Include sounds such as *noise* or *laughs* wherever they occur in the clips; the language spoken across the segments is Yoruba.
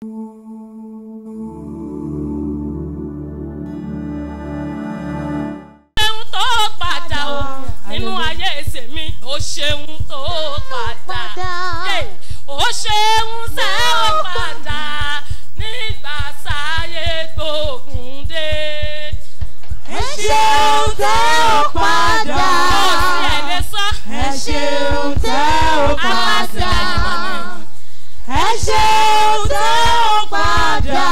ṣeun tó padà o nínú ayé ẹsẹ̀ mi ó ṣeun tó padà ó ṣeun tẹ́ ó padà nígbà sáyé gbógun dé. ẹ ṣeun tẹ́ ó padà ẹ ṣeun tẹ́ padà ṣeun tó padà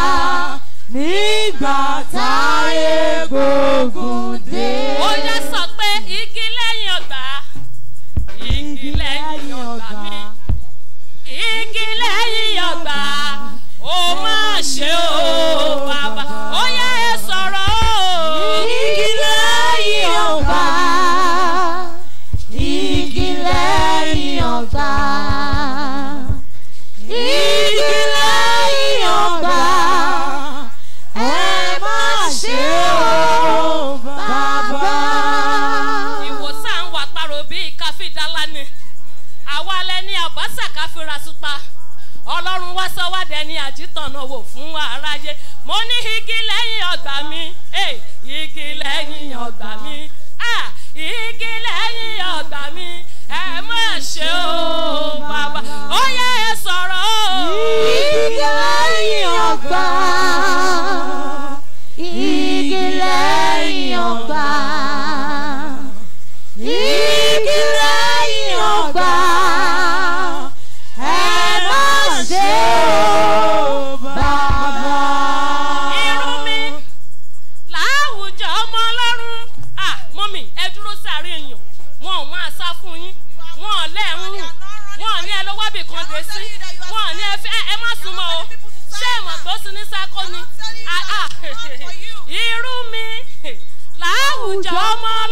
nígbà táyé gbógun dé. ó yẹ sọ pé igi lẹ́yìn ọ̀gbà igi lẹ́yìn ọ̀gbà mi igi lẹ́yìn ọ̀gbà ó má ṣe o. sọ wá dẹni àjítàn wò fún aráyé mo ní igi. on.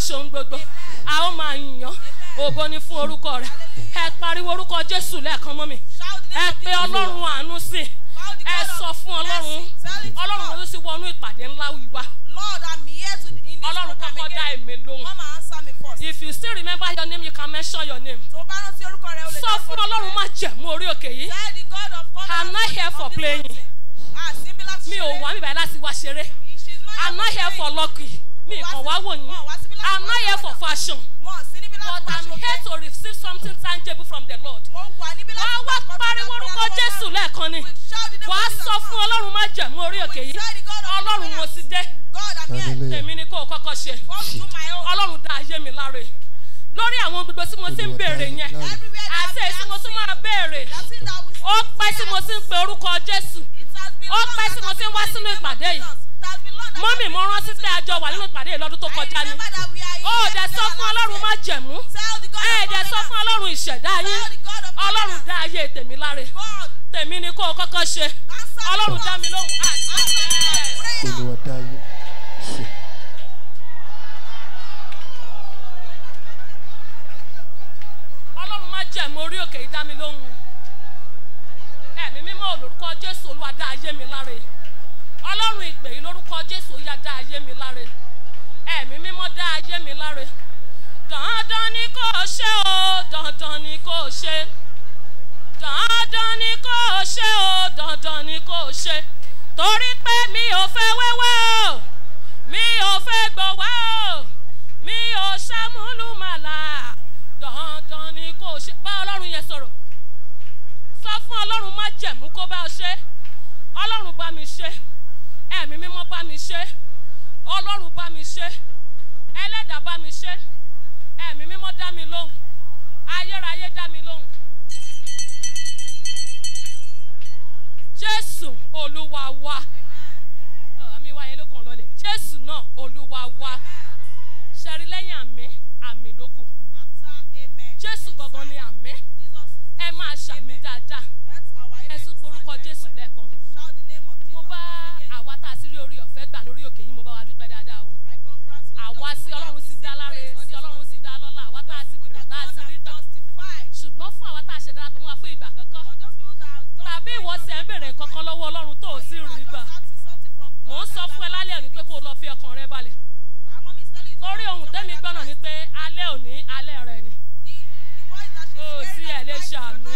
ṣe ohun gbogbo a ó máa yìnyàn ògo ni fún orúkọ rẹ ẹ pariwo orúkọ jésù lẹ́ẹ̀kan mọ́ mi ẹ pe ọlọ́run àánú sí ẹ sọ fún ọlọ́run ọlọ́run ló sì wọnú ìpàdé ńlá wíwá ọlọ́run kọ́kọ́ dá èmi lóhùn if you still remember your name you can mention your name sọ fún ọlọ́run má jẹ̀mú orí òkè yìí i'm not ah, here for playing mi ò wá mi báyìí láti wá ṣeré i'm not here for lucky mi ìkàn wá wò yín. I'm not here for fashion. But I'm here to receive something tangible from the Lord. Wàá wá pariwo orúkọ Jésù lẹ́ẹ̀kan ni. Wàá sọ fún Ọlọ́run má jẹ̀mú orí òkè yìí. Ọlọ́run mo ti dé. Tèmi ni kò kọ́kọ́ ṣe. Ọlọ́run dá ayé mi láre. Lórí àwọn gbogbo tí mo ti ń béèrè yẹn. Àti èyí tí mo tún máa béèrè. Ó pẹ́ tí mo ti ń pe orúkọ Jésù. Ó pẹ́ tí mo ti ń wá sínú ìpàdé yìí mọ́mì mo rántí pé àjọ wà nínú ìpàdé lọ́dún tó kọjá ni ó dẹ̀ sọ fún ọlọ́run má jẹ̀mú ẹ dẹ̀ sọ fún ọlọ́run ìṣẹ̀dá yín ọlọ́run dá ayé tèmi láre tèmi ni kó o kọ́kọ́ ṣe ọlọ́run dá mi lóhùn àti olùwà dá ayé ṣe. ọlọ́run má jẹ̀mú orí òkè ìdámilóhùn ẹ̀mí mímọ́ olórúkọ jésù olúwa dá ayé mi láre ọlọ́run ìpè yìí lórúkọ jésù ó yá dá ayé mi láre ẹ̀mí mímọ́ dá ayé mi láre dandan ni kò ṣe o dandan ni kò ṣe dandan ni kò ṣe o dandan ni kò ṣe torí pé mi ò fẹ́ wẹ́wẹ́ o mi ò fẹ́ gbọ̀wẹ́ o mi ò ṣàmúlùmọ̀là dandan ni kò ṣe bá ọlọ́run yẹn sọ̀rọ̀ sọ fún ọlọ́run má jẹ̀mú kó bá ṣe ọlọ́run bá mi ṣe ẹ̀mí mímọ́ bá mi ṣe ọlọ́run bá mi ṣe ẹlẹ́dàá bá mi ṣe ẹ̀mí mímọ́ dá mi lóhùn ayérayé dá mi lóhùn. jésù olúwa wa àmì wa yẹn ló kàn lọlẹ̀ jésù náà olúwa wa. Amen. torí ohun tẹ́mi gbọ́nà ni pé alẹ́ òní alẹ́ rẹ ni o sí ẹ̀ lè ṣàmì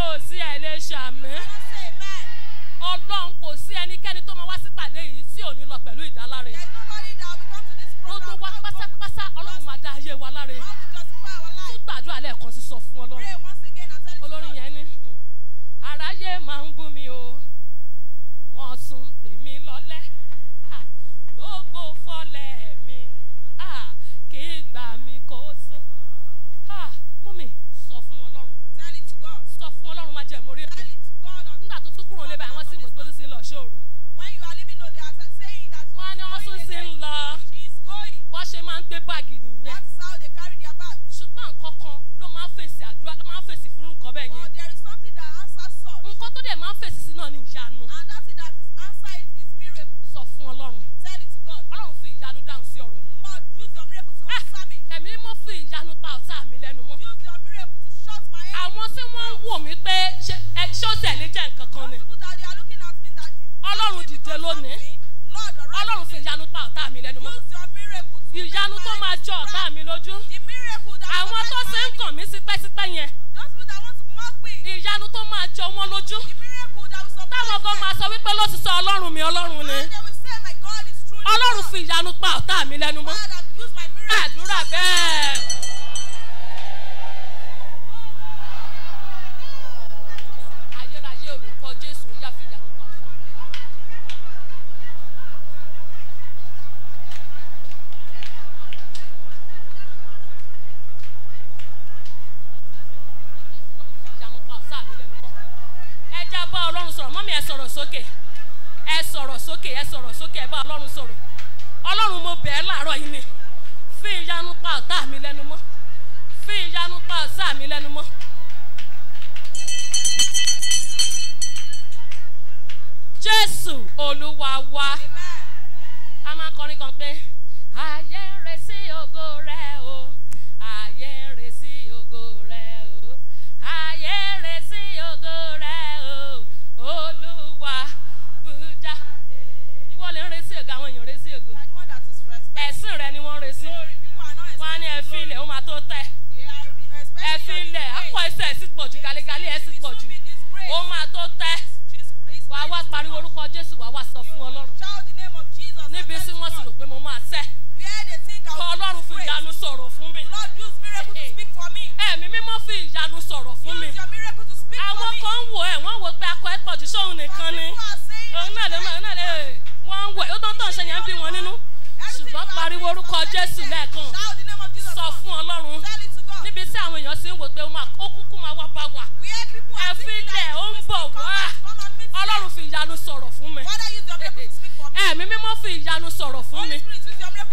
o sí ẹ̀ lè ṣàmì ọlọ́run kò sí ẹnikẹ́ni tó máa wá sípàdé yìí tí ò ní lọ pẹ̀lú ìdáláre gbogbo wa pátápátá ọlọ́run máa dá ayé wa láre tún gbàdúrà lẹ́ẹ̀kan sí sọ fún ọlọ́run olórin yẹn ni àráyé máa ń bú mi. jọ ọ̀tá mi lójú. àwọn tó ṣe ń kàn mí sípẹ́sípẹ́ yẹn. ìyanu tó máa jọ wọ́n lójú. táwọn kan máa sọ wípé ló ti sọ ọlọ́run mi ọlọ́run ni. ọlọ́run fi ìyanu pa ọ̀tá mi lẹ́nu mọ́. àdúrà bẹ́ẹ̀. sókè ẹ sọ̀rọ̀ sókè ẹ sọ̀rọ̀ sókè ẹ bá ọlọ́run sọ̀rọ̀ ọlọ́run mo bẹ̀ ẹ́ láàárọ̀ yìí ni fi ìyanu pa ọ̀tá mi lẹ́nu mọ́ fi ìyanu pa ọ̀tá mi lẹ́nu mọ́. jésù olúwa wa. Amen. ẹsẹ̀ sì pọ̀ jù gàlégàlé ẹ̀ sì pọ̀ jù ó máa tó tẹ́ wàá wá pariwo orúkọ Jésù wàá wá sọ fún Ọlọ́run níbi tí wọ́n sì rò pé mo máa tẹ́ kọ Ọlọ́run fi ìyanu sọ̀rọ̀ fún mi ẹ̀mí mímọ́ fi ìyanu sọ̀rọ̀ fún mi àwọn kan ń wò ẹ̀ wọ́n wò pé akọ ẹ̀ pọ̀ jù sóhun nìkan ni òun náà lè máa wọ́n ń wò ẹ̀ ó tó tàn ṣe yẹn bí wọn nínú ṣùgbọ́n pariwo orúkọ Jésù lẹ́ẹ̀kan sọ fún Ọlọ́run níbi tí àwọn èèyàn ti ń wò pé ó kúkú máa wá bá wa ẹ fílẹ̀ ó ń bọ̀ wá ọlọ́run fi ìyanu sọ̀rọ̀ fún mi ẹ̀mí mímọ́ fi ìyanu sọ̀rọ̀ fún mi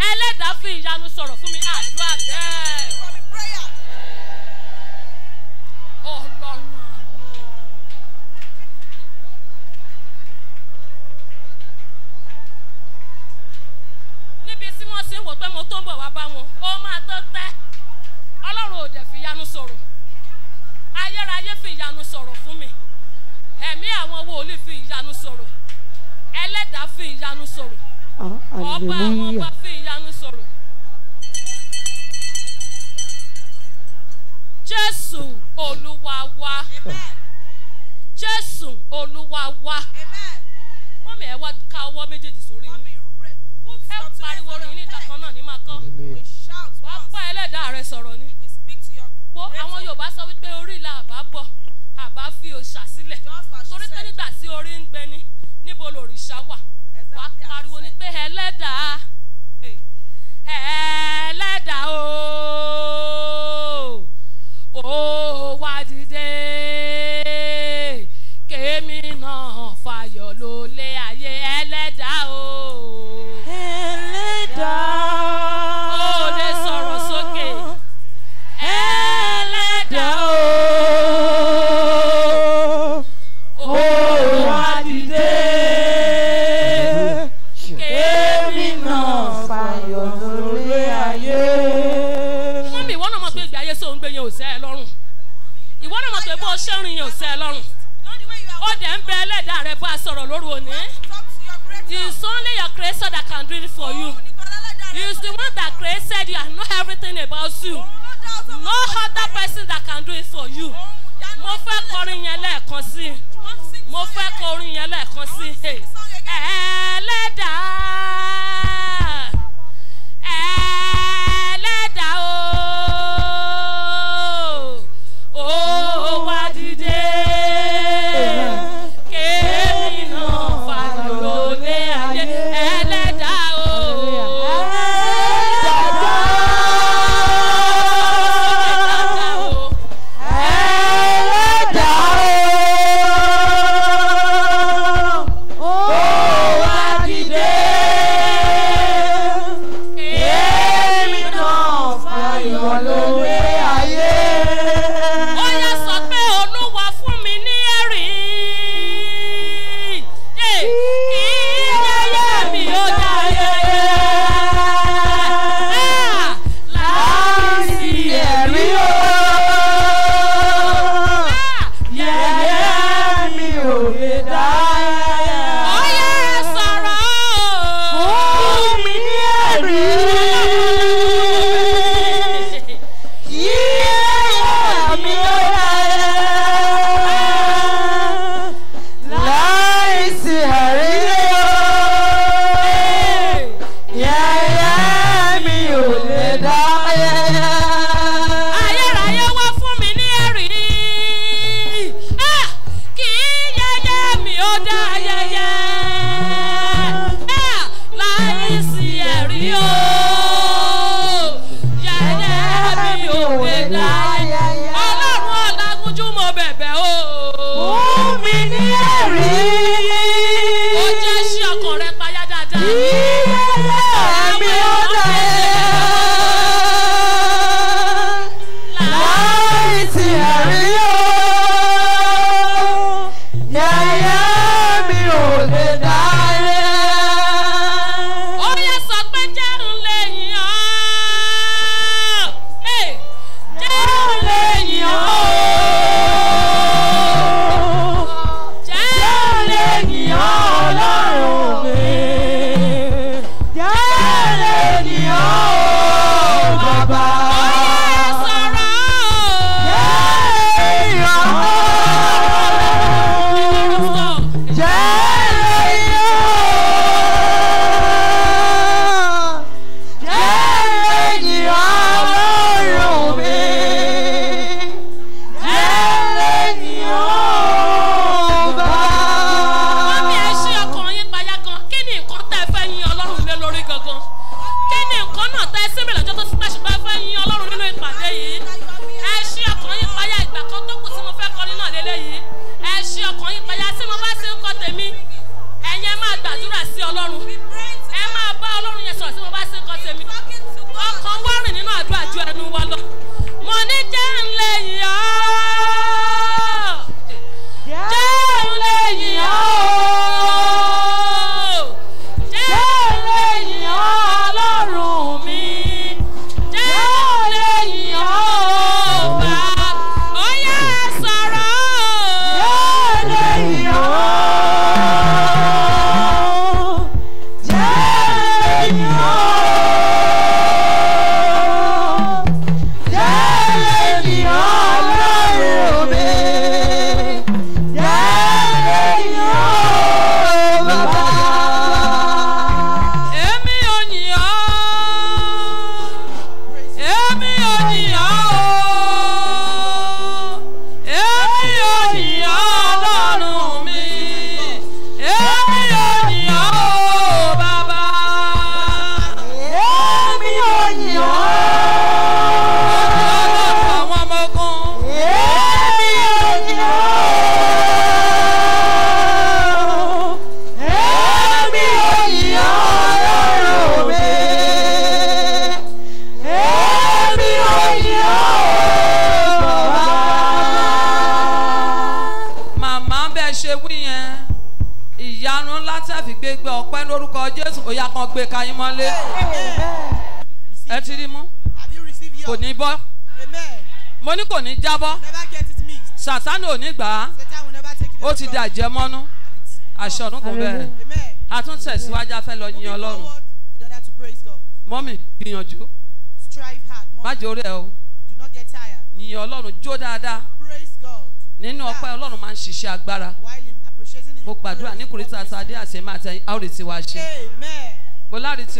ẹlẹ́dàá fi ìyanu sọ̀rọ̀ fún mi àdúrà bẹ́ẹ̀. ọlọ́run níbi tí wọ́n ti ń wò pé mo tó ń bọ̀ wá bá wọn ó máa tó tẹ́ ọlọ́run ò dẹ̀ fi yanu sọ̀rọ̀ ayérayé fi ìyanu sọ̀rọ̀ fún mi ẹ̀mí àwọn wòlíì fi ìyanu sọ̀rọ̀ ẹlẹ́dàá fi ìyanu sọ̀rọ̀ ah, ọba àwọn ọba fi ìyanu sọ̀rọ̀ jésù olúwa wa jésù olúwa wa mọ́mí ẹ wá ká ọwọ́ méjèèjì sórí yín ẹ pariwo orin yín náà ní máa kọ́ wàá pa ẹlẹ́dàá rẹ sọ̀rọ̀ ni wo àwọn Yorùbá sọ wípé orí la àbá bọ àbá fi òòṣà sílẹ̀ torí pé nígbà tí orí ń gbẹni níbo lòrìṣà wà wàá pariwo ni pé ẹlẹ́dàá ẹlẹ́dàá ooo ooo. pé bó o ṣe rìn yàn sẹ́ lọ́rùn ó dẹ̀ ń bẹ ẹlẹ́dàá rẹ bá a sọ̀rọ̀ lóru òní it's only your creator that can do it for you oh, it's the one that created you and know everything about you oh, no other person that can do it for you oh, mo fẹ́ kọrin yẹn lẹ́ẹ̀kan sí mo fẹ́ kọrin yẹn lẹ́ẹ̀kan sí ẹ̀ẹ́dàá.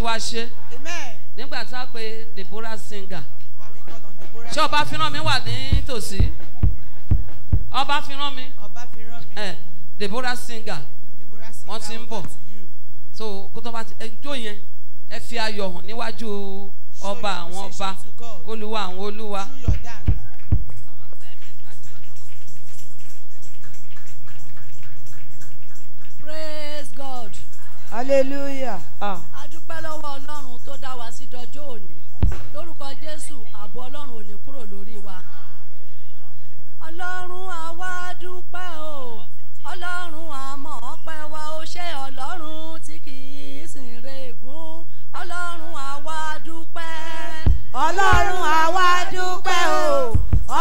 wa ṣe nígbà tá a pe Deborah Singer ṣé ọba fínrán mi wà nítòsí ọba fínrán mi eh, Deborah Singer wọ́n ti ń bọ̀ so kó tó bá ti ẹjọ́ yẹn ẹ fi ayọ̀ hàn níwájú ọba àwọn ọba olúwa àwọn olúwa. praise God. hallelujah. Ah. jésù ààbò ọlọ́run ò ní kúrò lórí wa ọlọ́run àwa dúpẹ́ o ọlọ́run àmọ́ ọpẹ́ wa ó ṣe ọlọ́run tí kì í sìn regún ọlọ́run àwa dúpẹ́. ọlọ́run àwa dúpẹ́ o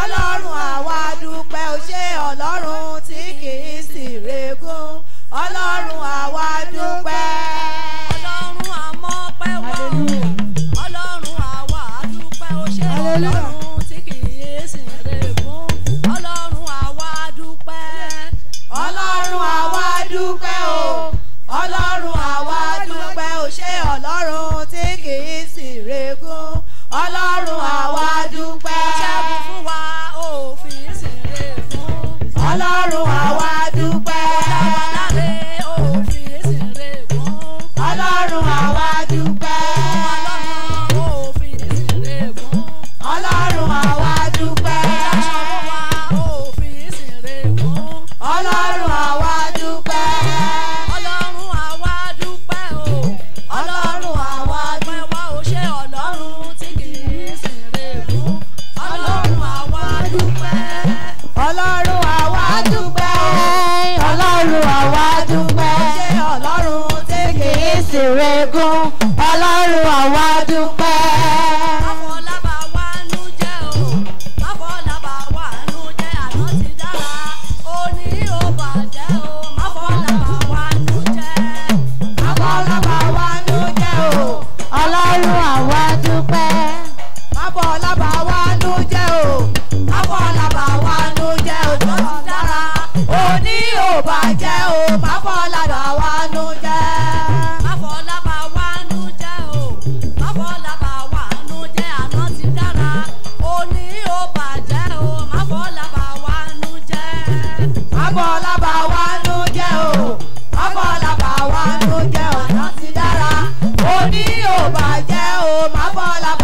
ọlọ́run àwa dúpẹ́ o ṣe ọlọ́run tí kì í sìn regún ọlọ́run àwa dúpẹ́. Olorun tí kì í sìn rẹ̀gùn ọlọ́run àwa dúpẹ́ ọlọ́run àwa dúpẹ́ o ọlọ́run àwa dúpẹ́ o ṣé ọlọ́run tí kì í sìn rẹ̀gùn ọlọ́run àwa dúpẹ́ ṣẹ́gun fún wa òfin sìn rẹ̀gùn ọlọ́run. rẹ gún ọlọ́run àwa dúpẹ́. ọlọ́run àwa dúpẹ́. mábọ̀ lábà wá nú jẹ́ o mábọ̀ lábà wá nú jẹ́ o tó ti dára òní ò bàjẹ́ o mábọ̀ lábà wá nú jẹ́. up.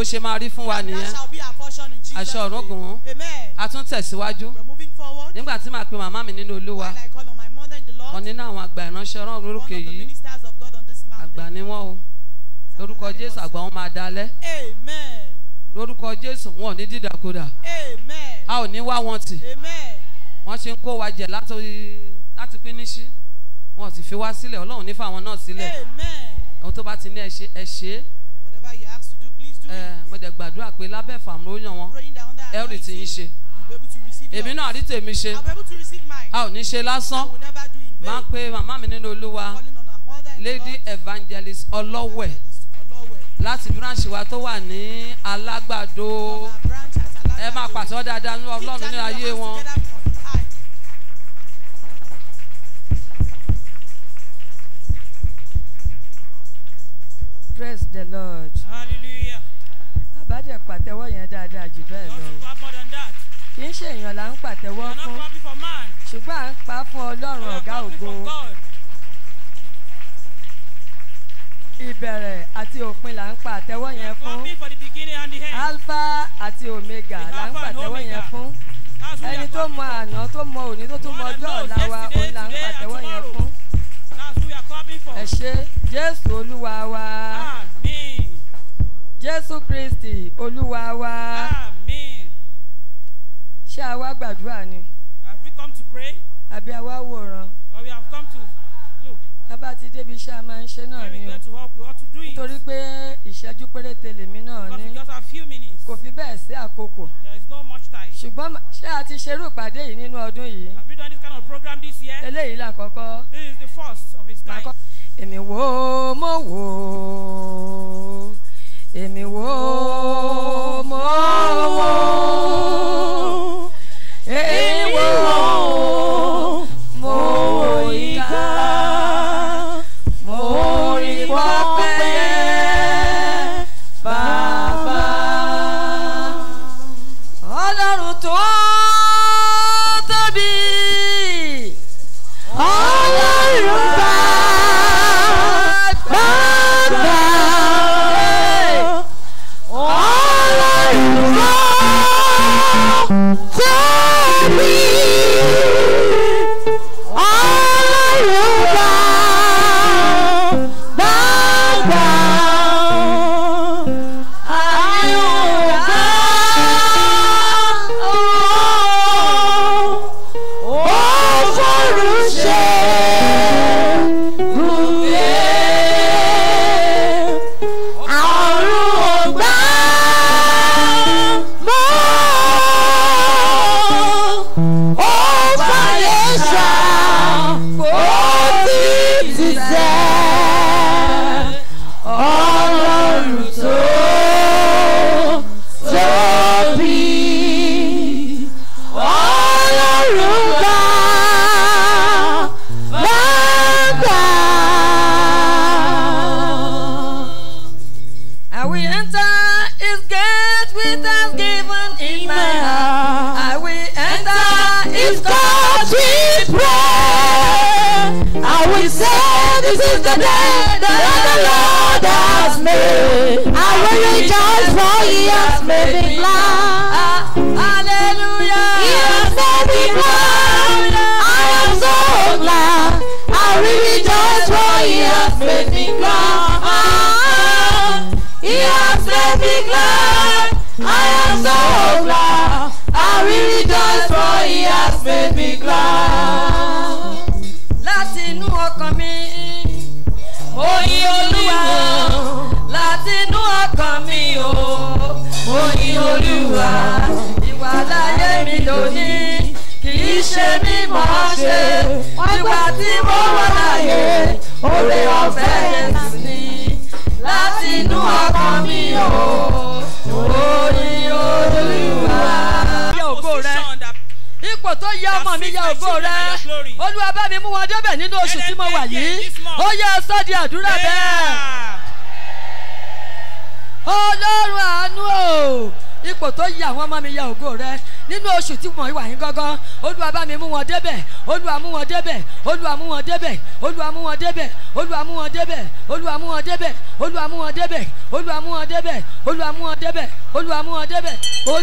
bó ṣe máa rí fún wa nìyẹn àṣọ ọ̀rọ̀gùn a tún tẹ̀síwájú nígbà tí màá pe màmá mi nínú olúwa wọn nínú àwọn àgbà ìránṣẹ́ ọ̀rọ̀ lórúkẹ yìí àgbà ni wọ́n o lórúkọ jésù àgbà wọn máa dalẹ̀ lórúkọ jésù wọn ò ní dídàkudà a ò ní wá wọn tì wọ́n ṣe ń kó wa jẹ láti pín níṣí wọn ò sì fi wá sílẹ̀ ọlọ́run ní fáwọn náà sílẹ̀ ohun tó bá ti ní ẹ ṣe gbàdúrà pé lábẹ́ ìfàmù ló yàn wọ́n ẹ̀rì tí ń ṣe èmi náà àrí tèmi ṣe a ò ní ṣe lásán máa ń pe màmá mi nínú olúwa lady evangelist ọlọ́wẹ̀ láti branch wa tó wà ní alágbàdo ẹ máa pàtó dáadáa ní ọlọ́run ní ayé wọn. yẹn dáadáa jù bẹ́ẹ̀ lọ. kì í ṣe èèyàn là ń pàtẹ́wọ́ fún ṣùgbọ́n à ń pa fún ọlọ́run ọ̀gá ògo. ìbẹ̀rẹ̀ àti òpin là ń pa àtẹ́wọ́ yẹn fún alpha àti omega là ń pàtẹ́wọ́ yẹn fún ẹni tó mọ àná tó mọ òní tó tún mọ ọjọ́ ọ̀la wa òun là ń pàtẹ́wọ́ yẹn fún ẹ ṣé Jésù Olúwa wa. Ah jésù kristi olúwa wa. àmín. ṣé a wá gbàdúrà ni. have we come to pray. àbí a wá wòran. or we have come to look. bàbá ti débi iṣẹ́ a máa ń ṣe náà ni o. we get to work we ought to do it. nítorí pé ìṣẹ́jú péréte lèmi náà ní. we just have few minutes. kò fi bẹ́ẹ̀ sí àkókò. there is no much time. ṣùgbọ́n ṣé a ti ṣerú ìpàdé yìí nínú ọdún yìí. have we done this kind of program this year. eléyìí làkọ́kọ́. this is the first of its kind. èmi wò mo wo.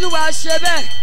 olúwa ṣe bẹ́ẹ̀.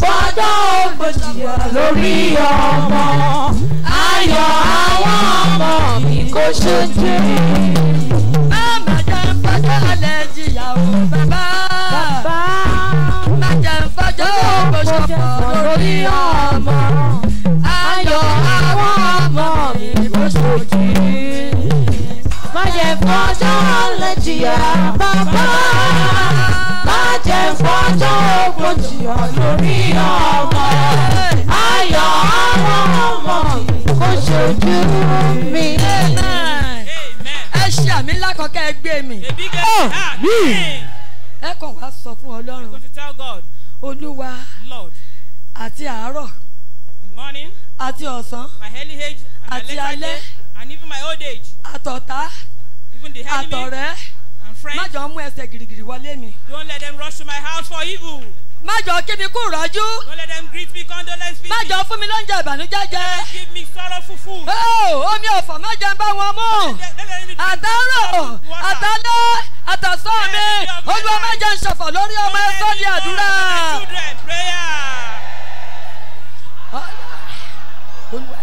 fọjọ́ ògbòjìyà lórí ọmọ ayọ̀ àwọn ọmọ mi kò ṣojú. bàbá jẹ́ ń fọjọ́ alẹ́ jìyà o bàbá. bàbá jẹ́ ń fọjọ́ ògbòjìyà lórí ọmọ ayọ̀ àwọn ọmọ mi kò ṣojú. má jẹ́ fọjọ́ alẹ́ jìyà bàbá jẹ́ fọ́jọ́ ogun jìyà lórí ọmọ. Ayọ̀ àwọn ọmọ kò ṣojú mi. Ẹ ṣe àmì ńlá kan kẹ́ ẹ gbé mi. Ah, ẹ kàn wá sọ fún Ọlọ́run. Olúwa àti àárọ̀ àti ọ̀sán àti alẹ́ àtọ̀tá àtọ̀rẹ́ friend. don't let them rush to my house for evil. má jọ kí mi kú rọ́jú. don't let them greet me condolence visit. má jọ fún mi lóúnjẹ ìbànújẹ́ jẹ. don't let them give me sorrowful food. ooo omi ọ̀fọ̀ má jẹun bá wọn mú. àtàrò àtàlẹ́ àtàsọ́ mi olúwa má jẹun ṣọ̀fọ̀ lórí ọmọ ẹ̀fọ́ ní àdúrà. olúwa.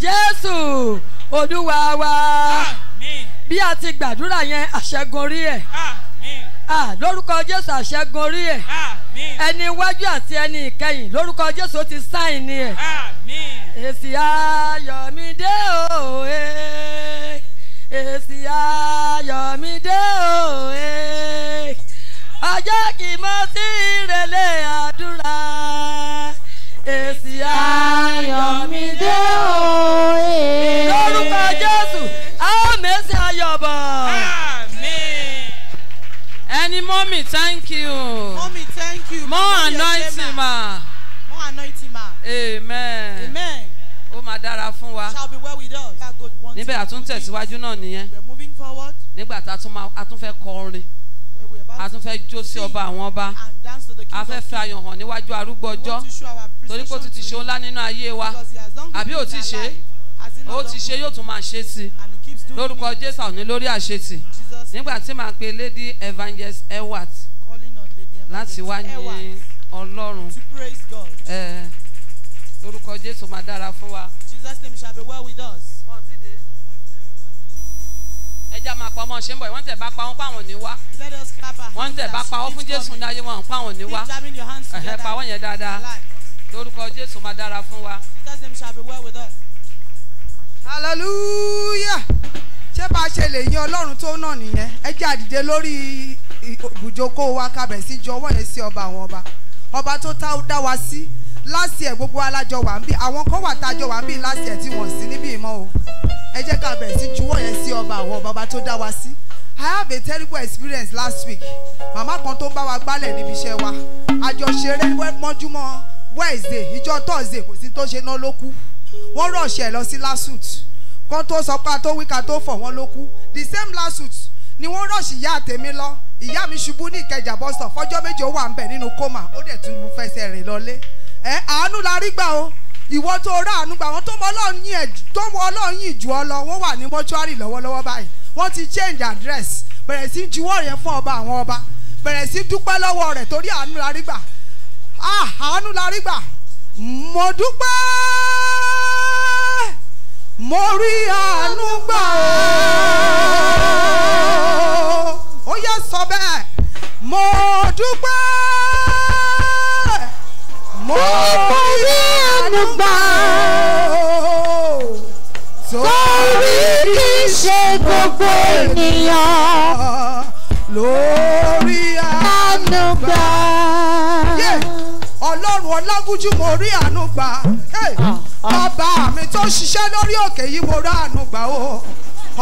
jésù olúwa wa bí a ti gbàdúrà yẹn àṣẹgun orí ẹ̀ lórúkọ jésù àṣẹgun orí ẹ̀ ẹni iwájú àti ẹni ìkẹyìn lórúkọ jésù ti sáìn ni ẹ̀ èsì ayọ̀mídé òwe èsì ayọ̀mídé òwe ọjọ́ kìí mọ́ sí ìrẹ̀lẹ̀ àdúrà èsì ayọ̀ mi dé o. lórúkọ jésù a ó mèsì ayọ̀ bọ̀. ẹni mọ́mì thank you. mọ́mì thank you. more anointing ma. more anointing ma. amen. amen. ó máa dára fún wa. shall be well with us. níbẹ̀ àtúntẹ̀síwájú náà nìyẹn. we are moving forward. nígbà tá a tún fẹ́ kọrin a tún fẹ́ jó sí ọba àwọn ọba a fẹ́ fẹ́ ayọ̀ hàn níwájú arúgbó ọjọ́ torí pé ó ti ti ṣe ńlá nínú ayé wa àbí ó ti ṣe ó ti ṣe yóò tún máa ṣe sí lórúkọ Jésù àwọn olórí àṣetì nígbà tí màá pe Lady Evangelist Ewart láti wá ní Ọlọ́run lórúkọ Jésù máa dára fún wa. Jesus name shall be well with us. ẹja máa pa ọmọ ṣe ń bọ̀ wọ́n tẹ̀ bá pa wọ́n páwọn ní wá wọ́n tẹ̀ bá pa wọ́n fún Jésù ní ayé wọn páwọn ní wá ẹ̀hẹ́ pa wọ́n yẹn dáadáa lórúkọ jésù máa dára fún wa. Jesus name shall be well with us. hallelujah ṣé bá a ṣe lè yan ọlọ́run tó náà nìyẹn ẹ jẹ́ àdìde lórí ibùjókòó wa kábẹ̀ sí ju ọwọ́ yẹn sí ọba àwọn ọba ọba tó dá wa sí last year gbogbo alájọ wà ń bí àwọn kan wà tájọ wà ń bí last year tí wọ́n sí níbí ìmọ̀ o ẹ jẹ́ ká bẹ̀rẹ̀ sí juwọ́ yẹn sí ọba àwọn baba tó dá wa sí I have a terrible experience last week màmá kan tó ń bá wa gbálẹ̀ níbi iṣẹ́ wa àjọṣeré mọ́júmọ́ wednesday ìjọ thursday kò sí tó ṣe ná ló kú wọ́n rọ̀ṣẹ̀ lọ sí lasut kan tó sọ pé ató wíka tó fọ̀ wọ́n ló kú the same lasut ni wọ́n rọ̀ṣì ìyá àtẹ̀mí lọ ìyá mi ṣubú ní ìkẹjà bọ́sọ̀ fọjọ́ méje ó wà ń bẹ̀ nínú kómà ó dẹ̀ tún fẹsẹ̀ rìn lọlé ẹ àánú la rí gbà o ìwọ tó rà àánú gbà wọn tó mọ ọlọ́run yìí tó mọ ọlọ́run yìí jù ọ lọ wọ́n wà ní mọ́ṣúárì lọ́wọ́lọ́wọ́ báyìí wọ́n ti change address bẹ̀rẹ̀ sí juwọ́ yẹn fún ọba àwọn ọba bẹ̀rẹ̀ sí dúpẹ́ lọ́wọ́ rẹ̀ torí àánú la rí gbà àánú la rí gbà mo dúpẹ́ mo rí àánú gbà ó yẹ sọ bẹ́ẹ̀ mo dúpẹ́ mo rí àánú gbà torí kì í ṣe gbogbo ènìyàn lórí àánú gbà ọlọ́run ọlágúnjú mo rí àánú gbà ah, ah. bàbá mi tó ṣiṣẹ́ lórí òkè yìí mo rí àánú gbà o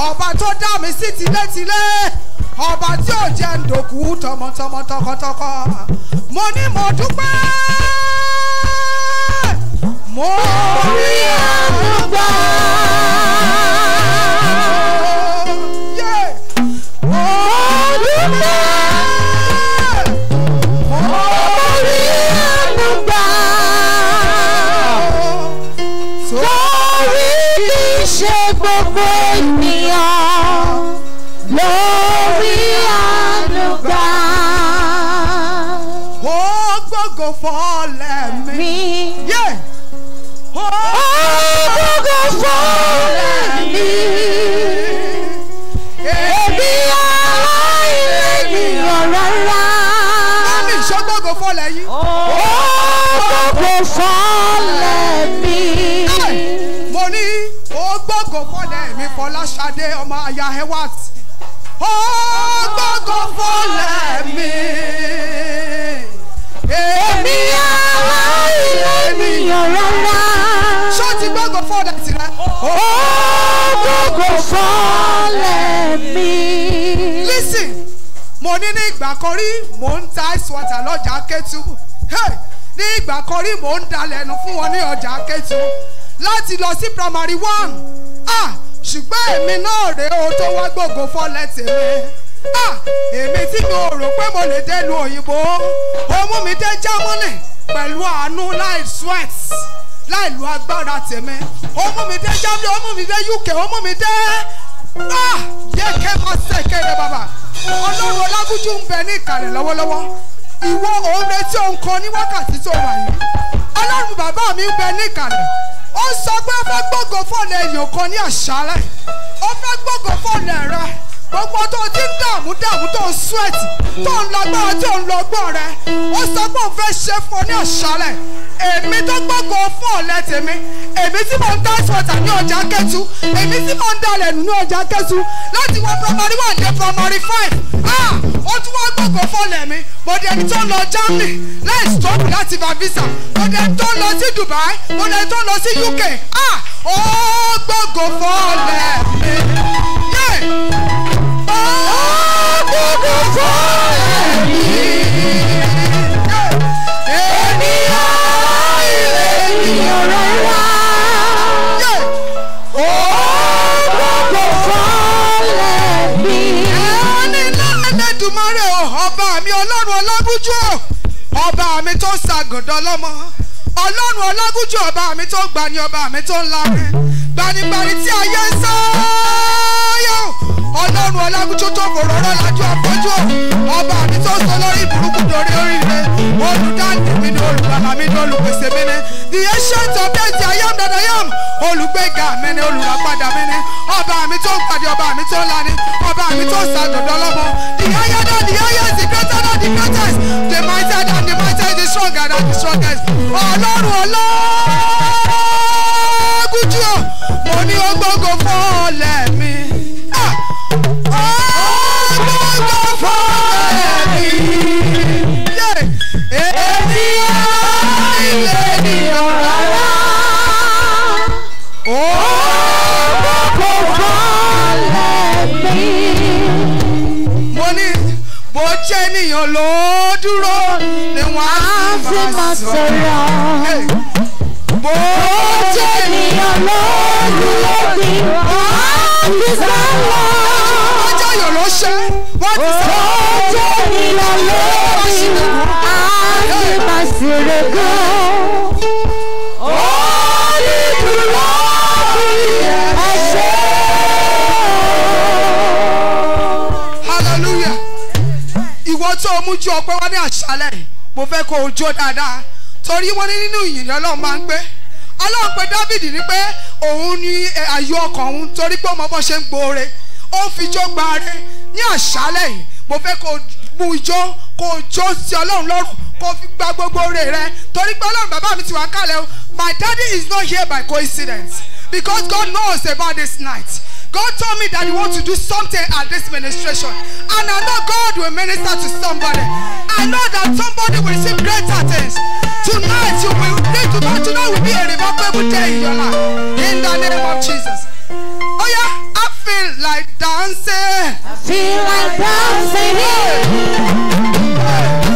ọba tó dá mi sí tilétilé ọba tí ò jẹ́ ń tọmọtọmọ tọkọtọkọ mo ní mo dúpẹ́ mo rí àánú gbà. made me all glory and God. Oh, gbogbo fọlẹ̀ mi. Ó gbogbo go mi. ọláṣadé ọmọ aya hewat. ó gbọ́dọ̀ fọlẹ̀ mi. èmi ara ènìyàn rárá. ṣó ti gbọ́dọ̀ fọlẹ̀ tirẹ̀. ó gbọ́dọ̀ fọlẹ̀ mi. listen mo ní ní ìgbà kan rí mò ń ta ice water lọ́jà kẹ́tù ní ìgbà kan rí mò ń dalẹ̀ ẹnu fún wọn ní ọjà kẹ́tù láti lọ sí primary one. Ah, ṣùgbọ́n èmi náà rèé o tó wá gbogbo fọ́lẹ̀ tèmi èmi tí mi ò rò pé mo lè délu òyìnbó ó mi dé Jámánì pẹ̀lú àánú láì sweat láì lu agbára tèmi ó mú mi dé Jámánì ó mú mi dé UK ó mi dé yé ké má sè kéré bàbá Ọlọ́run Ọlágúnjú ń bẹ ní ìkàlẹ̀ lọ́wọ́lọ́wọ́ ìwọ òun retí òun kan ní wákàtí tó wà yìí ọlọ́run bàbá mi ń bẹ níkàlẹ̀ ó sọ pé ó fẹ́ gbógo fóònù èèyàn kan ní àṣálẹ̀ ó fẹ́ gbógo fóònù ẹ̀rọ gbogbo tó ti ń dààmú dààmú tó ń sweat tó ń lọgbọ́n tó ń lọgbọ́n rẹ ó sọ pé òun fẹ́ ṣe fún ọ ní àṣálẹ̀ èmi tó gbọ́kọ̀ fún ọ̀lẹ́ tèmi èmi tí mò ń dá sọ̀tà ní ọjà kẹtù èmi tí mò ń dalẹ̀ nínú ọjà kẹtù láti wọ primary one dé primary five ah ó tún wá gbọ́kọ̀ fún ọ̀lẹ́ mi mo dẹ̀ ẹni tó ń lọ Germany láì stop láti fa visa mo dẹ̀ ẹni tó ń lọ sí Dubai mo dẹ̀ ẹni tó ń lọ sí UK ah ó gbọ́kọ̀ fún ọ̀lẹ́ mi yẹ́ ó gbọ́kọ̀ fún ọ̀lẹ́ mi. mi ọlọ́run ọlágúnjú ọba mi tó ń ṣàgàndàn lọ́mọ ọlọ́run ọlágúnjú ọba mi tó ń gbani ọba mi tó ń gbanigbani tí ayé ń sọ yóò ọlọ́run ọlágúnjú tó kò rọ́rọ́ lájú àpọ́jú ọba mi tó sọ lórí burúkú dorí oríire olùdáǹdì mi ni olùgbàlà mi ni olùpèsè mi ni the ancient of days I am that I am olùgbéga mi ni olùràpadà mi ni ọba mi tó ń pàdé ọba mi tó ń lani ọba mi tó ń sàdọ̀dọ̀ lọ́mọ the higher than the higher the greater than the greatest the mightier than the mightier the stronger than the strongest ọlọ́run ọlọ́gúnjú mo ní ó gbógo fún ọ̀lẹ mi. Ah! ènìyàn ló dúró ni wọ́n á fi máa sọ̀rọ̀. bó jẹ́ ènìyàn ló dúró ni wọ́n á fi sọ̀rọ̀ sọ̀rọ̀ ránṣẹ́ wọ́n ti sọ̀rọ̀. ó jẹ́ ìyá lórí àti màsìrè gan. ó ní dúró ẹ ṣe. hallelujah ìwọ tó o mú ju ọpẹ́ wá ní àṣálẹ́ mo fẹ́ kó o jó dáadáa torí wọ́n ní nínú ìyìn Ọlọ́run máa ń gbé Ọlọ́run pé Dáfídì ní pé òun ní àyò ọkàn òun torí pé ọmọ bọ́ ṣe ń gbóore ó fi ijó gba rẹ ní àṣálẹ̀ yìí mo fẹ́ kó mú ijó kó jó sí ọlọ́run lọ́rùn kó fi gba gbogbo oore rẹ torí pé ọlọ́run bàbá mi ti wà kálẹ̀ o my daddy is not here by coincidence because God knows about this night. God told me that He wants to do something at this ministration. And I know God will minister to somebody. I know that somebody will see greater things. Tonight, you will, tonight, tonight will be a remarkable day in your life. In the name of Jesus. Oh, yeah. feel like dancing. I feel like dancing. Hey.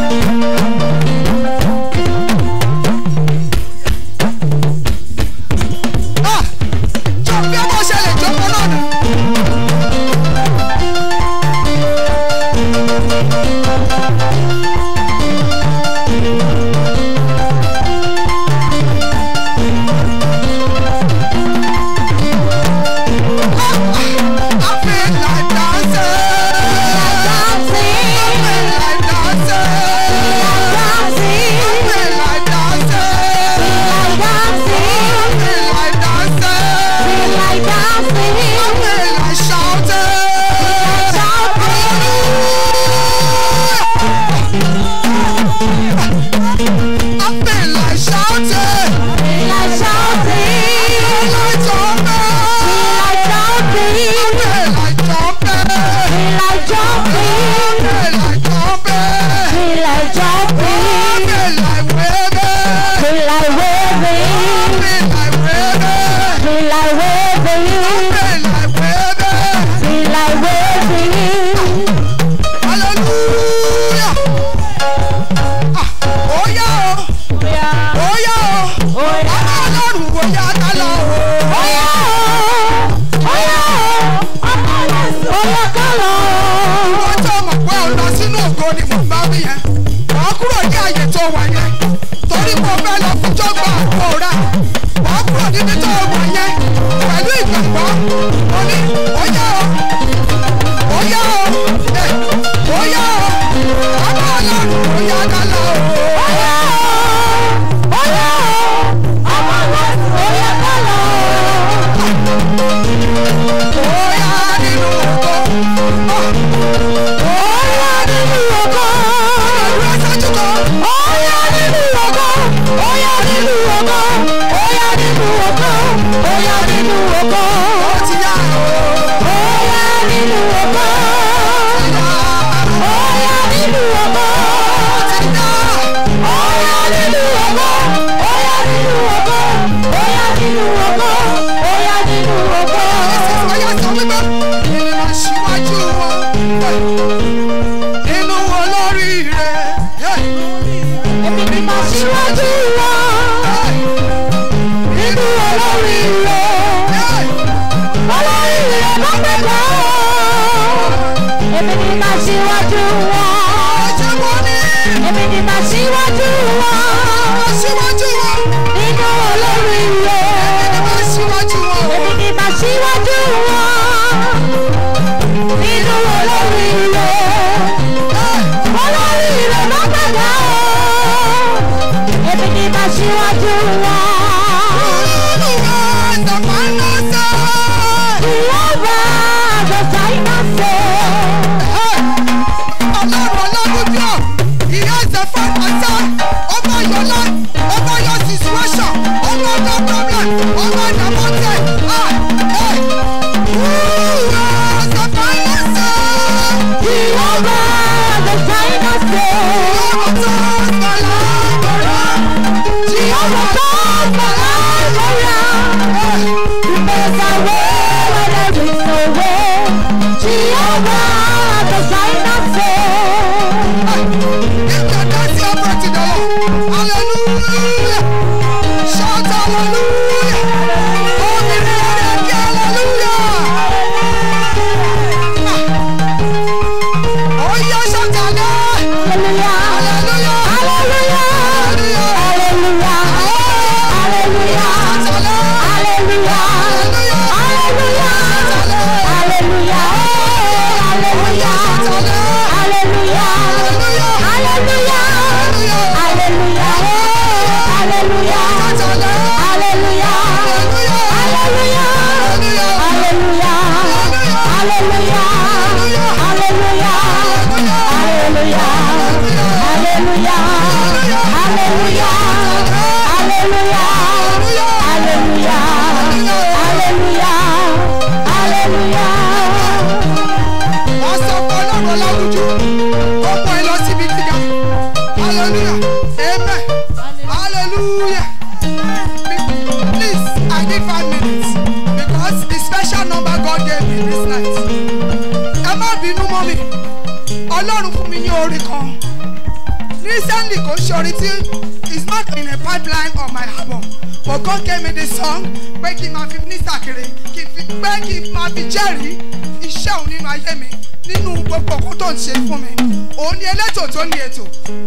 ṣe fún mi òun ni elétò tó ní ètò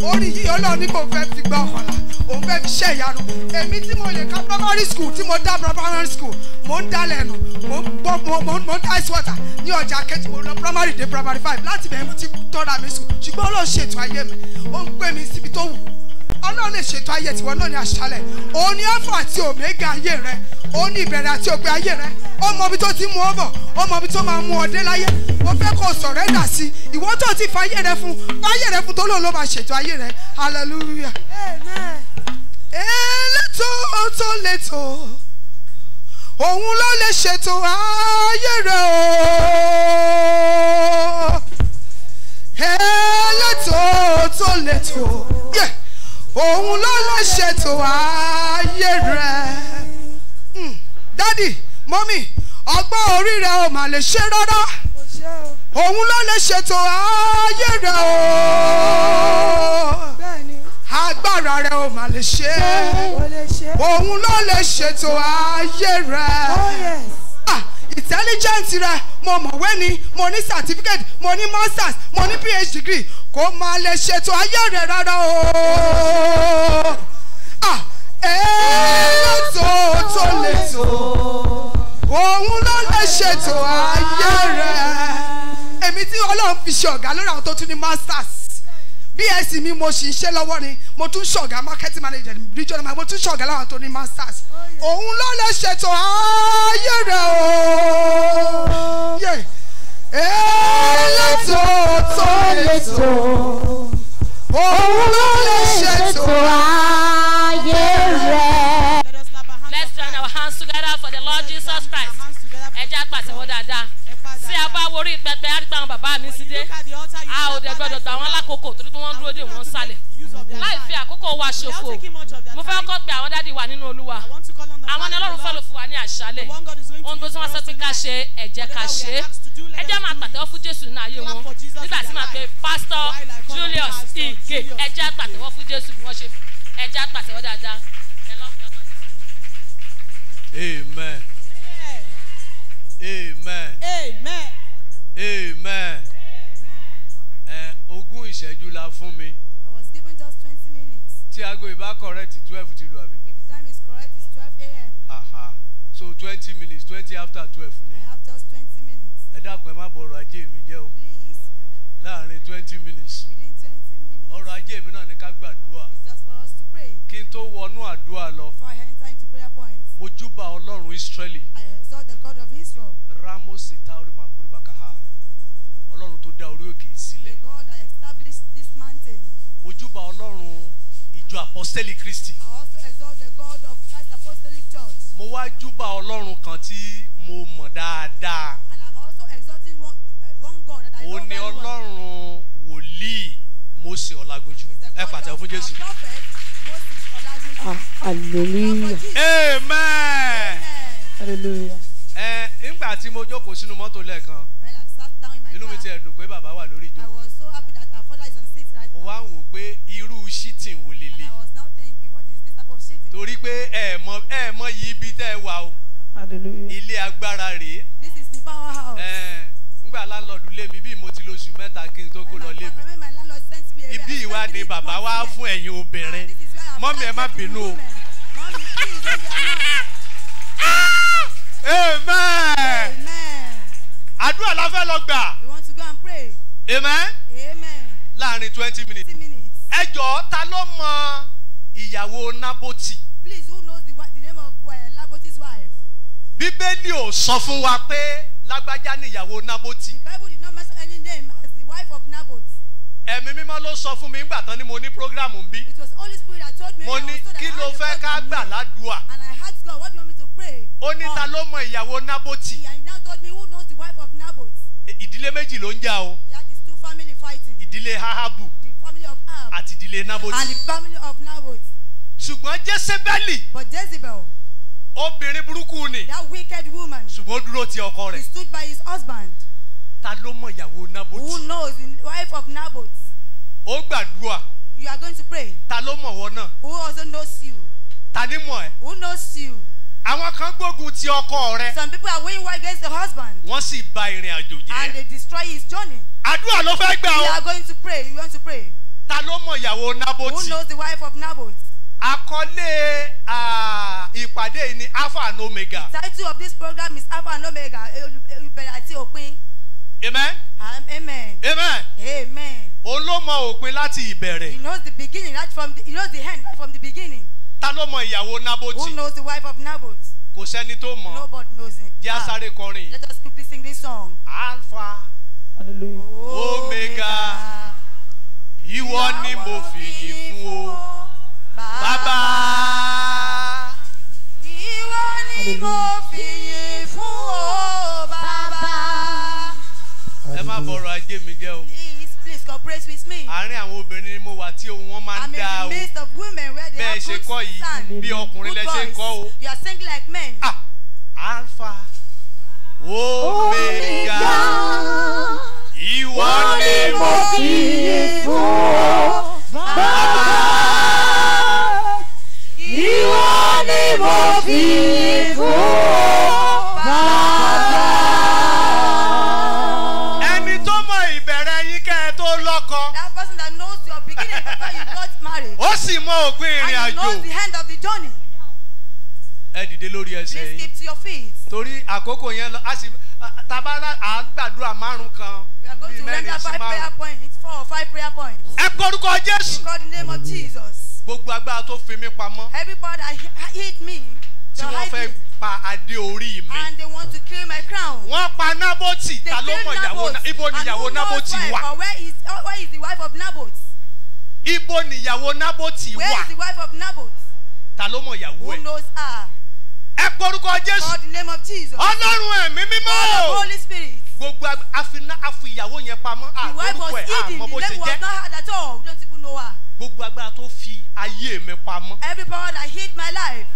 orí yìí ọlọ́run ní kò fẹ́ fi gba ọkàn òun fẹ́ fi ṣe ìyanu èmi tí mo lè ka primary school tí mo dá primary school mo ń dalẹ̀ nù mo ń gbọ́ mo ń dá ice water ní ọjà kejì mo lọ primary dé primary five láti bẹ̀rẹ̀ mo ti tọ́ra mi sùn ṣùgbọ́n ọlọ́run ṣètò ayé mi ó ń gbé mi síbi tó wù ọlọ́run lè ṣètò ayé tiwọ náà ní aṣálẹ̀ òun ni alpha àti omega ayé rẹ òun ni ìbẹ̀rẹ̀ àti òpin ayé rẹ ó mọ ibi tó ti mú ọ bọ̀ ó mọ ibi tó máa mú ọ láyé mo fẹ́ kó sọ̀rẹ́dà sí i ìwọ tó ti fàyè rẹ fún fàyè rẹ fún tó máa ṣètò ayé rẹ hallelujah. elétò tó létò òun ló lè ṣètò ayé rẹ o elétò tó létò òun ló lè ṣètò ayé rẹ hmm, dádì mọ́mì ọgbọ́n orí rẹ ò mà lè ṣe rárá òun ló lè ṣètò ayé rẹ o agbára rẹ ò mà lè ṣe òun ló lè ṣètò ayé rẹ oh, ah, intelligent rẹ mo mọ̀wé ni mo ní certificate mo ní masters mo ní phd degree kò máa lè ṣètò ayé rẹ rárá o ah, èèyàn tó tó lè tó òun ló lè ṣètò ayé rẹ èmi tí ọlọ́run fi ṣe ọ̀gá lórí àwọn tó tún ní masters bsc mi mo sì ń ṣe lọ́wọ́ ni mo tún ṣọ̀gá market manager regional mi mo tún ṣọ̀gá láwọn tó ní masters oh, òun ló lè ṣètò ayé rẹ̀ o elétò tó létò òun ló lè ṣètò ayé rẹ̀. Let's join our hands together for the Lord Jesus Christ. ẹ jẹ́ àpàtẹ́wọ́ dáadáa tí a bá worí pẹpẹ á rí pé àwọn bàbá mi sí dé a ò dẹ̀ gbọ́dọ̀ gbà wọ́n lákòókò torí pé wọ́n dúró dè wọ́n sálẹ̀ láì fi àkókò wa ṣòfò mo fẹ́ kọ́ pé àwọn dáàdi wà nínú olúwa àwọn ni ọlọ́run fẹ́ lò fún wa ní àṣálẹ̀ ohun tó tí wọ́n sọ pé ká ṣe ẹ jẹ́ ká ṣe ẹ jẹ́ máa pàtẹ́wọ́ fún jésù ní ayé wọn nígbà tí màá pe pásítọ̀ julius ige ẹ jẹ́ pàtẹ́wọ́ fún jésù bí wọ́n ṣe ẹ jẹ́ pàtẹ́wọ́ dáadáa amen amen amen amen Ogun ìṣẹ́jú la fún mi. I was given just twenty minutes. tí aago ìbá correct twelve ti lù àbí. if the time is correct it's twelve a.m. aha so twenty minutes twenty after twelve ni. I have just twenty minutes. ẹ dákun ẹ má bọ ọrọ̀ ajé mi jẹ́ o. please. láàrin twenty minutes. within twenty minutes. ọrọ̀ ajé mi náà ni ká gbàdúrà. it's just for us to pray. kí n tó wọnú àdúrà lọ. before I prayer point. Mo júbà Ọlọ́run Ísírẹ́lì. I exalt the God of Israel. Ramosi Taori Makurubakaha. Ọlọ́run tó dá orí òkè sílẹ̀. The God that established this mountain. Mo júbà Ọlọ́run ìjọ Apostolic Christi. I also exalt the God of Christ Apostolic Church. Mo wá júbà Ọlọ́run kan tí mo mọ̀ dáadáa. And I'm also exalting one, one God that I know very well. Ó ní Ọlọ́run wòlíì Mósè Ọlágbójú. Ẹ pàtàkì fún Jésù. the God of our prophet hallelujah. amen. hallelujah. ẹ eh, nígbà tí mo jókòó sínú mọ́tò lẹ́ẹ̀kan inú mi ti ẹ̀ dùn pé bàbá wà lórí ìjókòó mo wá ń wò pé irú shitting wò lélẹ̀ torí pé ẹ mọ ẹ mọ yìí ibi tẹ́ ẹ wà o ilé agbára rèé ẹ nígbà láńlọ́ọ̀dù lé mi bí mo ti lóṣù mẹ́ta kí n tó kó lọ lé mi ibi ìwádìí bàbá wa fún ẹ̀yin obìnrin mọ́mí ẹ má bínú o. amen. àdúrà la fẹ́ lọ gbà. we want to go and pray. amen. amen. láàrin twenty minutes. twenty minutes. ẹ jọ̀ọ́ ta ló mọ ìyàwó Nábótì. please who knows the, the name of uh, wife. bíbélì ò sọ fún wa pé lágbájá ni ìyàwó Nábótì ẹ̀mí mímọ́ ló sọ fún mi nígbà tán ni mo ní programu bí. it was holy spirit that told me. mo ní kí ló fẹ́ ká gbà ládùúà. and I had God what do you want me to pray. ó ní ta ló mọ ìyàwó Nábòtì. he now told me who knows the wife of Naboth. E, ìdílé méjì ló ń jà o. that is two family fighting. ìdílé Ahabu. the family of Ahab. àti ìdílé Nábòtì. and the family of Naboth. ṣùgbọ́n Jésébẹ́lì. but Jezebel obìnrin burúkú ni. that wicked woman. ṣùgbọ́n ó dúró ti ọkọ rẹ̀. he stood by his husband ta ló mọ ìyàwó Naboth. who knows the wife of Naboth. ó gbàdúrà. you are going to pray. ta ló mọ̀ wọ náà. who also knows you. ta ni mọ̀ ẹ́. who knows you. àwọn kan gbógun ti ọkọ rẹ. some people are weighing war against the husband. wọ́n sì bà ìrìn àjò jẹ́. and they destroy his journey. àdúrà ló fẹ́ gbà o. you are going to pray you want to pray. ta ló mọ̀ ìyàwó Naboth. who knows the wife of Naboth. Àkọlé ìpàdé yìí ni Alpha and Omega. The title of this program is Alpha and Omega, ìbẹ̀rẹ̀ àti òpin amen. Um, amen. amen. amen. olómọ òpin láti ìbẹ̀rẹ̀. he knows the beginning right from the he knows the end right from the beginning. ta ló mọ ìyàwó naboti. who knows the wife of naboti. kò sẹ́ni tó mọ̀. nobody knows him. jẹ́ àsáré ah, kọrin. let us quickly sing this song. alpha. hallelujah. omega. ìwọ ni mo fìyìn fún o. bàbá. ìwọ ni mo fìyìn fún o. bàbá má bọ̀rọ̀ ajé mi jẹ́ o. Please cooperate with me. Àárín àwọn obìnrin ni mo wà tí ohun wọn máa ń dá o. I'm in the midst of women where they are good sons, good boys. Bẹ́ẹ̀ ṣe kọ́ yìí bí ọkùnrin lẹ ṣe ń kọ́ o. You are singing like men. Ah! Alpha Omega ìwọ ni mo fi fún bàbá ìwọ ni mo fi fún. marriage. ó sì mọ òpin ìrìn àjò. and he knows the end of the journey. ẹ dìde lórí ẹsẹ̀ yìí. please keep to your feet. torí àkókò yẹn lọ a sì tabara à ń gbàdúrà márùn kan. we are going to render five prayer points four or five prayer points. ẹ kórúkọ jésù. we call the name of jesus. gbogbo agbára tó fi mí pamọ́. every hit me. tí wọ́n fẹ́ pa adé orí mi. and they want to kill my crown. wọ́n pa naboti They ló mọ̀ naboti and who knows where or where is, where is the wife of nabot. Ibo nìyàwó Nábòtì wà. Where is the wife of Naboth? Ta ló mọ̀ ìyàwó ẹ̀? Who knows her? Ẹ porúkọ Jésù. Call the name of Jesus. Ọlọ́run ẹ̀mí mímọ́. God the Holy Spirit. Gbogbo àfiná àfìyàwó yẹn pamọ́ àdórúkọ ẹ̀ àmọ́ bó ṣe jẹ́. The wife was hidden. The name was not heard at all. We don't even know her. Gbogbo agbára tó fi ayé mi pamọ́. Every power that hid my life.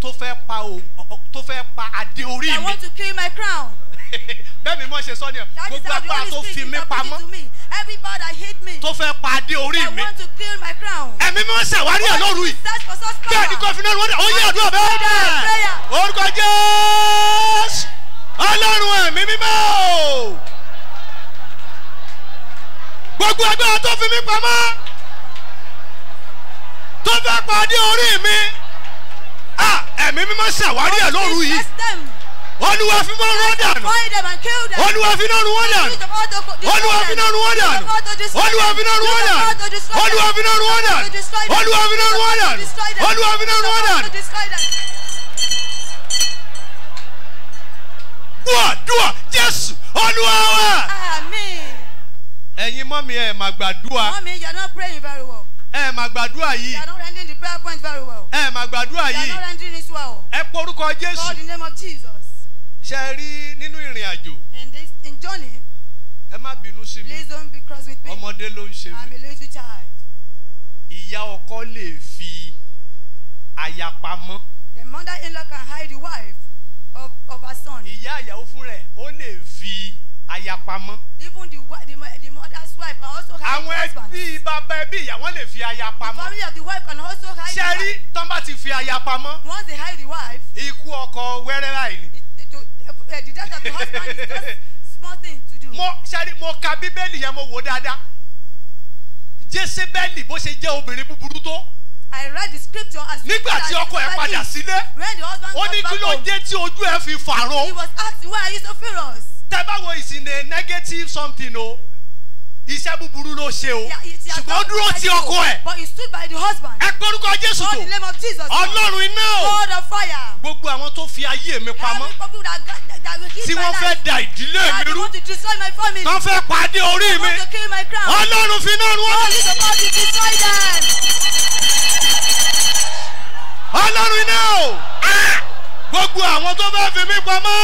Tó fẹ́ pa adé orí mi. I want to kill my crown. *laughs* bẹ́ẹ̀ mi mọ̀ ṣe sọ ni gbogbo apá tó fi mí pamọ́ I hate me. tó fẹ́ pàdé orí mi. I want to kill my crown. ẹ̀mí mi ń ṣàwárí ẹ̀ lóru yìí. bẹ́ẹ̀ ni kò fi náà wọ́n dẹ̀ ó yẹ ọdún ọ̀bẹ. orúkọ jésù ọlọ́run ẹ̀mí mímọ́. gbogbo agbára tó fi mí pamọ́ tó fẹ́ pàdé orí mi. Ah, ẹ̀mí mímọ́ ṣàwárí ẹ̀ lóru yìí olúwa fi mọ́ wọn dànù olúwa fi náà nu wọn dànù olúwa fi náà nu wọn dànù olúwa fi náà nu wọn dànù olúwa fi náà nu wọn dànù olúwa fi náà nu wọn dànù olúwa fi náà nu wọn dànù. dùà dùà jésù olúwa wa. ẹ̀yin mọ́ mi ẹ̀ máa gbàdúrà. mọ́ mi you are not praying very well ẹ máa gbàdúrà yìí. you are not rendering the prayer point very well. ẹ máa gbàdúrà yìí. you are not rendering it well. ẹ porúkọ jésù. call the name of Jesus ṣe rí nínú ìrìn àjò. in this in journey. ẹ má bínú sí mi. please don't be cross with me. ọmọdé ló ń ṣe mí. I'm a little child. ìyá ọkọ lè fi aya pamọ́. the mother in law can hide the wife of of her son. ìyá ìyàwó fún rẹ̀ ó lè fi aya pamọ́. even the the, the mother's wife can also hide the husband. àwọn ẹbí bàbá ẹbí ìyàwó lè fi aya pamọ́. the family of the wife can also hide the wife. ṣe rí tán ti fi aya pamọ́. once they hide the wife. ikú ọkọ wẹ́rẹ́ láì ní uh, the death of the husband is just *laughs* small thing to do. mo sari mo ka bíbélì yẹn mo wò dáadáa jésébẹ́lì bó ṣe jẹ́ obìnrin búburú tó. I read the scripture as you nígbà tí ọkọ ẹ padà sílé ó ní kí ló dé tí ojú ẹ fi fàrọ. he was asked why are you so furious. tẹ́ bá wo ìsìn ní negative something o. No? iṣẹ́ búburú ló ṣe o ṣùgbọ́n dúró ti ọkọ ẹ̀ ẹ kórúkọ Jésù tó Ọlọ́run iná o gbogbo àwọn tó fi ayé mi pamọ́ tí wọ́n fẹ́ da ìdílé mi rú tó fẹ́ pàdé orí mi Ọlọ́run fi náà rú wọn. Ọlọ́run iná o ah! gbogbo àwọn tó fẹ́ fi mí pamọ́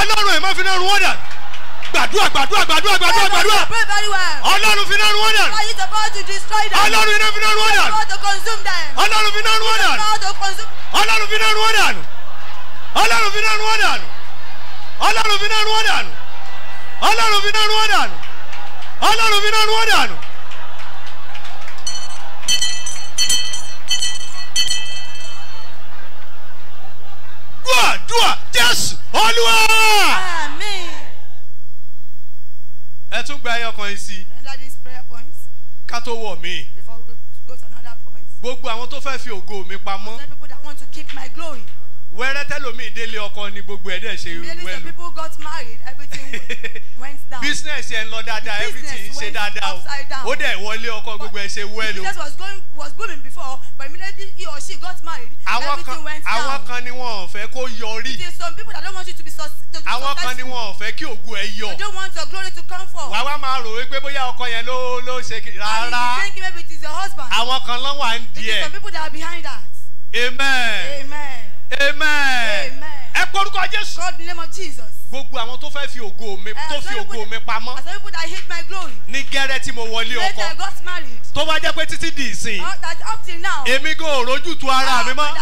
Ọlọ́run ìmọ̀ fi náà rú dà gbàdúrà gbàdúrà gbàdúrà gbàdúrà gbàdúrà ọlọ́run fi náà rú wọn dàn ọlọ́run iná fi náà rú wọn dàn ọlọ́run fi náà rú wọn dàn ọlọ́run fi náà rú wọn dàn ọlọ́run fi náà rú wọn dàn ọlọ́run fi náà rú wọn dàn ọlọ́run fi náà rú wọn dàn ọlọ́run fi náà rú wọn dàn. dúà dúà jésù olúwa. àmín ẹ tún gba ẹyọ kan yìí sí. under these prayer points. ká tó wọ̀ mí. before we go to another point. gbogbo àwọn tó fẹ́ fi ògo mi pamọ́. all the people that want to keep my glory wẹ́rẹ́ tẹ́lómìn délé ọkọ ni gbogbo ẹ̀ dẹ̀ ṣe wẹ́lú. many people got married everything *laughs* went down. business yẹn lọ dáadáa everything ṣe dáadáa o ó dẹ̀ wọlé ọkọ gbogbo ẹ̀ ṣe wẹ́lú. business was going was booming before but immediately he or she got married and everything went down. àwọn kan ni wọn ò fẹ́ kó yọrí. it some people that don't want you to be successful. àwọn kan ni wọn ò fẹ́ kí ògùn ẹ yọ. they don't want your glory to come forth. wàá wá máa rò wípé bóyá ọkọ yẹn ló ló ṣe rárá. and you think maybe your husband. àwọn kan lọ́wọ́ à ń di ẹ̀. it is some people that are behind that. amen. amen amen. amen. ẹ kọ orúkọ jésù. call the name of jesus. gbogbo àwọn tó fẹ́ fi ògo mi eh, tó fi ògo mi pamọ́. as people that hate my glory. ní gẹ́rẹ́ tí mo wọlé ọkọ. later I got married. tó bá jẹ́ pé títí di ìsìn. up till now. èmi gan ò rojú tu ara mi mọ́.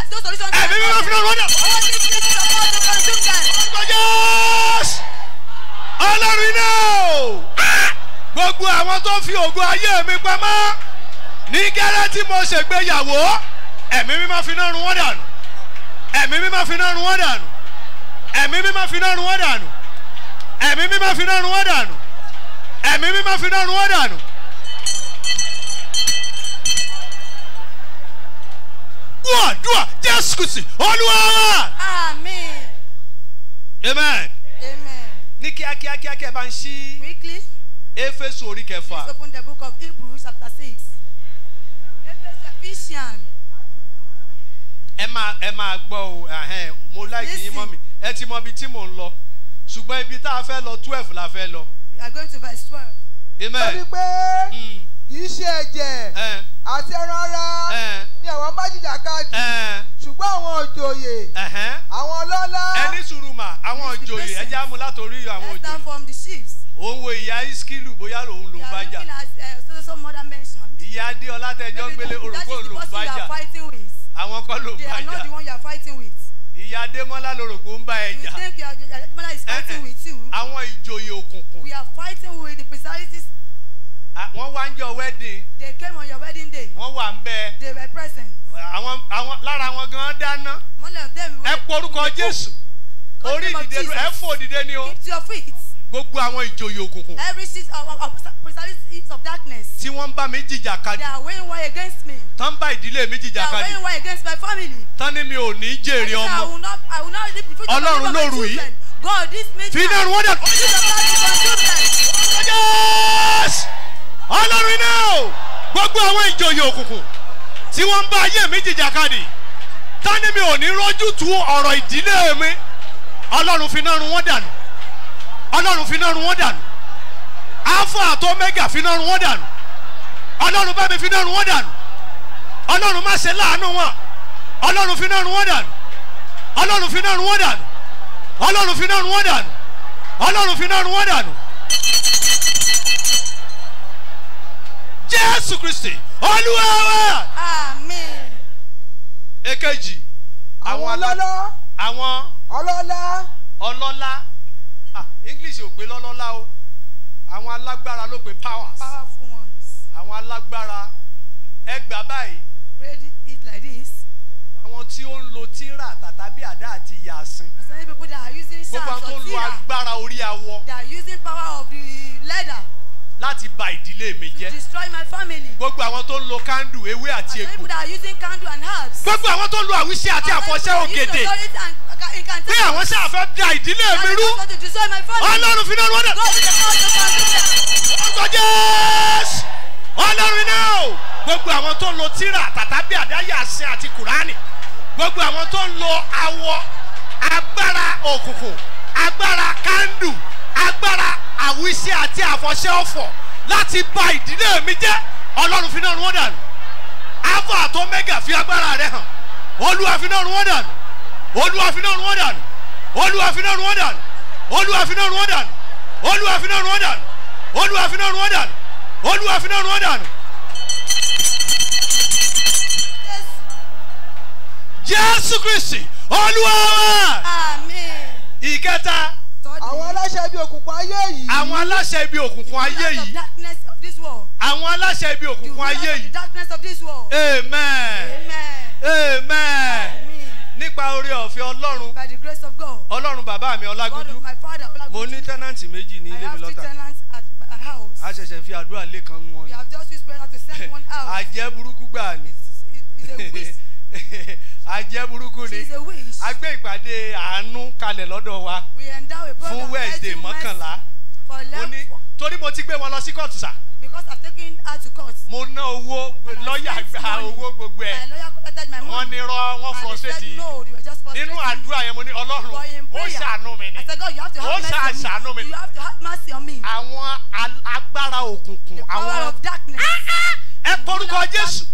Ah, ẹ̀mí mi máa fi lọ́wọ́ dà. all these things are all the consume them. orúkọ jésù. ọlọ́run náà. gbogbo àwọn tó fi ògo ayé mi pamọ́. ní gẹ́rẹ́ tí mo ṣègbéyàwó ẹ̀mí mi máa fi náà run wọ́n dànù ẹ̀mí mímọ́ fi náà run wọ́n dànù ẹ̀mí mímọ́ fi náà run wọ́n dànù ẹ̀mí mímọ́ fi náà run wọ́n dànù ẹ̀mí mímọ́ fi náà run wọ́n dànù. wọ́n àdúrà jésù kùsì olúwa. amen. amen. ní kíákíá kíákíá ẹ bá ń ṣí. quickly. orí kẹfà. please open the book of hebrews chapter six. ephesians ẹ máa ẹ máa gbọ́ o mo láìkí yín mọ́ mi ẹ ti mọ ibi tí mò ń lọ ṣùgbọ́n ibi tá a fẹ́ lọ twelve la fẹ́ lọ. we are going to verse twelve. amen. torí pé hmm. kì í ṣe ẹ̀jẹ̀ àti ẹran ara ni àwọn bá jìjà káàdì ṣùgbọ́n àwọn òjòyè àwọn ọlọ́lá. ẹni sùrùmà àwọn òjòyè ẹ já mu látòrí àwọn òjòyè. letter from the chiefs. òun wo ìyá iskilu bóyá òun ló ń bá jà. they are looking at uh, eh, so so mother mentioned. ìyá adéọlá tẹjọ gbélé orúkọ ló ń bá maybe that is the person you are fighting with àwọn kọ́ ló ń bá ìjà. they are not the one you are fighting with. ìyá adémọ́lá ló rò pé ó ń bá ẹ you think adémọ́lá is fighting eh, eh, with you. àwọn ìjòyè òkùnkùn. we are fighting with the principalities. wọ́n wá ń jọ wedding. they came on your wedding day. wọ́n wà ń bẹ. they were present. àwọn àwọn lára wọn gan dáná. mọ́lẹ̀ ọ̀dẹ́ mi wọ́n. ẹ porúkọ jésù. orí ìdìde ẹ fò òdìde ni o. keep to your feet gbogbo àwọn ìjòyè òkùnkùn. every seed of of principalities of darkness. tí wọ́n ń bá mi jìjà kadì. they are weighing war against me. tán bá ìdílé mi jìjà kadì. they are weighing war against my family. tán ní mi ò ní jèrè ọmọ. I will not I will not live the future of my children. ọlọ́run God this may. fi náà wọ́n dẹ̀. yes ọlọ́run iná o gbogbo àwọn ìjòyè òkùnkùn tí wọ́n ń bá ayé mi jìjà kadì tán ní mi ò ní rọ́jú tu ọ̀rọ̀ ìdílé mi ọlọ́run fi wọ́n dànù ọlọ́run finá run wọ́n dànù alpha àti omega finá run wọ́n dànù ọlọ́run bá mi finá run wọ́n dànù ọlọ́run má ṣe láàánú wọn ọlọ́run finá run wọ́n dànù ọlọ́run finá run wọ́n dànù ọlọ́run finá run wọ́n dànù ọlọ́run finá run wọ́n dànù jésù kristi olúwa wa. èkejì àwọn ọlọ́lá àwọn ọlọ́lá ọlọ́lá english ò pé lọ́lọ́lá o àwọn alágbára ló pé powers àwọn alágbára ẹ gbà báyìí. read it like this. àwọn tí ó ń lo tírà tàbí àdá àti yasin. some people that are using sand or tírà. gbogbo àwọn tó ń lo agbára orí awọ. they are using power of the leather láti ba ìdílé mi jẹ́. to destroy my family. gbogbo àwọn tó ń lo candle ewé àti egbò. people that are using candle and herbs. gbogbo àwọn tó ń lo àwíṣe àti àfọ̀ṣẹ́ ògèdè. that are using authority pé àwọn ṣáà fẹ́ da ìdílé mi rú ọlọ́run fi náà wọ́dà ọgbọ́n jésù ọlọ́run náà gbogbo àwọn tó ń lo tírà tàtàbí àdáyà àṣẹ àti kùránì gbogbo àwọn tó ń lo awọ agbára òkùnkùn agbára kándù agbára àwíṣẹ àti àfọṣẹ ọ̀fọ̀ láti bà ìdílé mi jẹ́ ọlọ́run fi náà wọ́n dànù alpha àti omega fi agbára rẹ̀ hàn olúwa fi náà wọ́n dànù olúwa fi náà run wọ́n dànù olúwa fi náà run wọ́n dànù olúwa fi náà run wọ́n dànù olúwa fi náà run wọ́n dànù olúwa fi náà run wọ́n dànù olúwa fi náà run wọ́n dànù. jésù kristi olúwa wa. àmín. ìkẹta. àwọn aláṣẹ ibi òkùnkùn ayé yìí. àwọn aláṣẹ ibi òkùnkùn ayé yìí. àwọn aláṣẹ ibi òkùnkùn ayé yìí. amen. amen. amen nípa oore ọ̀fẹ́ ọlọ́run by the grace of God ọlọ́run bàbá mi ọlágúdú mo ní tẹ́nàntì méjì ní ilé mi lọ́tà a ṣẹ̀ṣẹ̀ fi àdúrà lé kan nu wọn àjẹ́ *laughs* burúkú gbà ni àjẹ́ *laughs* burúkú ni a gbé ìpàdé àánú kalẹ̀ lọ́dọ̀ wa fún wẹ́ẹ̀dẹ̀ mọ́kànlá mo ní torí mo ti gbé wọn lọ sí kóòtù sá because I've taken her to court. mo ná owó lọ́ọ̀yà gba owó gbogbo ẹ̀ wọ́n ní rọ́ wọ́n frustrate yìí nínú àdúrà yẹn mo ní ọlọ́run ó ṣàánú mi ni ó ṣàánú mi ni àwọn agbára òkùnkùn àwọn ah, ah, ẹ porúkọ jésù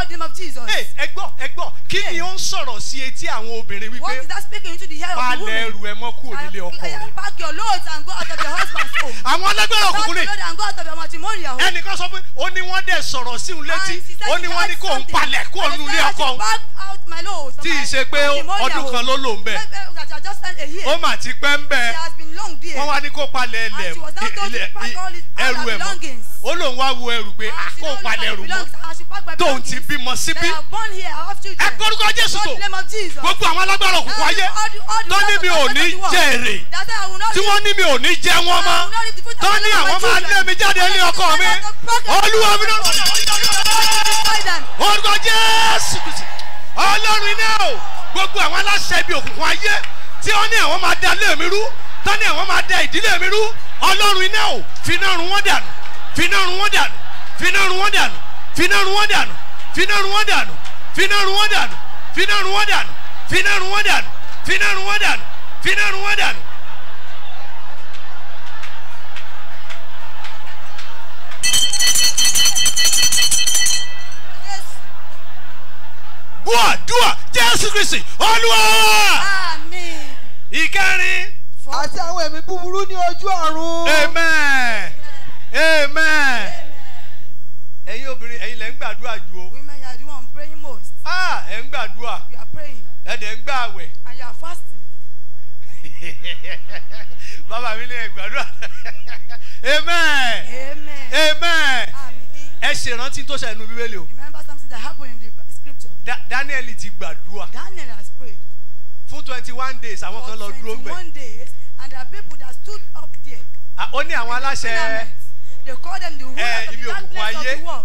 the name of Jesus. Hey, ẹ gbọ́ ẹ gbọ́ kí ni ó ń sọ̀rọ̀ sí etí àwọn obìnrin wípé. What is that speaking into the ear of the woman? Palẹ̀ ẹrù ẹ mọ́ kúrò nílé ọkọ rẹ. Pack your loads and go out of your husband's home. *laughs* Àwọn alágbára òkùnkùn ni. your load and go out of your matrimonial home. Ẹnìkan sọ fún mi, ó ní wọ́n dẹ̀ sọ̀rọ̀ sí un létí, ó ní wọ́n ní kó ń palẹ̀ kúrò nílé ọkọ òun. Tí ì ṣe pé ọdún kan ló lò ń bẹ̀. Uh, ó mà ti pẹ́ ń bẹ̀. Wọ́n wá ní kó palẹ̀ ẹlẹ̀ ẹrù ẹ̀ mọ́. Ó lóun wá wo ẹrù pé ah, kó palẹ̀ ẹrù mọ́. Tóun ti fi mọ̀ síbí. ẹ kórúkọ jésù tó gbogbo àwọn alágbára òkùnkùn ayé tó ní mi ò ní jèrè tí wọ́n ní mi ò ní jẹ wọn mọ́ tó ní àwọn máa lé mi jáde ní ọkọ mi olúwa mi náà orúkọ jésù ọlọ́run iná o gbogbo àwọn aláṣẹ ibi òkùnkùn ayé tí wọ́n ní àwọn máa da ilé mi rú tó ní àwọn máa da ìdílé mi rú ọlọ́run iná o fi náà run wọ́n dànù fi náà run wọ́n dànù fi náà run wọ́n dànù fi náà run wọ́n dànù finá wadan, wọ́n wadan, finá wadan, wọ́n wadan, finá wadan, wọ́n wadan. Bua dua Jesus Christ, finá Amen. wọ́n dànù finá run wọ́n dànù. wọ́n dùn amen amen. ẹ̀yin obìnrin ẹ̀yin lẹ́ ń gbàdúrà jù o ah ẹ̀ ń gbàdúrà you are praying ẹ̀ dẹ̀ ń gbààwẹ̀ *laughs* and you are fasting. bàbá mi ní ẹ̀ *laughs* amen amen amen ẹ ṣèrántí tó ṣe inú bíbélì o. remember something that happened in the scripture. Da Daniel ti gbàdúrà. Daniel has prayed. fún twenty one days àwọn kan lọ dúró gbẹ. for twenty one days and there are people that stood up there. Ah, ó ní àwọn aláṣẹ. they call them the eh, rulers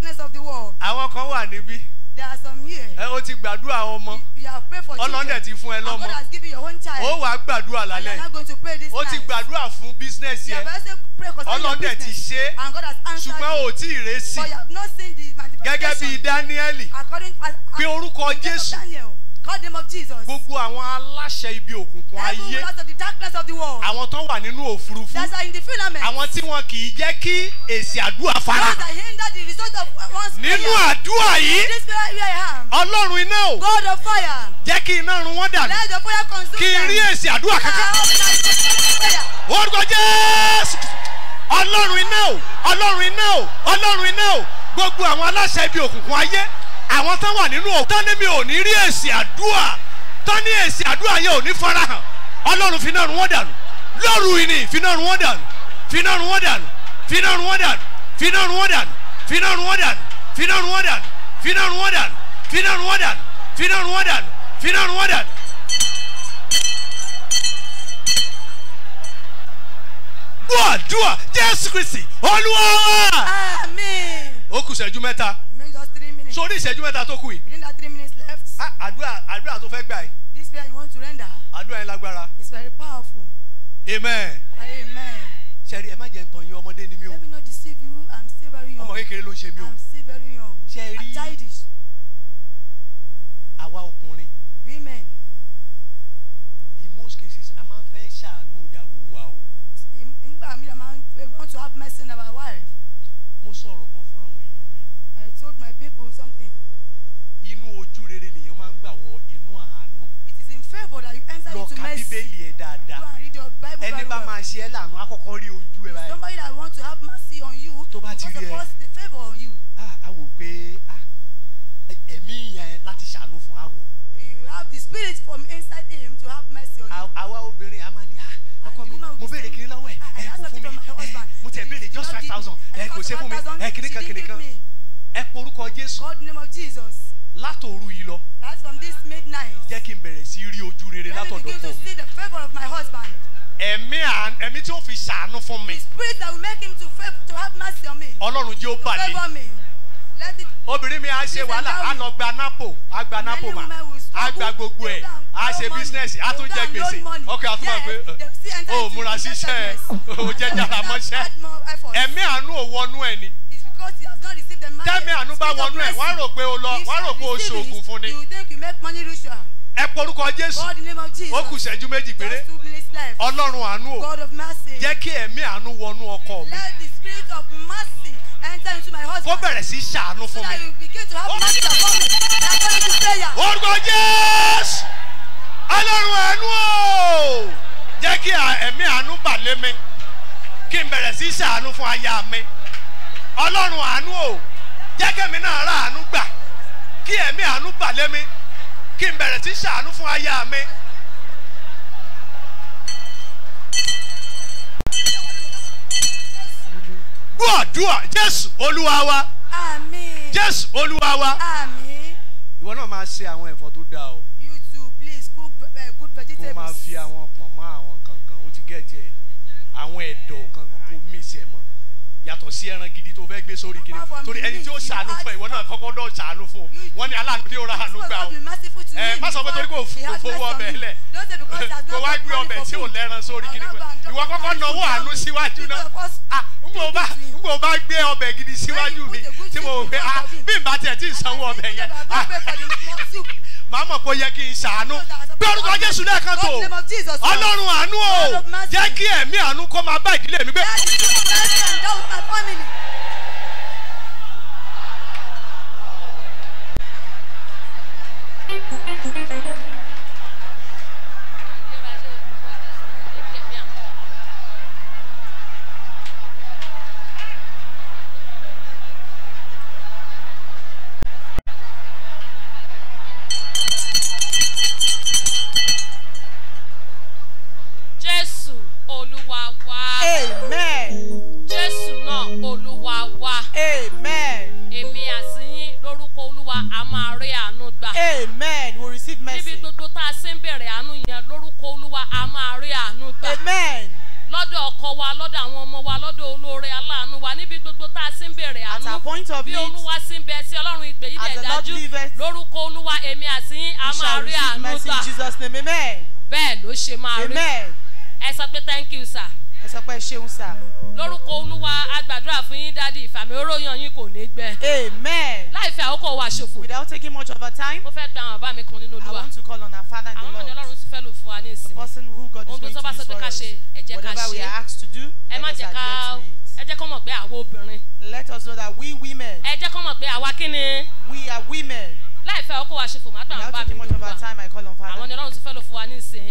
darkness of the world. àwọn kan wà níbí. there are some here. ẹ o ti gbàdúrà ọmọ. you have prayed for children. ọlọ́dẹ ti fún ẹ lọ́mọ. God has given your own child. ó wàá gbàdúrà lálẹ́. and you are not going to pray this night. o ti gbàdúrà fún business yẹn. you have also prayed for your business. ọlọ́dẹ ti ṣe. and God has answered. ṣùgbọ́n o ti rèé sí. but you have not seen the manifestation. gẹ́gẹ́ bí Daniel. according as. pé orúkọ jésù. Call name of Jesus. Gbogbo àwọn aláṣẹ ibi òkùnkùn ayé. Every lord of the darkness of the world. Àwọn tó wà nínú òfurufú. That's are in the firmament. Àwọn tí wọn kì í jẹ́ kí èsì àdúrà fara. Those that hinder the result of one's prayer. Nínú àdúrà yìí. This prayer where I am. Ọlọ́run iná o. God of fire. Jẹ́ kí iná run wọ́n dànù. Let the fire consume them. Kí n rí èsì àdúrà kankan. Orúkọ Jésù. Ọlọ́run iná o. Ọlọ́run iná o. Ọlọ́run iná o. Gbogbo àwọn aláṣẹ ibi òkùnkùn ayé àwọn tó wà nínú òkú tán ní mi ò ní rí èsì àdúrà tán ní èsì àdúrà yẹn ò ní farahàn ọlọ́run fi náà run wọ́n dànù lóru ìní fi náà run wọ́n dànù fi náà run wọ́n dànù fi náà run wọ́n dànù fi náà run wọ́n dànù fi náà run wọ́n dànù fi náà run wọ́n dànù fi náà run wọ́n dànù fi náà run wọ́n dànù fi náà run wọ́n dànù fi náà run wọ́n dànù. dùà dùà jésù kristi olúwa. àmín. ó kù sẹ́jú mẹ́ta three. sórí ìṣẹ́jú mẹ́ta tó kù yìí. within that three minutes left. Ah, àdúrà àdúrà tó fẹ́ gbà yìí. this prayer you want to render. àdúrà yẹn lágbára. it's very powerful. amen. amen. sẹ́rí ẹ má jẹ́ ntàn yín ọmọdé ni mí o. let me not deceive you i'm still very young. ọmọ kékeré ló ń ṣe mí o. i'm still very young. sẹ́rí childish. bíbélì ẹ dáadáa ẹni bá máa ṣe ẹ lànà àkọ́kọ́ rí ojú ẹ báyìí. somebody that want to have mercy on you. tó bá ti rí ẹ on you. ah a wò pé ah ẹ̀mí yẹn láti ṣàánú fún àwọ̀. you have the spirit from inside him to have mercy on you. àwa obìnrin a máa ní ah ọkọ mi mo béèrè kiri lọ́wọ́ ẹ̀ ẹ̀ kò fún mi ẹ̀ mo tẹ̀ béèrè just five thousand ẹ̀ kò ṣe fún mi ẹ̀ kìnìkan kìnìkan ẹ̀ porúkọ Jésù. God name of Jesus látòru yìí lọ. that's from this midnight. jẹ́ kí n bẹ̀rẹ̀ sí rí ojú rere látọ̀dọ̀ fún let me begin to see the favour of my husband. ẹ̀mí ẹ̀mí tí ó fi ṣàánú fún mi. the spirit that will make him to favour to have mercy on me. ọlọ́run jẹ́ ó bà ní. to favour me. let it. obìnrin mi á ṣe wàhálà á lọ gba napo á gba napo mà á gba gbogbo ẹ̀ a ṣe business a tún jẹ gbèsè ọkọ àtúmọ̀ pé o múra ṣiṣẹ́ *laughs* o oh, jẹ́ jára mọ́ṣẹ́ ẹ̀mí àánú ò wọnú ẹ̀ ni tẹ́mi àánú bá wọnú ẹ̀ wá rò pé o lọ wá rò pé o ṣoògùn fún ni. ẹ porúkọ jésù ó kù ṣẹ́jú méjì péré ọlọ́run àánú o jẹ́ kí ẹ̀mí àánú wọnú ọkọ mi kó bẹ̀rẹ̀ sí ṣàánú fún mi. orúkọ jésù ọlọ́run àánú o jẹ́ kí ẹ̀mí àánú bà lé mi kí n bẹ̀rẹ̀ sí ṣàánú fún aya mi ọlọ́run àánú o jẹ́kẹ̀mí náà ra àánú gbà kí ẹ̀mí àánú gbà lé mi kí n bẹ̀rẹ̀ sí ṣàánú fún aya mi. gbọ́dúà jésù olúwa wa jésù olúwa wa ìwọ náà máa ṣe àwọn ẹ̀fọ́ tó dáa o. you too please cook uh, good vegetables. kó máa fi àwọn pọ̀nmọ́ àwọn kankan ó ti gẹ̀ẹ́jẹ̀ àwọn ẹ̀dọ̀ yàtọ̀ sí ẹran gidi tó fẹ́ gbé sórí kiri torí ẹni tí ó ṣàánú fún ẹ ìwọ náà kọ́kọ́ dọ̀ ṣàánú fún wọn ni aláàánú tí ó ra àánú gbà ó ẹ má sọ pé torí kò fowó ọbẹ̀ lẹ̀ kò wá gbé ọbẹ̀ tí ò lẹ́ran sórí kiri ìwọ kọ́kọ́ náwó àánú síwájú náà mo ah, bá mo bá gbé ọbẹ̀ gidi síwájú mi tí mo fẹ́ ah, bí n bá tiẹ̀ tí ì sanwó ọbẹ̀ yẹn màá mọ̀ kó yẹ kí n ṣàánú bí orúkọ Jésù lẹ́ẹ̀kan tó Ọlọ́run àánú o jẹ́ kí ẹ̀mí àánú kó máa bá ìdílé mi gbé. Thank you. ọkọ wa lọ́dọ̀ àwọn ọmọ wa lọ́dọ̀ olóore aláàánú wa níbi gbogbo tá a sì ń bèrè àánú bí olúwa sì ń bẹ sí ọlọ́run ìpè yìí dẹ̀ dájú lórúkọ olúwa èmi àti a máa rí àánú gbà bẹ́ẹ̀ ló ṣe máa rí ẹ sọ pé thank you sir ẹ sọ pé ṣeun sà. lórúkọ olúwa a fún yín dádì ìfàmì oróyàn yín kò ní gbẹ. amen. láì fi àkókò wa ṣòfò. without taking much of our time. mo fẹ́ pe àwọn bàbá mi kan nínú olúwa. I want to call on our father in the Lord. àwọn ọ̀nà ọlọ́run ti fẹ́ lò fún wa ní ìsìn. the person who God is going to use for us. ohun tó ká ṣe ẹ ká ṣe. whatever we asked to do. kọ́ mọ̀ pé àwa obìnrin. let us know that we women. ẹ kọ́ mọ̀ pé àwa kíni. we are women láìfẹ́ ọkọ wa ṣe fòmátò àwọn bá mi ló wà àwọn ni ọlọ́run ti fẹ́ lò fún wa ní ìsìn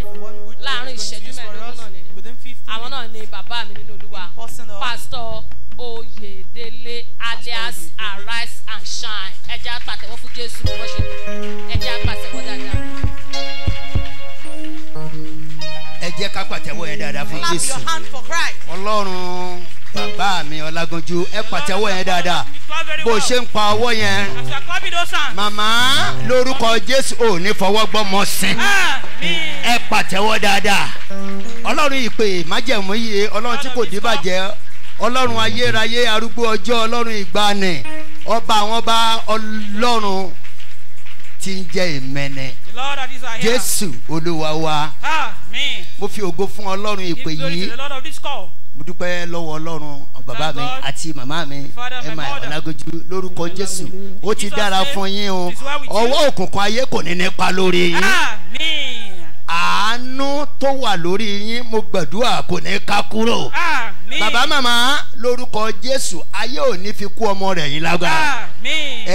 láàrin ìṣẹ́jú mẹ́ẹ̀ẹ́dógún náà ni àwọn náà ni bàbá mi nínú olúwa pásítọ̀ oyèdélé alias arise and shine ẹja pàtẹ́wọ́ fún jésù bí wọ́n ṣe ẹja pàtẹ́wọ́ dáadáa. ẹ jẹ́ ká pàtẹ́wọ́ yẹn dáadáa fún jésù ọlọ́run bàbá mi ọlágunjú ẹ pàtẹ́wọ́ yẹn dáadáa bó ṣe ń pa ọwọ́ yẹn màmá lórúkọ jésù ò ní fọwọ́ gbọ́ mọ́ sí ẹ pàtẹ́wọ́ dáadáa ọlọ́run ìpè májẹ̀mú yìí ọlọ́run tí kò dìbàjẹ́ ọlọ́run ayérayé arúgbó ọjọ́ ọlọ́run ìgbàanì ọba àwọn ọba ọlọ́run ti ń jẹ́ ìmẹ́nẹ jésù olúwa wa mo fi ògo fún ọlọ́run ìpè yìí mo dúpẹ́ lọ́wọ́ ọlọ́run bàbá mi àti màmá mi emma ọ̀làgójú lórúkọ jésù ó ti dára fún yín o ọwọ́ òkùnkùn ayé kò ní nípa lórí yín àánú tó wà lórí yín mo gbàdúrà kò ní ká kúrò bàbá màmá lórúkọ jésù ayé ò ní fi kú ọmọ rẹ̀ yín lágbára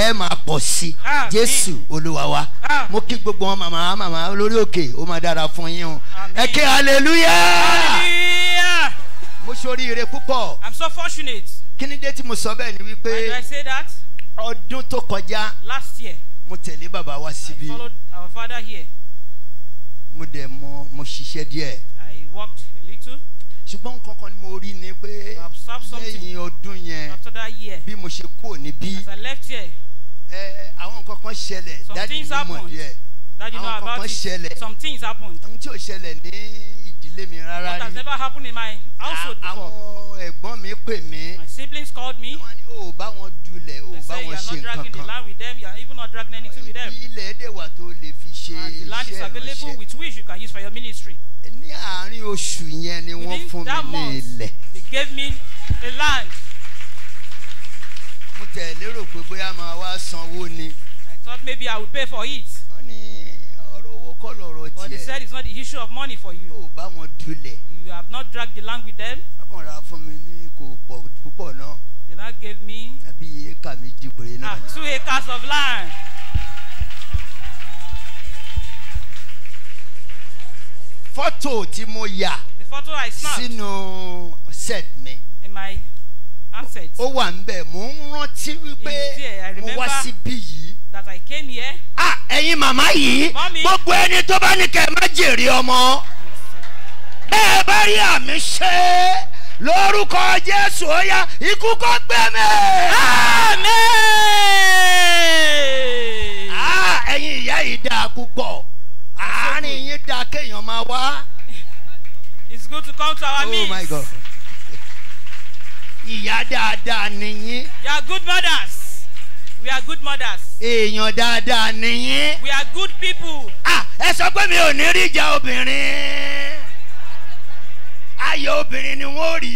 ẹ máa pọ̀ sí jésù olúwa mo kí gbogbo wọn màmá màmá lórí òkè ó máa dára fún yín o ẹ kí hallelujah. hallelujah mo ṣoríire púpọ̀. i'm so fortunate. kí ni dé tí mo sọ bẹ́ẹ̀ ni wípé. why do i say that. ọdún tó kọjá. last year. mo tẹ̀lé bàbá wa síbí. i followed our father here. mo dẹ̀ mo mo ṣiṣẹ́ díẹ̀. i worked a little ṣùgbọ́n nǹkan kan ni mo rí ni pé lẹ́yìn ọdún yẹn bí mo ṣe kúrò níbí àwọn nǹkan kan ṣẹlẹ̀ dájú ní mọ̀ díẹ̀ àwọn nǹkan kan ṣẹlẹ̀ ohun tí ò ṣẹlẹ̀ ní ilé mi rárá rí. What has ever happened in my household before? Àwọn ẹ̀gbọ́n mi pè mí. My siblings called me. Wọ́n ní o ò bá wọn dulẹ̀, o ò bá wọn ṣe nǹkan kan. They say you are not dragging the land with them, you are even not dragging anything with them. Ilẹ̀ èdè wà tó lè fi ṣe iṣẹ́ ìránṣẹ́. And the land is available with which you can use for your ministry. Ní àárín oṣù yẹn ni wọ́n fún mi ní ilẹ̀. They gave me a land. Mo tẹ̀ lérò pé bóyá máa wá sanwó ni. I thought maybe I would pay for it. Wọ́n ní ọ̀rọ̀ but they said it's not the issue of money for you. o bá wọn you have not dragged the land with them. wọ́n ra they now gave me. ah two acres of land. Photo tí mo yà. the photo I snapped. sínú set me. in my handset. ó wà ń bẹ̀ mò ń rántí wípé mo wá síbí yìí that I came here. ah ẹ̀yin màmá yìí gbogbo ẹni tó bá ní kẹ́ ẹ má jèrè ọmọ bẹ́ẹ̀ bá rí àmì ṣe é lórúkọ jésù ọyá ikú kó gbé mi. àmín. ẹ̀yin ìyá yìí dáa púpọ̀ àárín yín dáa kéèyàn máa wá. it's good to come to our oh meetings. oh my god. ìyá dáadáa ni yín. you are good mothers we are good mothers. èèyàn dáadáa nìyí. we are good people. ah ẹ sọ pé mi ò ní rí ìjà obìnrin ayọ̀ obìnrin ni wọ́n rí.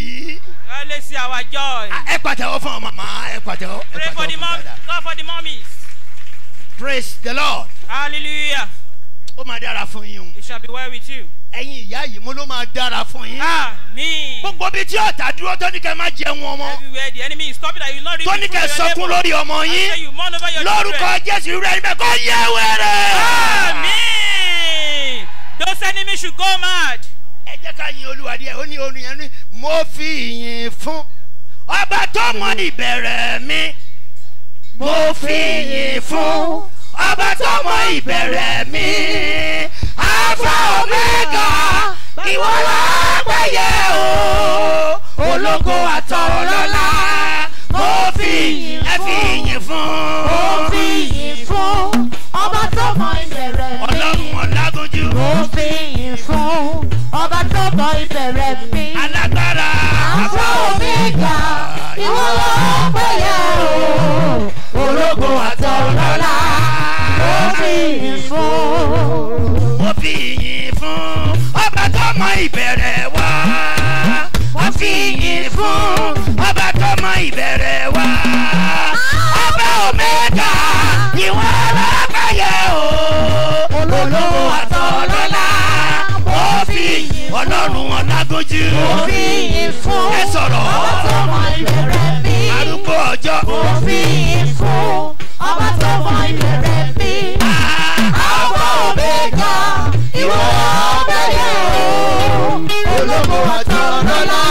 wọ́n see our joy. Ah, ẹ pàtẹ́wọ́ fún ọmọ màmá ẹ pàtẹ́wọ́ pray for the mom God for the mummies. praise the lord. hallelujah ó máa dára fún yín o. it shall be well with you. ẹ̀yin ìyá yìí mo ló máa dára fún yín. àmín. Ah, gbogbo bíi tí ọ̀tá dúró tó ní jẹun ọmọ. everywhere the enemy is stopping that you no reach to your neighbor. tó ní kẹ́ sọkún lórí ọmọ yín. after you mourn over your children. lórúkọ jésù irú ẹni bẹ́ẹ̀ kó yẹ wẹ́rẹ́. àmín. those enemies should go mad. ẹ jẹ́ ká yin olúwa díẹ̀ ó ní orin yẹn ní mo fi ìyìn fún ọba tó mọ ìbẹ̀rẹ̀ mi mo fi ìyìn fún ọba tó mọ ìbẹ̀rẹ̀ mi alfa omega ìwọ lágbẹ̀yẹ o ológo àtọ̀rọ̀ lọ́la mo fi ìyìn ẹ fi fún. mo fi ìyìn fún ọba tó mọ ìbẹ̀rẹ̀ mi ọlọ́run ọ̀làgójú. mo fi ìyìn fún ọba tó mọ ìbẹ̀rẹ̀ mi alágbára alfa omega ìwọ lágbẹ̀yẹ o ológo àtọ̀rọ̀ yìn ifun, mo fi yìn fún ọba tó mọ ìbẹ̀rẹ̀ wa. omega ìwọ alábàyẹ o. olówó àtọ̀lọ́lá. mo fi yìn ọlọ́run ọ̀làgójì. mo fi yìn fún ẹ mi. arúgbó ọjọ́. mo fi ọba tó fọ ilẹ̀ rẹ̀ bí. ọba òbí ga ìwọ ọbẹ̀ yẹn o olóko àti ọ̀nà náà.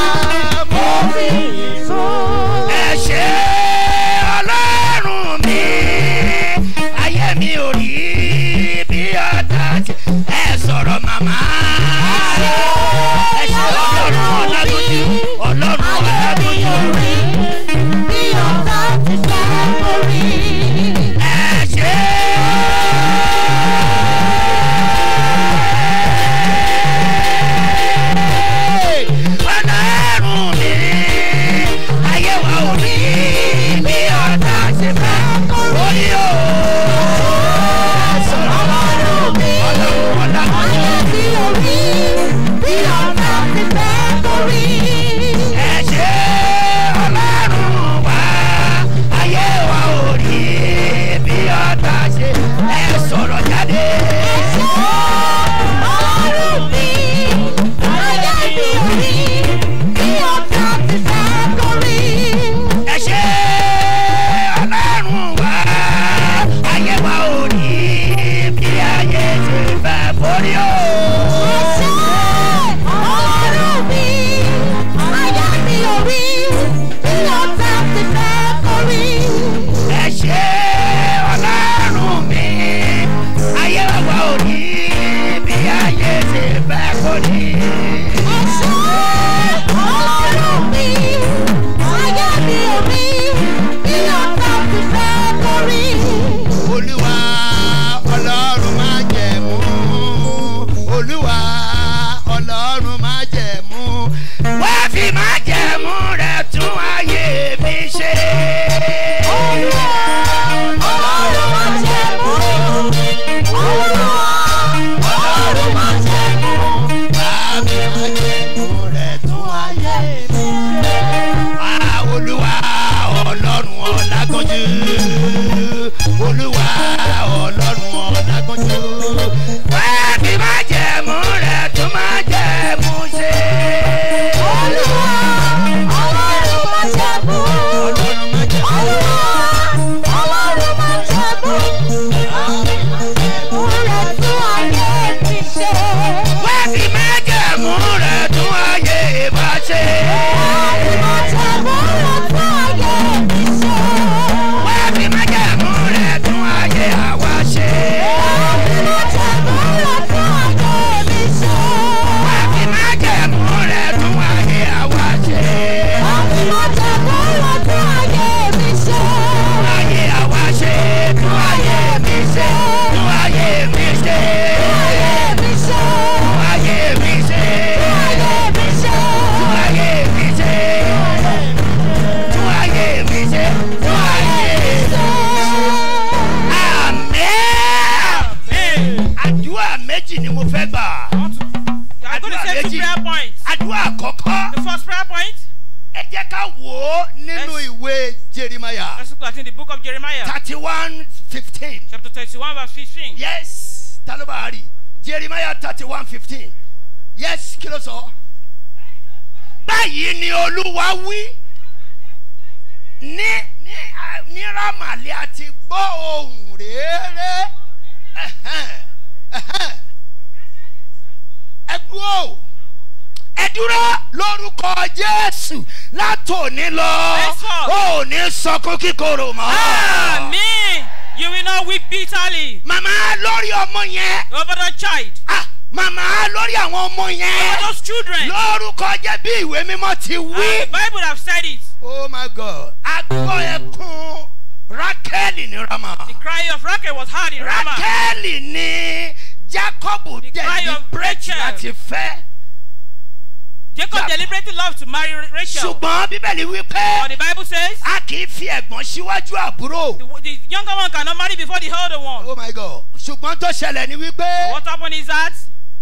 bíbélì wípé. for the bible says. a kì í fi ẹ̀gbọ́n síwájú àbúrò. the younger one cannot marry before the older one. oh my god ṣùgbọ́n tó ṣẹlẹ̀ ni wípé. what happened is that.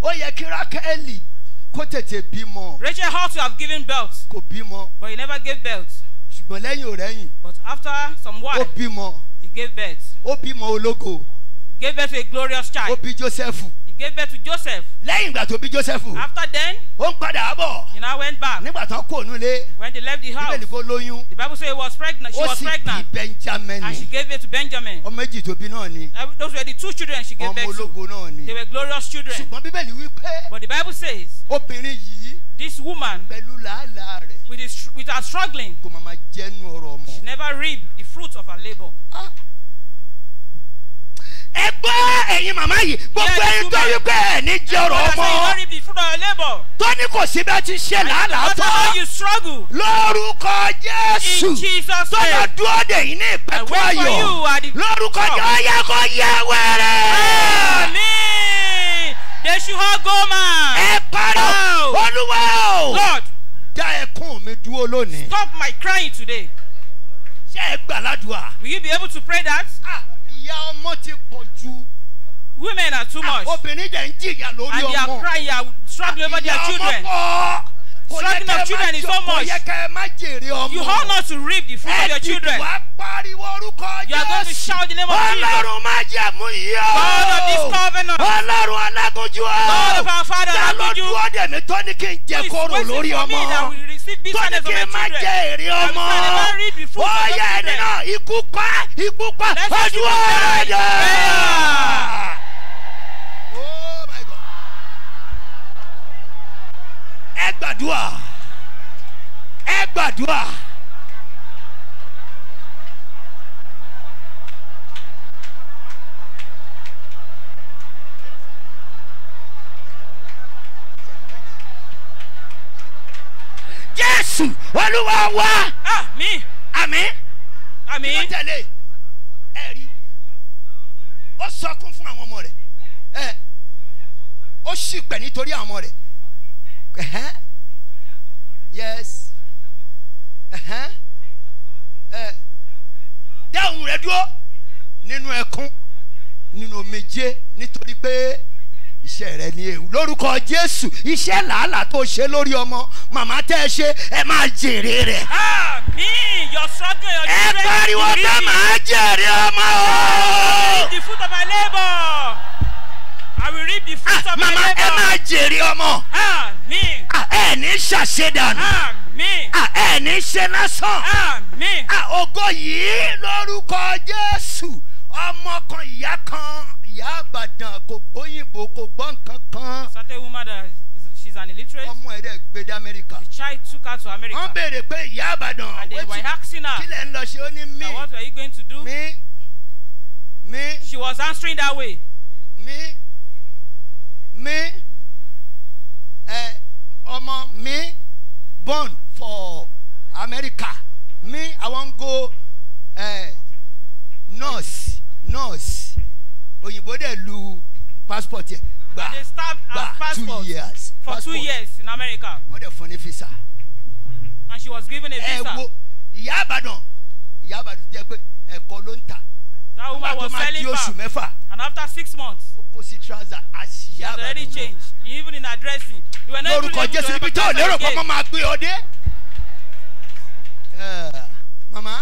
ó yẹ kí rákẹ́lì kó tètè bímọ. rachel how to have given birth. kò bímọ. but he never gave birth. ṣùgbọ́n lẹ́yìn ò but after some while. ó bímọ. he gave birth. ó bímọ ológo. gave birth to a glorious child. ó bí joseph gave birth to Joseph. lẹ́yìn ìgbà tó bí Joseph. after then. ó ń padà bọ̀. he now went back. nígbà tó kó òun when they left the house. níbẹ̀ ni kó lóyún. the bible say he was pregnant. she was pregnant. ó sì bí Benjamin. and she gave birth to Benjamin. ọmọ méjì tó bí náà ni. Uh, those were the two children she gave birth to. ọmọ ológo náà ni. they were glorious children. ṣùgbọ́n bíbélì wí pé. but the bible says. obìnrin yìí. this woman. pẹ̀lú làálàá rẹ̀. with his with her struggling. kò máa ma jẹ́nu ọ̀rọ̀ ọmọ. she never reap the fruit of her labour. ah ẹ gbọ́ ẹ̀yin màmá yìí gbogbo ẹ̀yin tó yí pé ẹ̀ ní jẹrọ ọmọ tó ní kò sí bẹ́ẹ̀ ti ṣe làálàá tán lórúkọ Jésù tó lọ dúró dè yín ní ìpẹ́kọ̀ ayọ̀ lórúkọ Jésù ó yẹ kó yẹ wẹ́rẹ́. They should all go mad. Ẹ pariwo, Olúwa o. Lord. Dá ẹkún mi dúró lónìí. Stop my crying today. Ṣé ẹ gbàládùá? Will you be able to pray that? Ah ìyá ọmọ ti pọ̀ jù. women are too much. obìnrin dẹ̀ ń jìyà lórí ọmọ. and they are crying they struggling over their children. ìyá of children is so much. You ought not to reap the fruit of your children. You are going to shout the name of Jesus. God of this covenant. God of our Father, I bid you. Who is waiting for me that will tó ní kí n má jẹ èrè ọmọ ó yẹ ẹni náà ikú pa ikú pa ojú ọ̀rọ̀ ẹ gbàdúrà ẹ gbàdúrà. jésù olúwa wá. àmín. àmín. àmín. kí ló tẹ̀lé ẹ rí ó sọkún fún àwọn ọmọ rẹ̀ ẹ ó sì pẹ̀ nítorí àwọn ọmọ rẹ̀ yes dá ohùn rẹ̀ dúró nínú ẹkún nínú omijé nítorí pé iṣẹ́ rẹ ní ewu lórúkọ jésù iṣẹ́ làálàá tó ṣe lórí ọmọ màmá tẹ́ ẹ ṣe ẹ máa jèrè rẹ̀. mi your struggle your children. ẹ pariwo pé màá jèrè ọmọ o. the fruit of my labour. I will reap the ah, màmá ẹ máa jèrè ọmọ. Ah, ẹ ní ṣàṣedànù. Ah, ẹ ní ṣe lásán. mi. yìí lórúkọ jésù ọmọ kan ìyá kan ìyá àbàdàn kò gbóyìnbó kò gbọ́ nǹkan kan. certain woman she is an illiterate. ọmọ ẹ̀ gbé dé amẹ́ríkà. the child took her to America. wọ́n béèrè pé ìyá àbàdàn. and they were asking her. kílẹ̀ ń lọ ṣe ó ní mí. and what were you going to do. mi mi. she was answering that way. mi mi ẹ ọmọ mi born for America Me, i wan go uh, nurse nurse òyìnbó dẹ̀ lu passport yẹ gbà gbà two years for two years in America. wọ́n dẹ̀ fún ní visa. and she was given a visa. ẹ wo ìyá àbàdàn ìyá àbàdàn jẹ́ pé ẹ̀kọ́ ló ń tà. that woman was selling back and after six months. ó kó sí trouser àṣì ìyá àbàdàn. she has already changed even in her dressing. lórúkọ jésù ibi tí ò lérò pé ọmọ máa gbé ọ dé. mama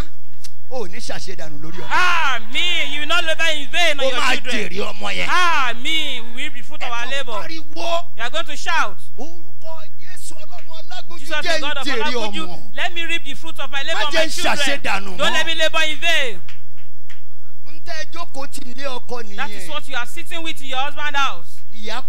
o ní ṣàṣedànù lórí ọmọ. àmì you will not labour in vain on your children. o máa jèrè ọmọ yẹn. àmì we will fruit our labour. pariwo. you are going to shout. orúkọ Jésù ọlọ́run alágbójú jẹ́ ń jèrè ọmọ. let me reap the fruit of my labour on my children. má jẹ́ ṣàṣedànù mọ́. don't let me labour in vain. n jókòó tí ilé ọkọ nìyẹn. that is what you are sitting with in your husband house. ìyá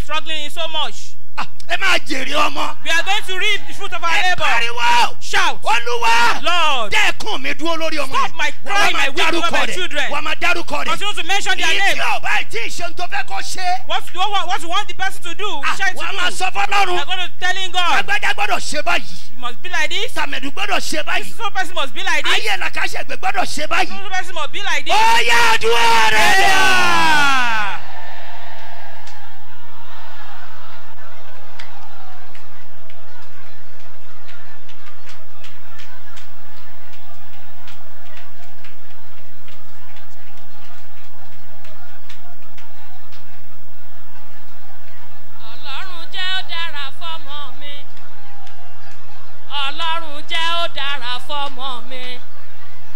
struggling so much. Ah, ẹ máa jèrè ọmọ. we are going to reap the fruit of our labour. ẹ pariwo shout. olúwa lord dẹ́kun mi dúró lórí ọmọ yẹn. stop my crying my weep over my children. wàá ma dárúkọ rẹ̀. continue to mention their name. ìdí ọba ìdí ìṣe tó fẹ́ kó ṣe. what you want you want the person to do. Ah, iṣẹ́ ìtúdú. wàá ma sọ fọlọ́run. I'm gonna tell him God. agbada gbọ́dọ̀ ṣe báyìí. you must be like this. tàmẹ̀dù gbọ́dọ̀ ṣe báyìí. this one person must be like this. ayé làkàṣẹ̀gbẹ̀ gbọ́dọ̀ ṣe báyìí. this one person must be like this. ó yá dúró rẹ̀ ó dára fọ́mọ mi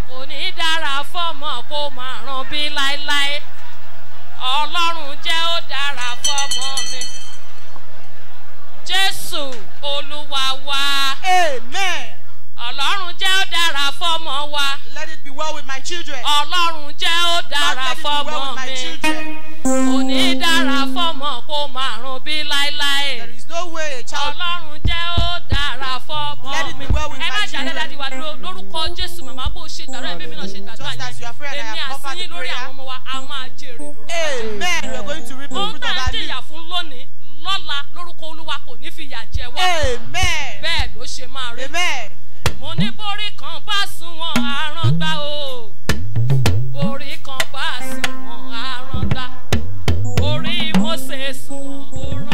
kò ní dára fọ́mọ kó máa ràn bí láéláé ọlọ́run jẹ́ ó dára fọ́mọ mi jésù olúwa wa. amen. ọlọ́run jẹ́ ó dára fọ́mọ wa. let it be well with my children. ọlọ́run jẹ́ ó dára fọ́mọ mi kò ní dára fọ́mọ kó máa ràn bí láéláé is no way a child. Ọlọ́run jẹ́ ó dára fọ́mọ mi. Ẹ má ṣe àdẹ́dá di wa dúró lórúkọ Jésù màmá bó ṣe gbàdúrà ẹbí mi náà ṣe gbàdúrà yẹn. Èmi àti lórí àwọn ọmọ wa a máa jèrè. Amen. We are going to reap the fruit of our fún lónìí lọ́la lórúkọ Olúwa kò ní fi jẹ wá. Amen. Bẹ́ẹ̀ ló ṣe máa rí. Mo ní borí kan bá sunwọ̀n àrán gbá o. Borí kan bá sunwọ̀n àrán gbá. Orí mo ṣe sunwọ̀n òrán.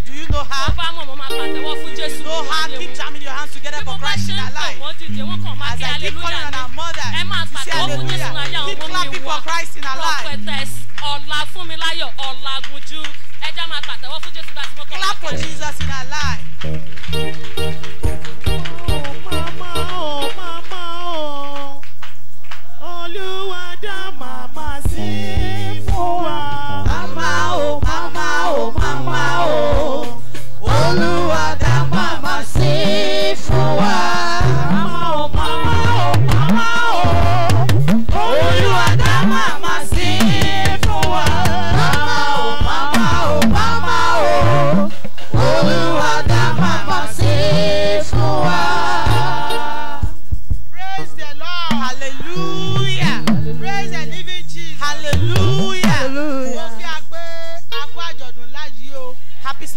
you know her? You Know her, keep jamming your hands together for Christ in her life. As I keep calling on her mother, ẹ máa pàtẹ́wọ́ fún Jésù láyé àwọn Keep clapping for Christ in her life. Clap for Jesus in her life.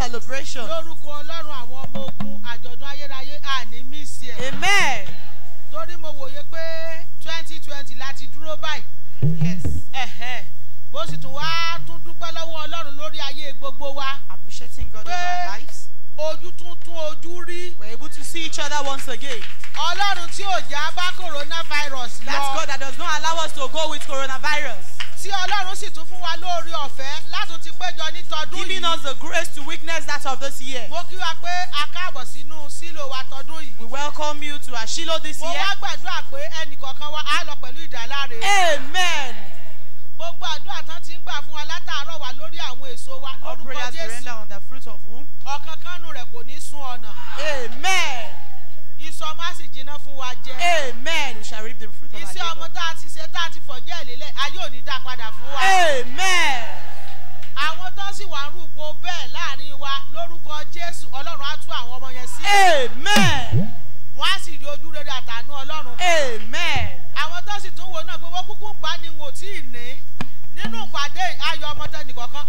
celebration. lórúkọ ọlọ́run àwọn ọmọ ogun àjọ̀dún ayérayé àní mísì ẹ̀. amen. torí mo wòye pé twenty twenty láti dúró báyìí. yes. ẹ̀hẹ̀ bó sì tún wá tún dúpẹ́ lọ́wọ́ ọlọ́run lórí ayé gbogbo wa. appreciating God over our lives. ojú tún ojú rí. we are able to see each other once again. ọlọ́run tí ò já bá coronavirus lọ. that's God that does not allow us to go with coronavirus tí ọlọ́run sì tún fún wa lóore ọ̀fẹ́ látún ti péjọ ní tọdún yìí. giving us the grace to witness that of this year. mo kí wa pé a káàbọ̀ sínú sílò wa tọdún yìí. we welcome you to our sílò this year. mo wá gbàdúrà pé ẹnìkọ̀ọ̀kan wa á lọ pẹ̀lú ìdáláre. amen. gbogbo àdúrà tán ti ń gbà fún wa látàárọ̀ wa lórí àwọn èso wa lórúkọ jésù. all prayers be rendered on the fruit of womb. ọ̀kankan nù rẹ̀ kò ní sun ọ̀nà. amen ìsọ ọmọ sì jiná fún wa jẹ. amen we shall reap the fruit of our labour. iṣẹ́ ọmọ tá a ti ṣe tá a ti fọ̀jẹ́ ìlélẹ̀ ayé ò ní dá padà fún wa. amen. àwọn tó sì wà ń rúpo bẹ́ẹ̀ láàrin wa lórúkọ jésù ọlọ́run á tú àwọn ọmọ yẹn sí. amen. wọ́n á sì rí ojú rere àtàánú ọlọ́run. amen. àwọn tó sì tún wo náà pé wọ́n kúkú gbá ni wọn ò tí ì ní nínú ìpàdé ayọ̀ ọmọdé nìkọ̀ọ̀kan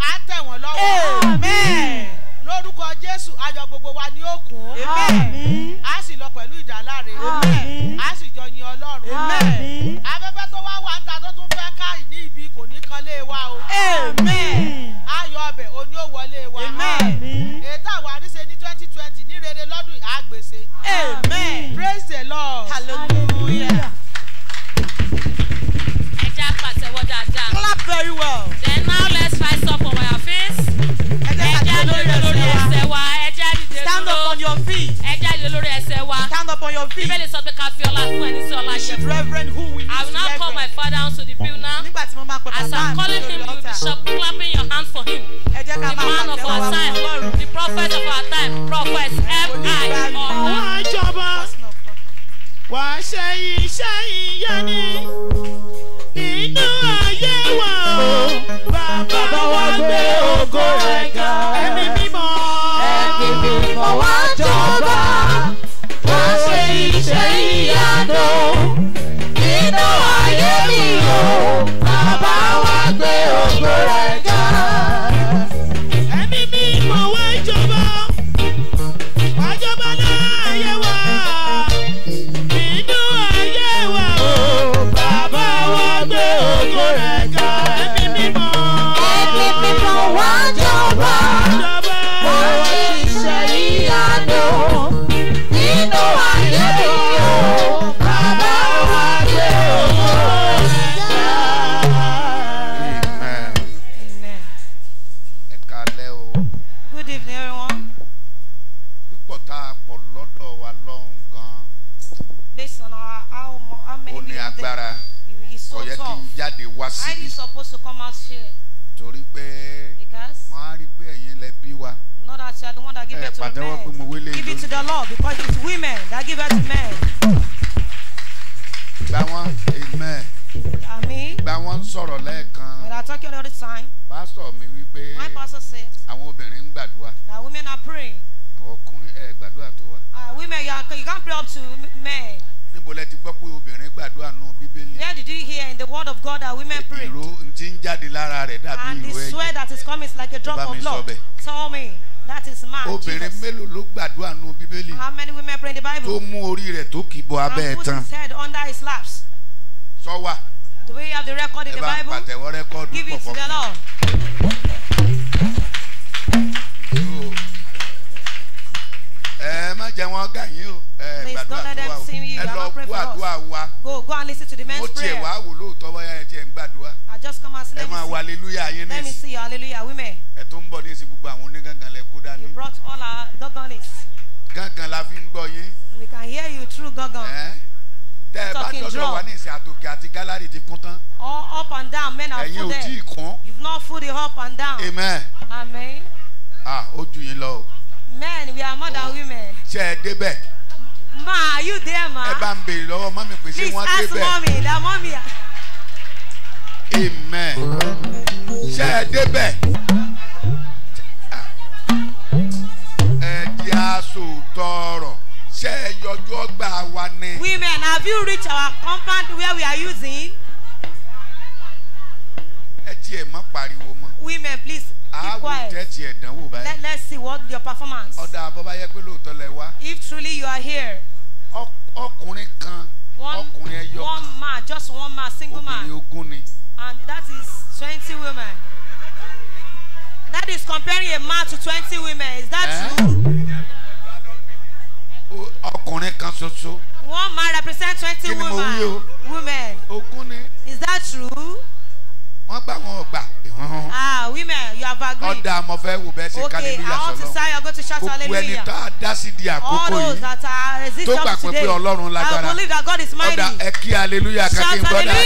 tá a dá sí di àkókò yìí tó gbà pé pé ọlọ́run lágbára ọ̀dà ẹ kí hallelujah kàkí n gbọ́dọ̀.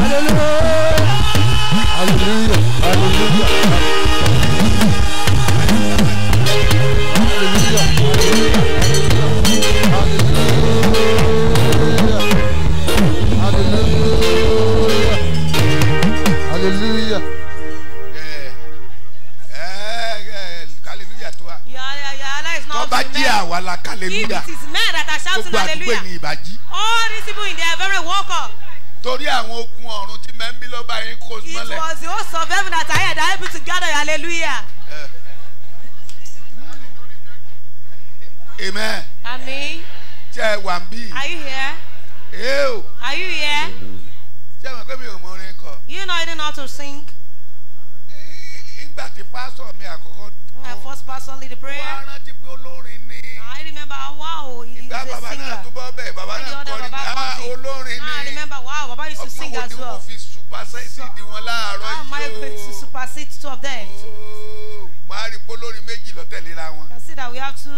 Hallelujah, hallelujah, hallelujah. àwa la kálẹ́lúyà gbogbo àdúgbò ní ìbàjí. all these people in their very walk up. torí àwọn okun ọ̀run tí mẹ́ńbí ló bá yín kó mọ́lẹ̀. it was the host of heaven that I had I able to gather hallelujah. Eh. amen. amen. ṣe é wà ń bí. are you here. ee o. are you here. ṣé ẹ mọ̀ pé mi ò mọ orin kọ. you know I don't know how to sing. nígbà tí pásọ̀ mi àkọ́kọ́. my first pastor lead the prayer. wọ́n á rántí pé olórin remember wow he is a singer. ìgbà bàbá náà tó bọ́ bẹ́ẹ̀ bàbá náà kọrin ah, ah I remember wow bàbá used to sing as well. ọgbọ́n wo ni mo fi supersede ah, wọn láàárọ̀ ah, yìí o. how am I going to supersede two of them? Oh, wàá rí polórin méjì lọ́tẹ̀léra wọn. Consider we have two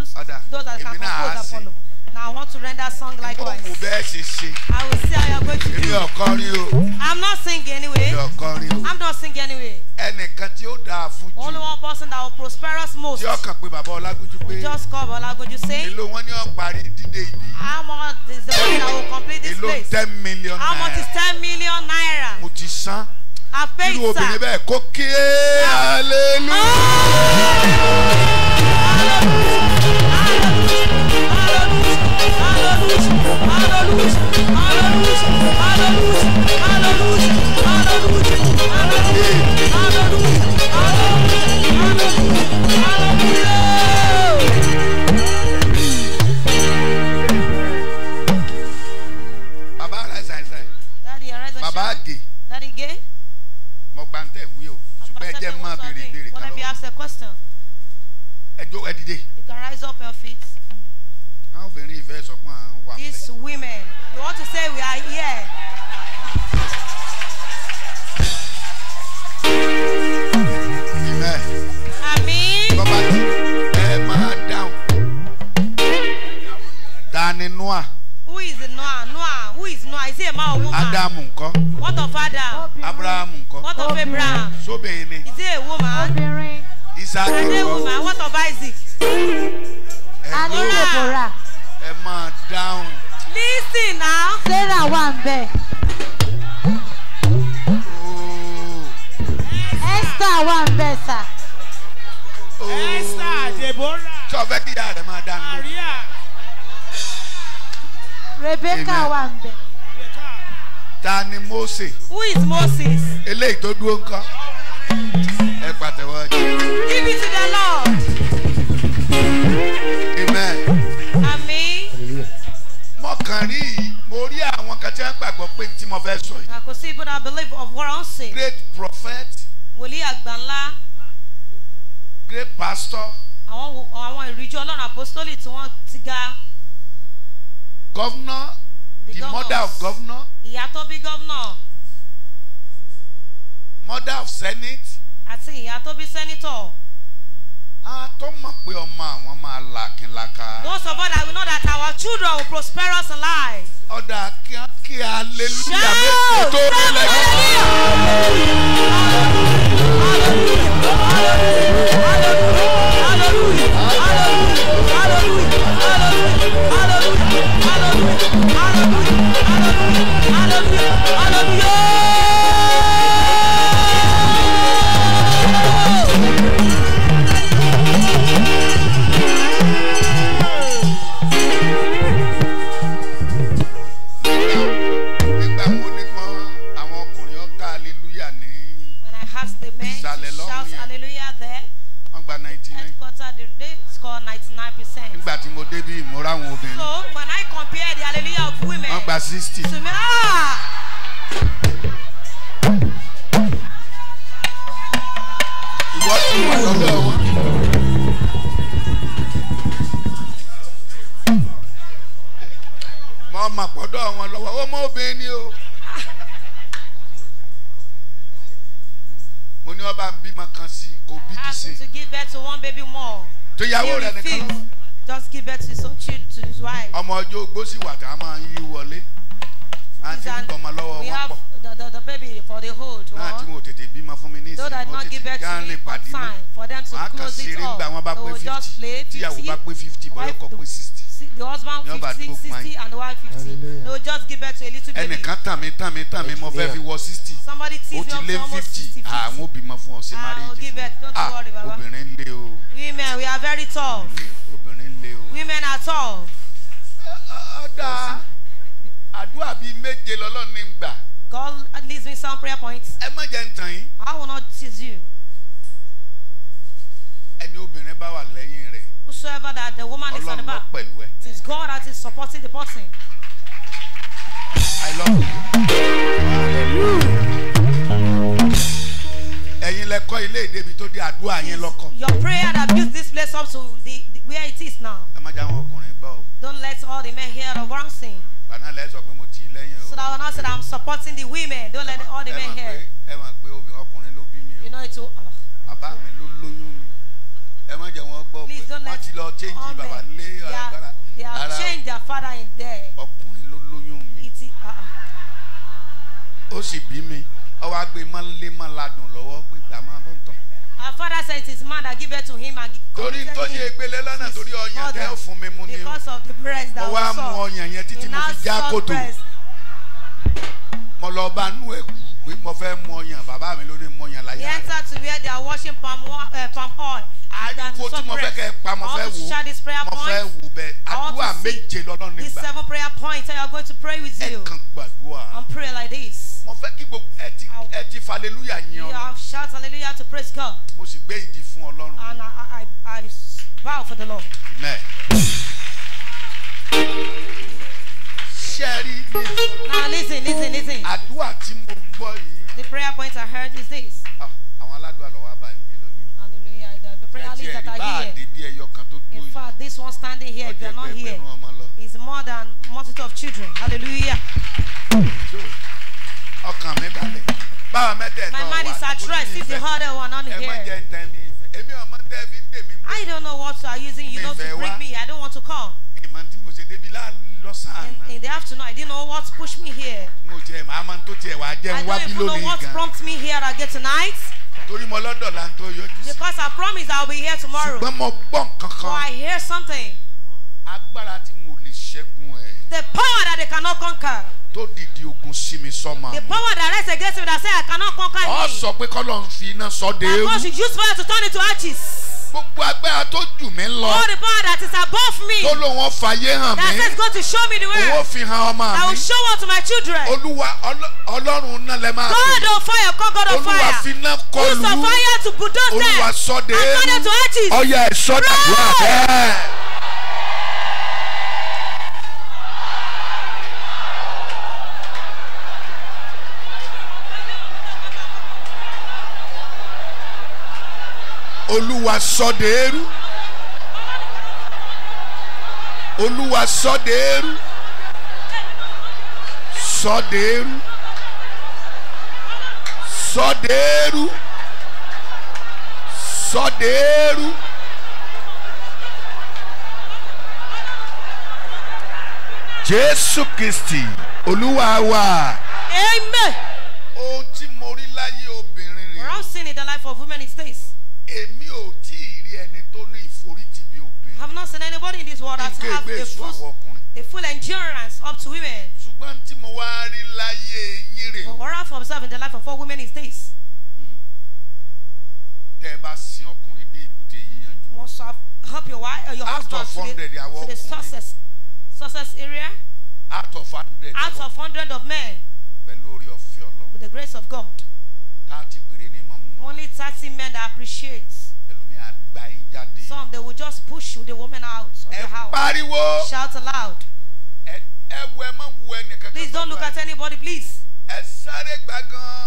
those that can compose and follow. Now I want to render song likewise. Mo I will see how you going to do. Èmi ò I'm not singing anyway. Èmi ò I'm not singing anyway. Only one person that will prosper us most. Tí Just call Ọlágójú say. Èló wọn ní How much is the one that will complete this place? ten million How much is ten million naira? Mo ti I paid sir. Irú obìnrin bẹ́ẹ̀ kó ah! hallelujah. Ah! obìnrin ìfẹ́ sọ pọ́n à these women. They want to say we are here. Noah. Who is Noah? Noah. Who is Noah? Is he a man or woman? Adam ńkọ́. What of Adam? Abraham ńkọ́. What of Abraham? Sóbìnrin ni. Is he a woman? Isaac ńkọ́. Is he a woman? What of Isaac? Ani Deborah ẹ máa dáhùn. listen na. sarah wà ń bẹ̀. Oh. esther wà ń bẹ̀ sà. Oh. esther deborah. tí o fẹ́ kí ìyá rẹ̀ máa dáhùn. maria. rebecca wà ń bẹ̀. ta ni mose. who is moses. eléyìí tó dúró ń kọ́. ẹ pàtẹ́wọ́. give it to the lord. Amen ọkàn rí mo rí àwọn kan tí wọ́n gbàgbọ́ pé tí mo fẹ́ sọ yìí. I could see people that believe of what I'm saying. Great prophet. Wòlíì àgbà ńlá. Great pastor. Àwọn àwọn ìrìjọ Ọlọ́run apostoli tí wọ́n ti ga. Governor. The, the mother of governor. Ìyá tó bí governor. Mother of senate. Àti ìyá tó bí senator a tó mọ̀ pé ọmọ àwọn máa làkìlàkà. those of us that we know that our children will prosper us in life. ọ̀dà kí á kí aleluya méjì tó rí lẹ́yìn. Hallelujah! Hallelujah! Hallelujah! Hallelujah! tó yàwó nìkan just give birth to his own children to his wife. ọmọ ọjọ́ ogbó sì wà tá a máa ń yí wọlé àti ìgbọ̀mọ lọ́wọ́ wọn pọ̀. The, the, the baby for the hold. náà tí mo tètè bímọ fún mi ní ìsinmi mo tètè já ń lè pàdé mọ́. wọn á kà ṣeré ńgbà wọn bá pé fifty tíyàwó bá pé fifty bọ́yọ̀ pé sixty the husband fifty sixty and the wife fifty they will just give birth to a little baby. ẹnìkan tàmí tàmí tàmí me fẹ́ fi wọ sixty ó ti lé fifty àwọn ah, obìnrin fún ọ ṣe ah, marriage fún ah obìnrin lé o. women we are very tall. obìnrin lé women are tall. ọ̀dà ah, àdúrà bíi God leads me some prayer points. ẹ má I will not tease you. And obìnrin bá wà laying it whosoever that the woman is on the back. It is God that is supporting the person. I love you. Your prayer that built this place up to the, the where it is now. Don't let all the men hear the wrong thing. So that I will not say I'm supporting the women. Don't let all the men hear. You know it's all. Ah. Bàbá gbọ́ wọ́n ti lọ change bàbá lé agbára ara ọkùnrin ló lóyún mi uh-uh. ó sì bí mi ọwọ́ agbe máa ń lé máa ladùn lọ́wọ́ pé gbà máa bọ́ tán. Our father said it is man that give it to him and torí tó ṣe gbélé lọ́nà torí ọyàn tẹ́ ò fún mi mu ni o mo wá mu ọyàn yẹn títí mo fi já kòtò mo lọ bá nú ẹ̀kú pé mo fẹ́ mu ọyàn bàbá mi ló ní mu ọyàn láyé rẹ̀. he entered to where they are washing palm, uh, palm oil ariwo tí mo fẹ́ All pa mo fẹ́ wò mo fẹ́ wò bẹ́ẹ̀ àdúrà méje nígbà. these seven prayer points I am going to pray with you. ẹ gbàdúrà. and pray like this. mo fẹ́ kí gbogbo ẹ ti ẹ ti fa hallelujah yan. you have shout hallelujah to praise God. mo sì gbé ìdí fún Ọlọ́run. and I, I, I bow for the Lord. amen. ṣe rí ní. now listen listen listen. àdúrà tí mo gbọ́ yìí. the prayer point I heard is this. Ah, àwọn aládùn àlọ́. parties that are here. In fact, this one standing here, if you are not here, is more than multitude of children. Hallelujah. My mind is at rest. It's the harder one on here. I don't know what you are using, you know, to bring me. I don't want to come. In, in the afternoon, I didn't know what pushed me here. I don't even know what prompts me here again tonight. torí mo lọ́dọ̀ la tó yọjú sí. because I promise I will be here tomorrow. ṣùgbọ́n mo gbọ́ nǹkan kan. I hear something. agbára tí mo lè ṣẹ́gun ẹ̀. the power that they cannot conquer. tó dìde ogun sí mi sọ́mọ. the power that rest against me that say I cannot conquer me. ọ sọ pé kọ́lọ́ ń fi iná sọ de ewu. and God should use fire to turn into ashes gbogbo agbára tó jù mí lọ. all the power that is above me. tó ló wọn fàyè hàn mí. that says go to show me the way. owó fi hàn ọmọ mi. I will show one to my children. olúwa ọlọ́run náà lẹ máa God of fire call God of fire. olúwa fi náà kọlu. use of fire to bulldoze them. olúwa sọ́de. and sọ́de to artist. ọ̀yà ẹ̀ sọ́dà wà olúwa sọdẹ eru olúwa sọdẹ eru sọdẹ eru sọdẹ eru sọdẹ eru. jésù kristi olúwa wa. amen. ohun tí mo rí láyé obìnrin rẹ̀. what I've seen in the life of women is states èmi ò tí ì rí ẹni tó ní ìforítì bí obìnrin. I have not seen anybody in this world that has a full, a full endurance up to women. ṣùgbọ́n tí mo wá rí láyé yín rè. But what I have observed in the life of four women is this. Hmm. tẹ́ ẹ bá sin ọkùnrin dé ìbúté yíyanjú. wọ́n sọ help your wife or your husband to the to the success success area. out of hundred. out of hundred of men. pẹ̀lú orí ọ̀fẹ́ ọlọ́run. with the grace of God. thirty Only 30 men that appreciate. Some they will just push the woman out of the house. Shout aloud. Please don't look at anybody, please.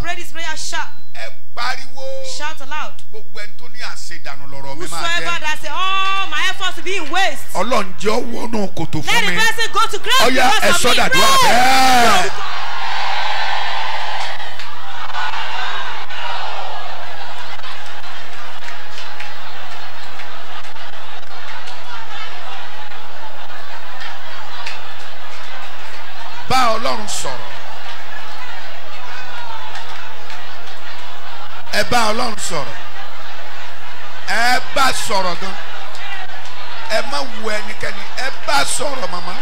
Pray this prayer sharp. Shout aloud. Whosoever that say, Oh, my efforts will be in waste. Let the person go to grave. Oh, yeah, because of me. Pray. bá ọlọ́run sọ̀rọ̀ ẹ bá sọ̀rọ̀ gan ẹ má wo ẹnikẹ́ni ẹ bá sọ̀rọ̀ màmá.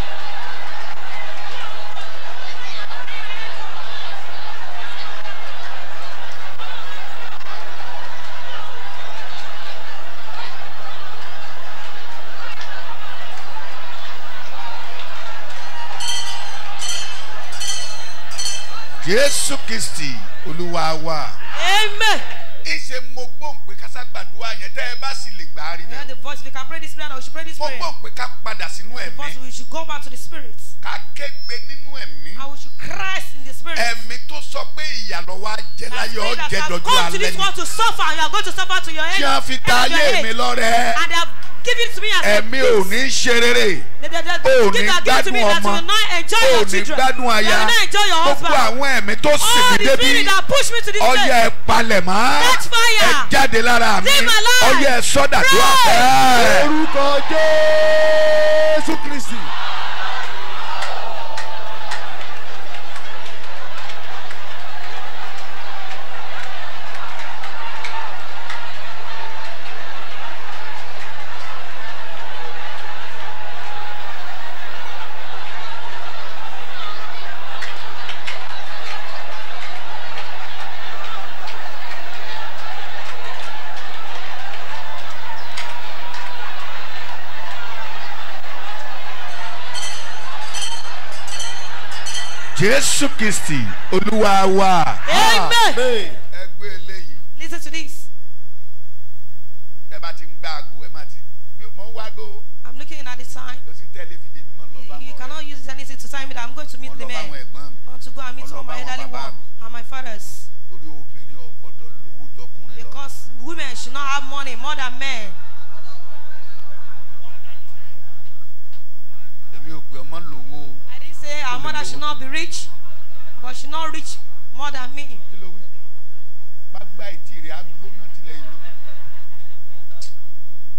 Jésù Kristi Olúwa wa. Amen. Ìṣe mo gbóhùn pé ká ságbàdúrà yẹn tẹ́ ẹ bá sì lè gbà á rí bẹ́ẹ̀. the voice we can pray this prayer now we should pray this prayer. Mo gbóhùn pé ká padà sínú ẹ̀mí. the voice we should go back to the spirit. Ká kégbe nínú ẹ̀mí. and we should Christ in the spirit. Ẹ̀mí tó sọ pé ìyà lọ́wọ́ jẹ́ láyé ọ́ jẹ́ alẹ́ ni. and say that I come to this world to suffer and you are going to suffer to your head. Ṣé a fi ta ayé mi lọ́rẹ̀ẹ́? and they have ẹ̀mí ò ní ṣe rere ò ní gbádùn ọmọ ò ní gbádùn aya gbogbo àwọn ẹ̀mí tó sì mí débi ọyẹ ẹ palẹ̀ mọ́ ẹ jáde lára mi ọyẹ ẹ sọ́dà tó àpẹ́. orúkọ jésù kristi. Jésù Kristi Olúwa wa. Amen. Ẹ eléyìí. Listen to this. Ẹ bá ti ń gbá aago ẹ má ti mọ̀ ń wá go. I'm looking at the time. Ló ti ń tẹ́lẹ̀ fi dèmí mọ̀ lọ bá wọn You cannot use anything to sign me that I'm going to meet the men. Wọ́n lọ bá ẹ̀gbọ́n mi. Want to go and meet all my elderly and my fathers. Torí obìnrin ò lówó jọkùnrin lọ. Because women should not have money more than men. Our mother should not be rich, but she not rich more than me.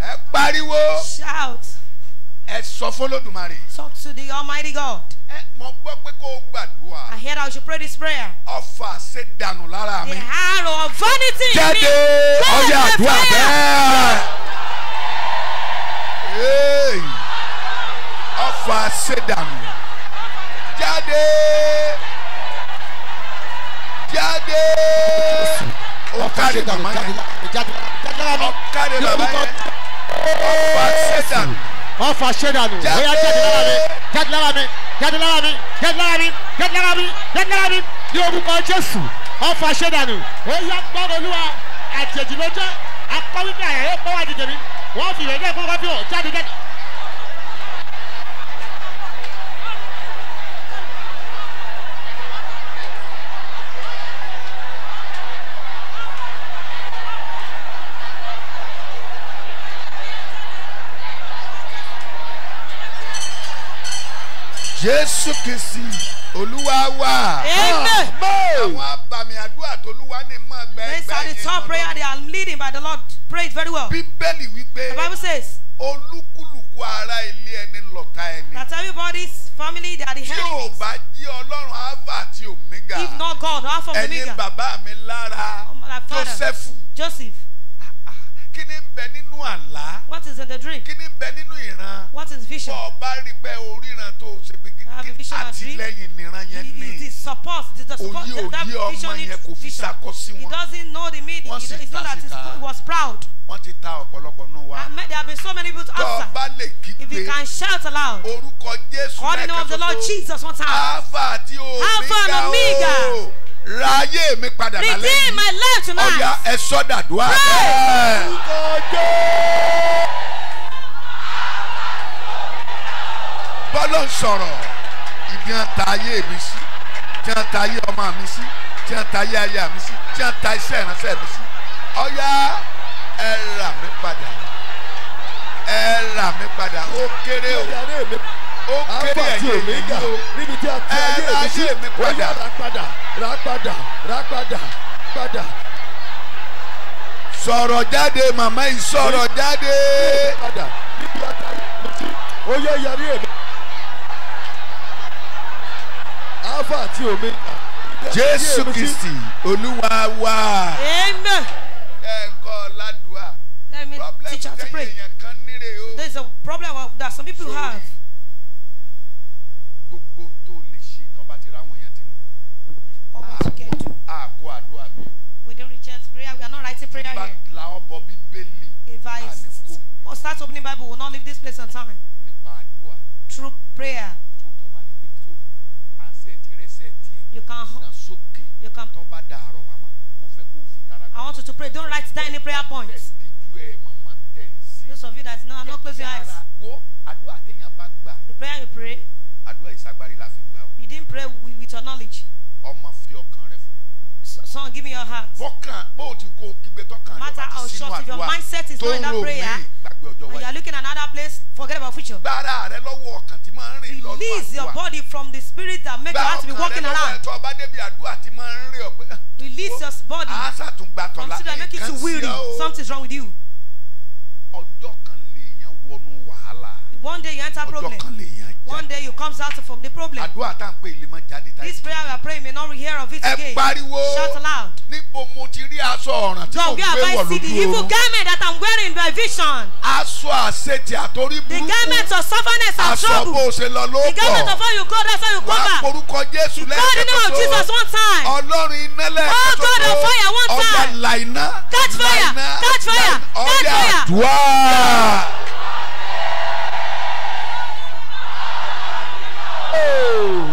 ẹ pariwo. shout. ẹ sọ fọlọ́dùmarè. talk to the almighty God. ẹ mọ gbọ́ I hear that we should pray this prayer. ọfà ṣe dànù lára the arrow of vanity in me. jáde ọyẹ yeah. Hey, offer sit down jáde jáde ọ̀kadì bàbá yẹn ọ̀kadì bàbá yẹn ọ̀fà sẹ́dàn ọ̀fà sẹ́dàn o ó yà jáde lára mi jáde lára mi jáde lára mi jáde lára mi jáde lára mi jáde lára mi ní orúkọ jésù ọ̀fà sẹ́dàn o ó yà gbọ́dọ̀ olúwa àjèjì ló jẹ́ apáwídà ẹ̀ ó pọ́wá àjèjì mi wọ́n fi ìrẹ́jẹ́ kọ́kọ́ bí ọ̀ jáde jáde. jésù kìsì olúwa wà. amen. àwọn abàmì àdúrà tolúwa ni mọ̀ gbẹ́gbẹ́ yẹn. these are the top prayer they are leading by the lord pray it very well. bíbélì wípé. the bible says. olúkúlùkù ara ilé ẹni lọ̀tá ẹni. that everybody's family they are the enemies. tí o bá jí ọlọ́run alpha àti omega. if not God alpha and omega. ẹni bàbá mi lára. Oh, joseph. joseph. kí ni bẹ nínú nínú àlá. What is in the dream? Kí ni bẹ nínú ìran? What is vision? Bọ́ọ̀ bá rí pé oríran tó ṣe pé kí àtìlẹ́yìn nìran yẹn ní. It is support. It the support. Oyè oyè ọmọ yẹn kò He doesn't know the meaning. Wọ́n sì ta síta. It's not that he was proud. Wọ́n ti ta ọ̀pọ̀lọpọ̀ nù wa. There have been so many people to answer. Bọ́ọ̀ bá lè kígbe. If you can shout aloud. Orúkọ Jésù lẹ́ẹ̀kan tó. Call the name of the Lord Jesus one time. Alpha àti Omega. Alpha and Omega. Oh ra ayé mi padà lálẹ́ yìí redeem my life tonight ọ̀ya ẹ sọ́dà dùá bẹ́ẹ̀. bọ́lá ń sọ̀rọ̀ ibi ń ta ayé mi sí tí ń ta ayé ọmọ mi sí tí ń ta ayé aya mi sí tí ń ta iṣẹ́ ìránṣẹ́ mi sí ọ̀ya ẹ rà mí padà ẹ rà mí padà ó kéré o ó kéré ẹ̀yẹ yìí o ẹ rà ayé mi padà rà padà rà padà padà. sọ̀rọ̀ jáde màmá yìí sọ̀rọ̀ jáde. oyè yẹrí èmi. alpha àti omega. jésù kristi olúwa wa. amen. ẹ kọ́ ládùúgbà. let me teach how to pray. there is a problem that some people have. prayer here. If I or oh, start opening Bible, we'll not leave this place on time. True prayer. You can you can I want you to pray. Don't write down any prayer points. Those of you that know, I'm not close your eyes. The prayer you pray. You didn't pray with, with your knowledge tongue, give me your heart. No matter how short, if your mindset is not in that prayer, and you are looking at another place, forget about future. Release your body from the spirit that makes your heart to be walking around. Release your body until they make you to weary. Something's wrong with you. One day you enter problem. One day you comes out from the problem. This prayer we are praying may not hear of it again. Shout aloud. Níbo mo have I seen the evil garment that I'm wearing in my vision? The garment of stubbornness and trouble. The garment of all you go that's all you go The God in the name of Jesus one time. Ọlọ́run Oh God of fire one time. Ọjà làìná. Catch fire. Catch fire. Catch fire. bọ́jọ́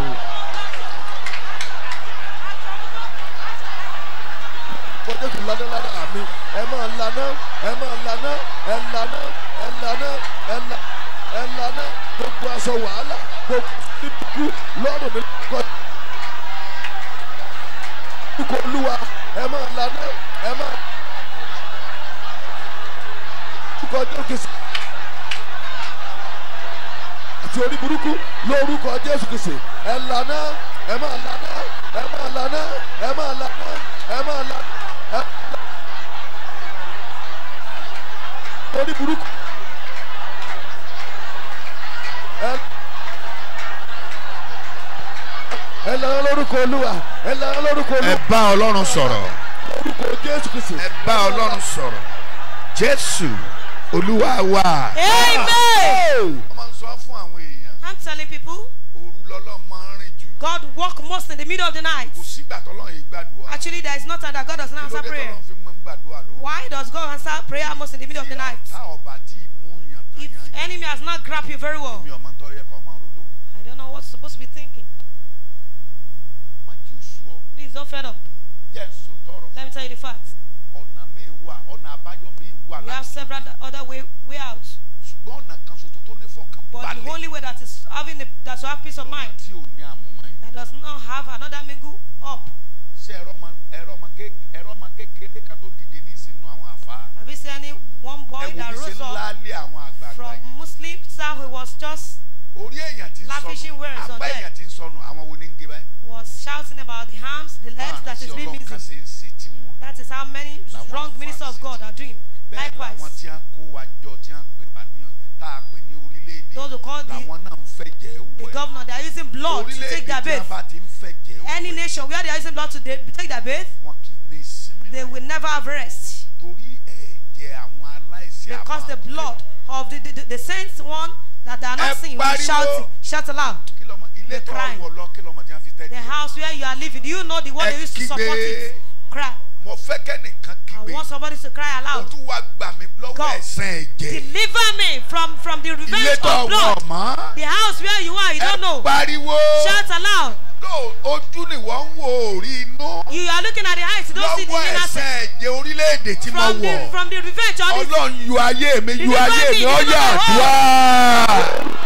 sì laná Lana, àmì ẹ máa Lana, ẹ máa Lana, ẹ laná ẹ laná ẹ laná ẹ laná gbogbo aṣọ wàhálà gbogbo nípìkú lọ́rùn mi kọ́ ikọ̀ olúwa ẹ máa laná ẹ máa. God, look at àti orí burúkú lórúkọ Jésù Kristi ẹ lànà ẹ máa lànà ẹ máa lànà ẹ máa lànà ẹ máa lànà ẹ máa lànà orí burúkú ẹ ẹ lànà lórúkọ Olúwa ẹ lànà lórúkọ Olúwa. ẹ bá Ọlọ́run sọ̀rọ̀ lórúkọ Jésù Kristi ẹ bá Ọlọ́run sọ̀rọ̀ Jésù olúwa wa. amen. God walk most in the middle of the night. Actually, there is no time that God does not answer prayer. Why does God answer prayer most in the middle of the night? If enemy has not grabbed you very well, I don't know what's supposed to be thinking. Please don't fed up. Let me tell you the facts. We have several other way, way out. But the only way that is having the, that to have peace of mind does not have another mingle up. ṣé ẹ̀rọ ọmọ ẹ̀rọ ọmọ ké ẹ̀rọ ọmọ kékeré kan tó dìde ní ìsinú àwọn àfa. have you seen any one boy that rose up from muslim sir he was just. orí èèyàn ti sọnù apá èèyàn ti sọnù àwọn wo ni ń gé was shouting about the harms, the legs that is being missing. that is how many wrong ministers of God are doing. likewise. bẹ́ẹ̀ làwọn tí wọ́n kó wa jọ tí wọ́n pè tá a pè ní orílẹ̀-èdè làwọn náà ń fẹ̀jẹ̀ wẹ̀. the governor they are using blood to take their bath. orílẹ̀-èdè tí a bá ti ń fẹ̀jẹ̀ wẹ̀. any nation where they are using blood to take their bath. wọn kì í ní ìsinmi. they will never have rest. torí ẹ̀jẹ̀ àwọn aláìsí àbá. because the blood of the the, the, the saints one that they are not seeing will shout shout aloud. kìlọ̀mọ́ ilé tó wọ̀ lọ kìlọ̀mọ́ tí wọ́n fi tẹ́jú. the house where you are living do you know the one they used to support it cry mo fẹ́ kẹ́nìkan kígbe. I want somebody to cry aloud. olúwa gbà mí lọ́wọ́ ẹ̀sìn ẹ̀jẹ̀. deliver me from from the revenge of blood. the house where you are you don't know. ẹ pariwo. shout aloud. No, ojú ni wọ́n ń wo orí inú. You are looking at the eyes, you don't see the inner sense. Lọ́wọ́ ẹ̀sẹ̀ ẹ̀jẹ̀ orílẹ̀-èdè tí mo wọ̀. From the revenge of this. Ọlọ́run yọ ayé mi, yọ ayé mi, ó yà àdúrà.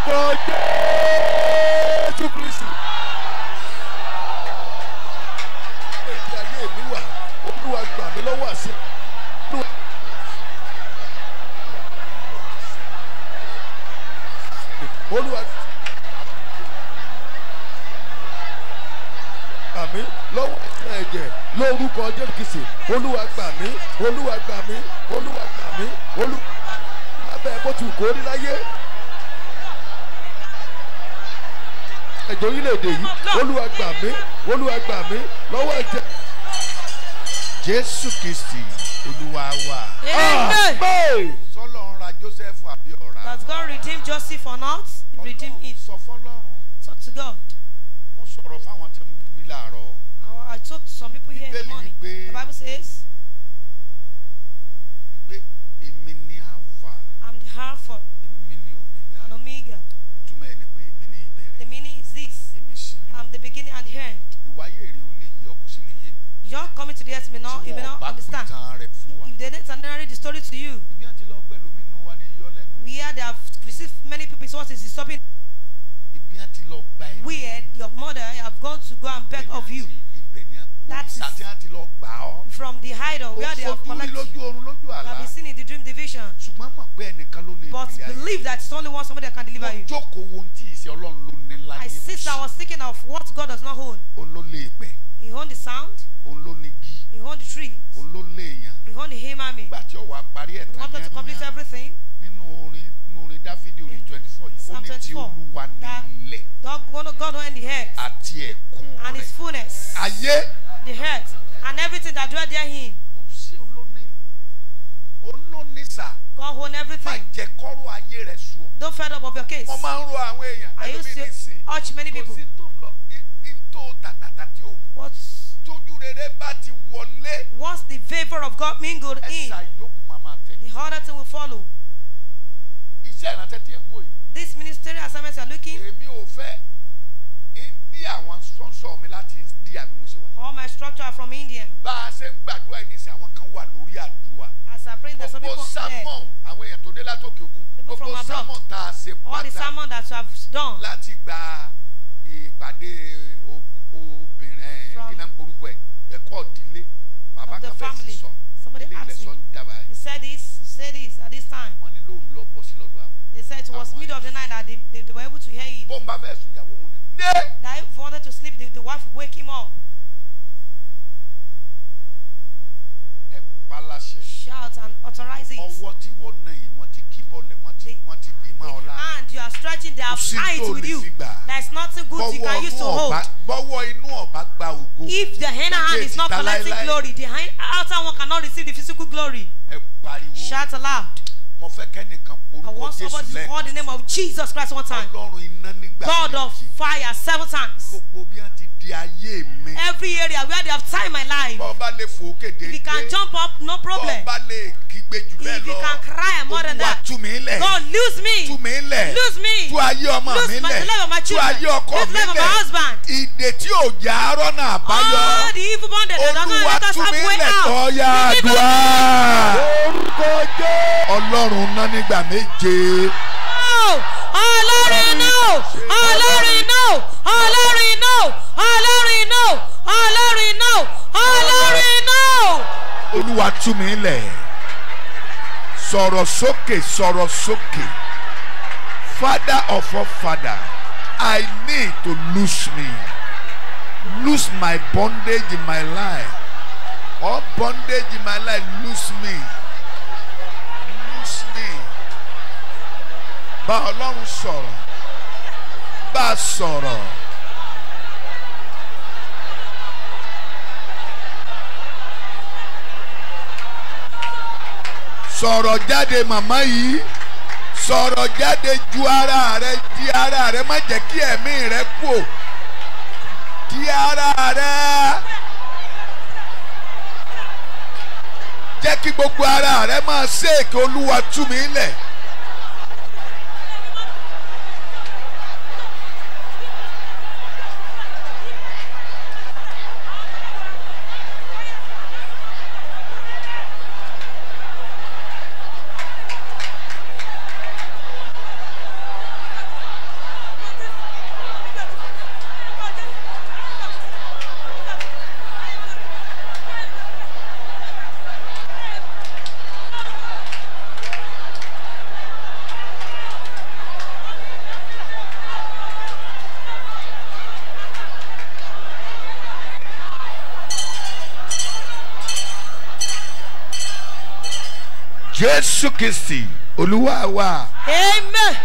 Orúkọ Jésù Kristi. lọ́wọ́ àṣẹ. olúwa gbà mí lọ́wọ́ ìsìn ẹ̀jẹ̀ lórúkọ jẹ́kìsì olúwa gbà mí olúwa gbà mí olúwa gbà mí olú abẹ́ bó ti kó rí láyé. ẹ̀jẹ̀ orílẹ̀-èdè yìí olúwa gbà mí olúwa lọ́wọ́ ẹ̀jẹ̀ jésù kristi olúwa wa. amen. Ah, ra joseph àbí ọ̀ra. does God redeem joseph or not? redeemed him. sọ fọlọ́run. talk to God. may not you may not understand. If they didn't narrate the story to you. We had have uh, received many people's sources is stopping. Where your mother have gone to go and beg of you that is from the height of where they have collected you. Have been seen in the dream division. But believe that it's only one somebody that can deliver you. I since I was thinking of what God does not own. He owned the sound. He owned the tree. He owned the human He wanted to complete everything. David orin twenty four yẹn ó ní ti olúwa nílẹ̀. God owned the head And his fullness the earth and everything that dwell therein. God own everything. Don't fed up of your case. I used to urge many people. What? Once the favor of God mingled in, the other thing will follow. This ministerial assignment you are looking structure mi láti India bí mo ṣe wà. all my structure are from India. bá a ṣe gbàdúrà yìí nísìnyí àwọn kan wà lórí àdúrà. as I pray there some people there. gbogbo sermon àwọn èèyàn tó dé látòkè òkun. people from abroad gbogbo sermon tá ṣe pátá. all the sermon that you have done. láti gba ìpàdé obìnrin eh, kí náà ń porúkọ ẹ ẹ̀kọ́ ìdílé bàbá kan fẹ́ẹ́ sì sọ ilé ìlẹsọ ń dábàá. he said this he said this at this time. wọ́n ní lóru lọ bọ́ sí lọ́dọ̀ àwọn. they said it was middle of the night that they, they, they were able to hear it. bó bá fẹ́ sùn ìyàwó òun dé. That if wanted to sleep, the, the wife wake him up. Ẹ paláṣẹ. Shout and authorize it. Ọwọ́ tí wọ́n náà yìí wọ́n ti kì bọ́lẹ̀, wọ́n ti wọ́n ti dè máa ọ̀la. And you are stretching their fight with you. There is nothing good you can use to hold. Bọ́wọ́ inú ọ̀bá gba ògo. If the henna hand is not collecting glory, the outer one cannot receive the physical glory. Ẹ pariwo. Shout aloud mo fẹ́ kẹ́nìkan orúkọ Jésù lẹ́ẹ̀. I want somebody to call the name of Jesus Christ one time. iná nígbà méjì. God of fire seven times ìdí ayé mi. every area where they have tied my life. bọ́ọ̀ bá lè fò kéde. if you can jump up no problem. bọ́ọ̀ bá lè kígbe jù bẹ́ẹ̀ lọ. if you can cry more than that. olúwa tú mi lẹ̀. God lose me. tú mi lẹ̀. lose me. tú ayé ọmọ mi lẹ̀. lose my life of my children. tú ayé ọkọ mi lẹ̀. lose life of my husband. ìdè tí ò já rọ́nà àbáyọ. all the evil bondage that don let us have way out. olúwa tú mi lẹ̀ tọ́yà àdúrà. orúkọ jẹ́. ọlọ́run ná nígbà méje. ọlọ́run náà ọlọ́run náà ọlọ́run náà ọlọ́run iná o ọlọ́run iná o ọlọ́run iná o. olúwa tú mi lẹ̀ sọ̀rọ̀ sókè sọ̀rọ̀ sókè father of all father i need to lose me lose my bondage in my life all bondage in my life lose me lose me bá ọlọ́run sọ̀rọ̀ bá a sọ̀rọ̀. sọ̀rọ̀ jáde màmá yìí sọ̀rọ̀ jáde ju ara rẹ di ara rẹ má jẹ́ kí ẹ̀mí rẹ kú o di ara rẹ jẹ́ kí gbogbo ara rẹ máa ṣèké olúwa tú lẹ̀. Jésù Kristi Olúwa wa. Amen.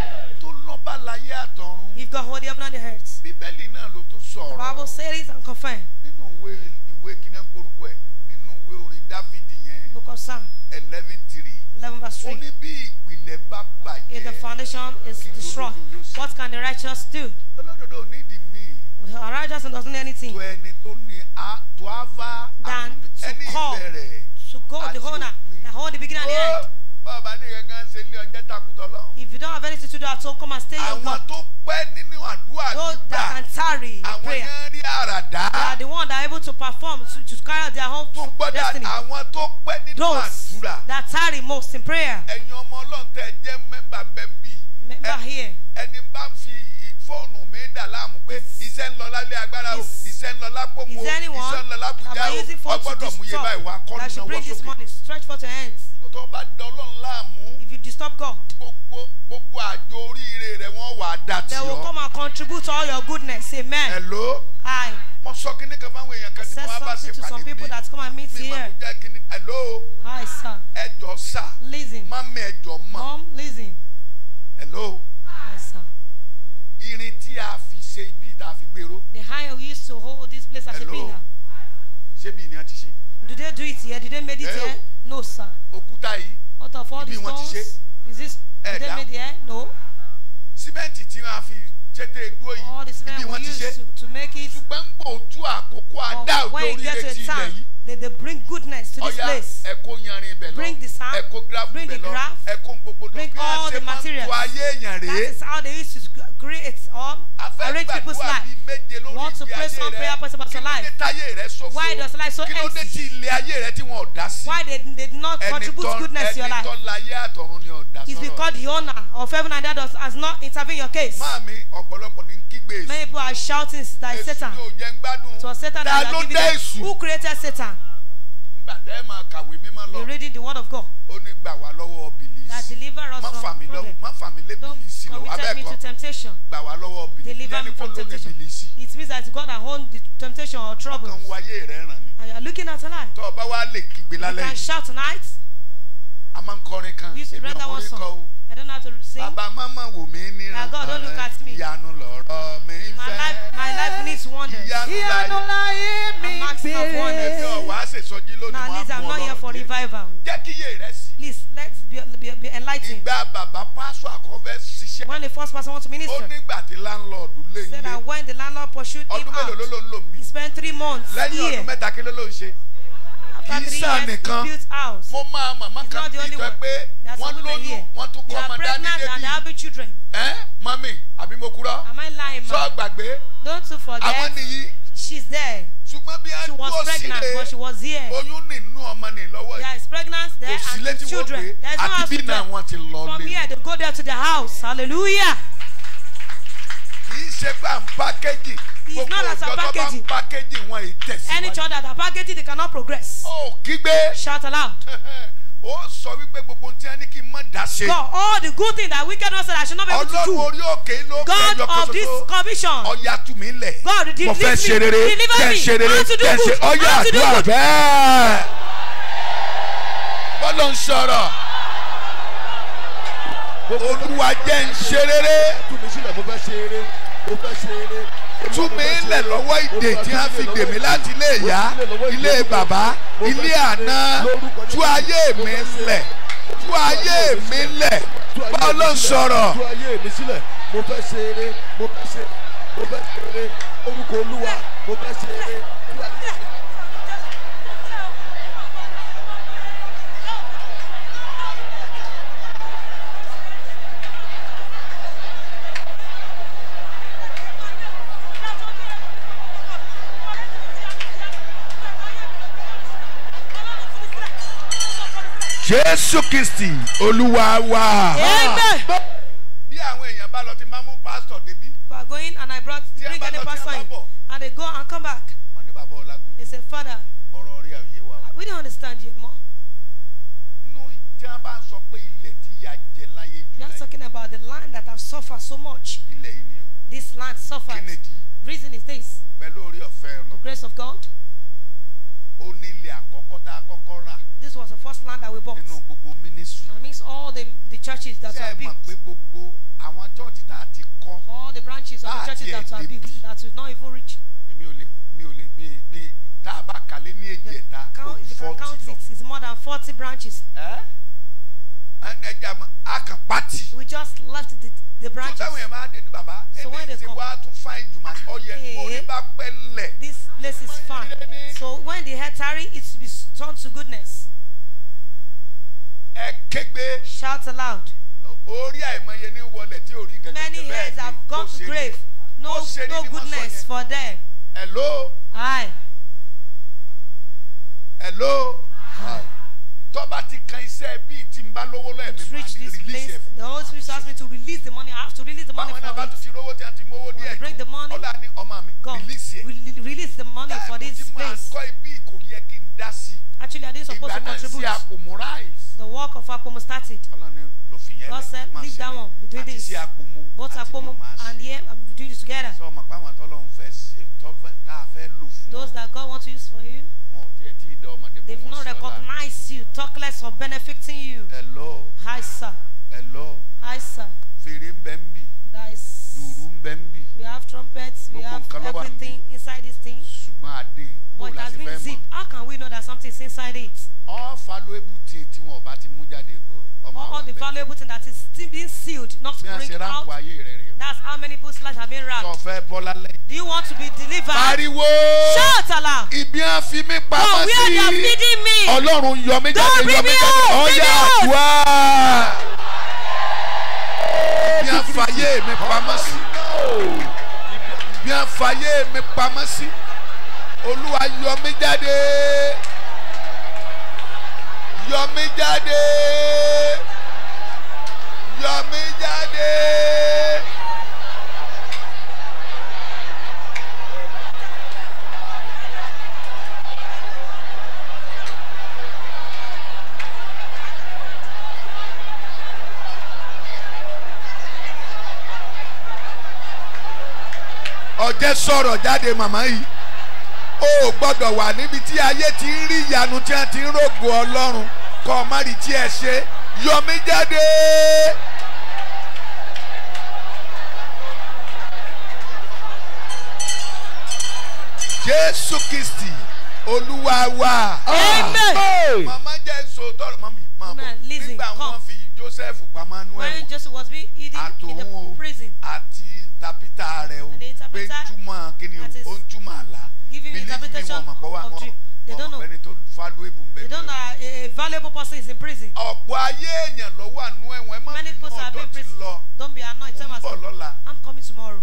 Tó lọ́ba láyé àtọ̀run. If God hold the heaven and the earth. Bíbélì náà ló tún sọ̀rọ̀. The Bible said it and confirmed. Nínú ìwé ìwé kí náà ń porúkọ ẹ̀ nínú ìwé orin Dáfídì yẹn. Book of Psalm. Eleven three. Eleven verse three. Ó ní bí ìpìlẹ̀ bá bàjẹ́. If the foundation is destroyed, what can the righteous do? Olódodo ò ní di mí. The righteous doesn't need anything. To ẹni tó ní a to ava. Than to call to go the owner. I hold the beginning and If you don't have anything to do at all, come and stay here. Àwọn Those that can tarry in prayer. They are the ones that are able to perform to, to carry out their own destiny. Àwọn tó Those that tarry most in prayer. Member here. Ẹni iṣẹ́ ń lọ lálẹ́ agbára o iṣẹ́ ń lọ lápò mo iṣẹ́ ń lọ lábùjá o ọgbọ́dọ̀ mú iye báyìí wá kọ́ náà wọ́n sókè tó bá dán ọlọ́run láàmú. if you disturb God. gbogbo gbogbo àjọ oríire rẹ wọn wà á dà tí ọ. they will come and contribute all your goodness amen. hello. hi. mo sọ kí ni kan fáwọn èèyàn kan tí mo bá ṣe pàdé bí. I said something to some people that come and meet here. mi máa jẹ́ kí ni hello. hi sir. ẹjọ sà. listen. mami ẹjọ mọ. mom listen. hello. hi sir irin tí a fi ṣe ibi tá a fi gbèrò. the iron we used to hold this place as a pillar. ṣé bí ni a ti ṣe. do they do it here do they made it here. no sir. òkúta yìí. out of all the stones is this do they made here no. símẹ́ǹtì tí wọ́n á fi tètè dúró yìí ibi wọ́n ti ṣe. all the cement we used to, to make it. ṣùgbọ́n gbòòtú àkókò àdá òjò orílẹ̀-èdè ilẹ̀ yìí. They, they bring goodness to this place. Bring the sand. Bring the grass. Bring all the materials. That is how they used to create or arrange people's life. Want to pray some prayer points about your life. Why does life so empty? Why they, they did not contribute goodness to your life? It's because the owner of heaven and earth has not intervened in your case kígbe èsù. many people are shouting that is Satan. èsù yóò jẹ́ ń gbádùn. it Satan that had given them. who created Satan. nígbà tẹ́ ẹ máa kàwé mímọ́ lọ. you reading the word of God. ó ní gbà wá lọ́wọ́ bìlísì. that deliver us from problem. má fà mí lé bìlísì lọ abẹ́ẹ̀kọ́. don't committed me to temptation. gbà wá lọ́wọ́ bìlísì. deliver me from temptation. it means that God had owned the temptation or trouble. ọkàn wáyé rẹ̀ ràn ni. and you looking at a lie. tọ́ ọ bá wá lè kígbe lálẹ́ yìí. you can shout tonight a máa ń kọrin don't èmi ọkùnrin kọ o bàbá mama wò mí níran ìyanu lọ̀rọ̀ mi ń fẹ́ ìyanu láyé mi gbére èmi ọ̀wá àṣèṣọ́jí lónìí wọn á bú ọlọ́run jẹ́ kí iye rẹ sí. please let's be, be, be enlightened. ìgbà bàbá pásọ àkọ́fẹ́ ṣiṣẹ́. when the first person want to minister. ó nígbà tí landlord lè gbé. said that when the landlord pursued him out. ọdún mélòó ló ló ń lò mí. he spent three months. lẹ́yìn ọdún mẹ́ta kí ló ló ń ṣe kì í sàn nìkan mo máa màmá kan bí ìtọ́ pé wọ́n lóyún wọ́n tún kọ́ ọmọ dání débi ẹ́ mami àbí mo kúrọ́ sọ gbàgbé àwọn nìyí ṣùgbọ́n bí a dúró sílé oyún nínú ọmọ ní lọ́wọ́ yìí òsílẹ̀ tí wọ́n pè é àti bí náà wọ́n ti lọ lé. kì í ṣe pé à ń pa kéjì it's not as a packaging. any child that are packaging they cannot progress. oh kígbe. shout aloud. Oh, *laughs* sorry, wípé gbogbo tí a ní kí n má dá God all the good things that wicked ones said I should not be able to do. ọlọ́run orí òkè ló kẹ́ ẹyọ kan God of this commission. ọya tú mi lẹ̀. God deliver me deliver me. ṣe rere kẹ́ ṣe rere kẹ́ ṣe ọya àdúrà bẹ́ẹ̀. bọ́lá ń sọ̀rọ̀. olúwa jẹ́ ń ṣe rere. mo fẹ́ ṣe mo fẹ́ ṣe tú mi lẹ̀ lọ́wọ́ ìdè tí a fi dè mí láti ilé ìyá ilé bàbá ilé àná tú ayé mi lẹ̀ tú ayé mi lẹ̀ bá sọ̀rọ̀. mo fẹ́ ṣe eré mo fẹ́ ṣe eré orúkọ olúwa mo fẹ́ ṣe eré. jésù kristi olúwa wa. bí àwọn èèyàn bá lọ ti máa mú pásítọ̀ débi. we are going and i brought bring any pastor in and they go and come back. wọ́n ní bàbá ọ̀làgùn. they said, father. ọ̀rọ̀ rẹ̀ ò wa. we don't understand yet more. nínú tí wọ́n bá ń sọ pé ilẹ̀ tí ìyà jẹ láyé jù láyé. you are talking about the land that have suffered so much. ilẹ̀ yìí ni o. this land suffered. kí reason is this. pẹ̀lú orí ọ̀fẹ́ ọlọ́run. the grace of God. ó ní àkọ́ first land that we bought. nínú gbogbo ministry. that means all the the churches that are built. ṣe é mọ̀ pé gbogbo àwọn church tá a ti kọ́. all the branches of the churches that are built that will not even reach. èmi ò lè mi ò lè mi mi tá a bá kàlé ní èjì ẹ̀ta ó forty lọ. it it's more than forty branches. ẹ ẹ jà mọ a kàn pati. we just left the the branches. tó táwọn máa dé ní bàbá No goodness for them. hello. hi. hello. hi. tó bá ti kan iṣẹ́ bíi tí n bá lówó lọ́yẹ̀ mi máa ní release ẹ̀ the holy spirit asked me to release the money i have to release the money for it. báwo ni a bá tún ti rówó tí a ti mú díẹ̀ tó ọlá ní ọmọ mi release ẹ̀. release the money for this place. táàbù tí máa kọ́ ibi kò yẹ kí n dá sí. actually i dey supposed to contribute. ìgbà náà sí àpòmù rice. the work of apomu started. ọlọ́run ló fi God said, leave that one. We're doing this. Both Akpomo and here, I'm um, doing this together. Those that God wants to use for you, they've not recognized you, talk less of benefiting you. Hello. Hi, sir. Hello. Hi, sir. That is, we have trumpets, we have everything inside this thing. But it has been zipped. How can we know that something is inside it? all the valuable thing that is still being sealed, not spring out. That's how many people's lives have been wrapped. Do you want to be delivered? Pariwo. Shout aloud. Ibi a fi mi pamọ́ sí. Oh, where they are feeding me. Ọlọ́run yọ mi jáde yọ mi jáde. Ọ̀ya àdúrà. Ibi a fàyè mi pamọ́ sí. Ibi a fàyè mi pamọ́ sí. Olúwa yọ mi jáde yọ mí jáde yọ mí jáde. ọ̀jẹ̀ sọ̀rọ̀ jáde màmá yìí o gbọ́dọ̀ wà níbi tí ayé ti ń rí ìyanu tí a ti ń rògo Ọlọ́run kọ́ má rí tí ẹ ṣe yọ mí jáde. Jésù Kristi Olúwa wa. Amen. Màmá jẹ́ sòótọ́ mọ́mí màmá nígbà wọn fi Joseph pamọ́ nú ẹ̀wọ̀n àtòun o àti ntàpítà rẹ̀ o pé túmọ̀ kí o ó ń túmọ̀ àlá bí ní ìwọ̀n mọ̀pọ̀ wà mọ́. They don't know. They don't know a, a valuable person is in prison. Many people are being prison. Don't be annoyed. Tell us, I'm coming tomorrow.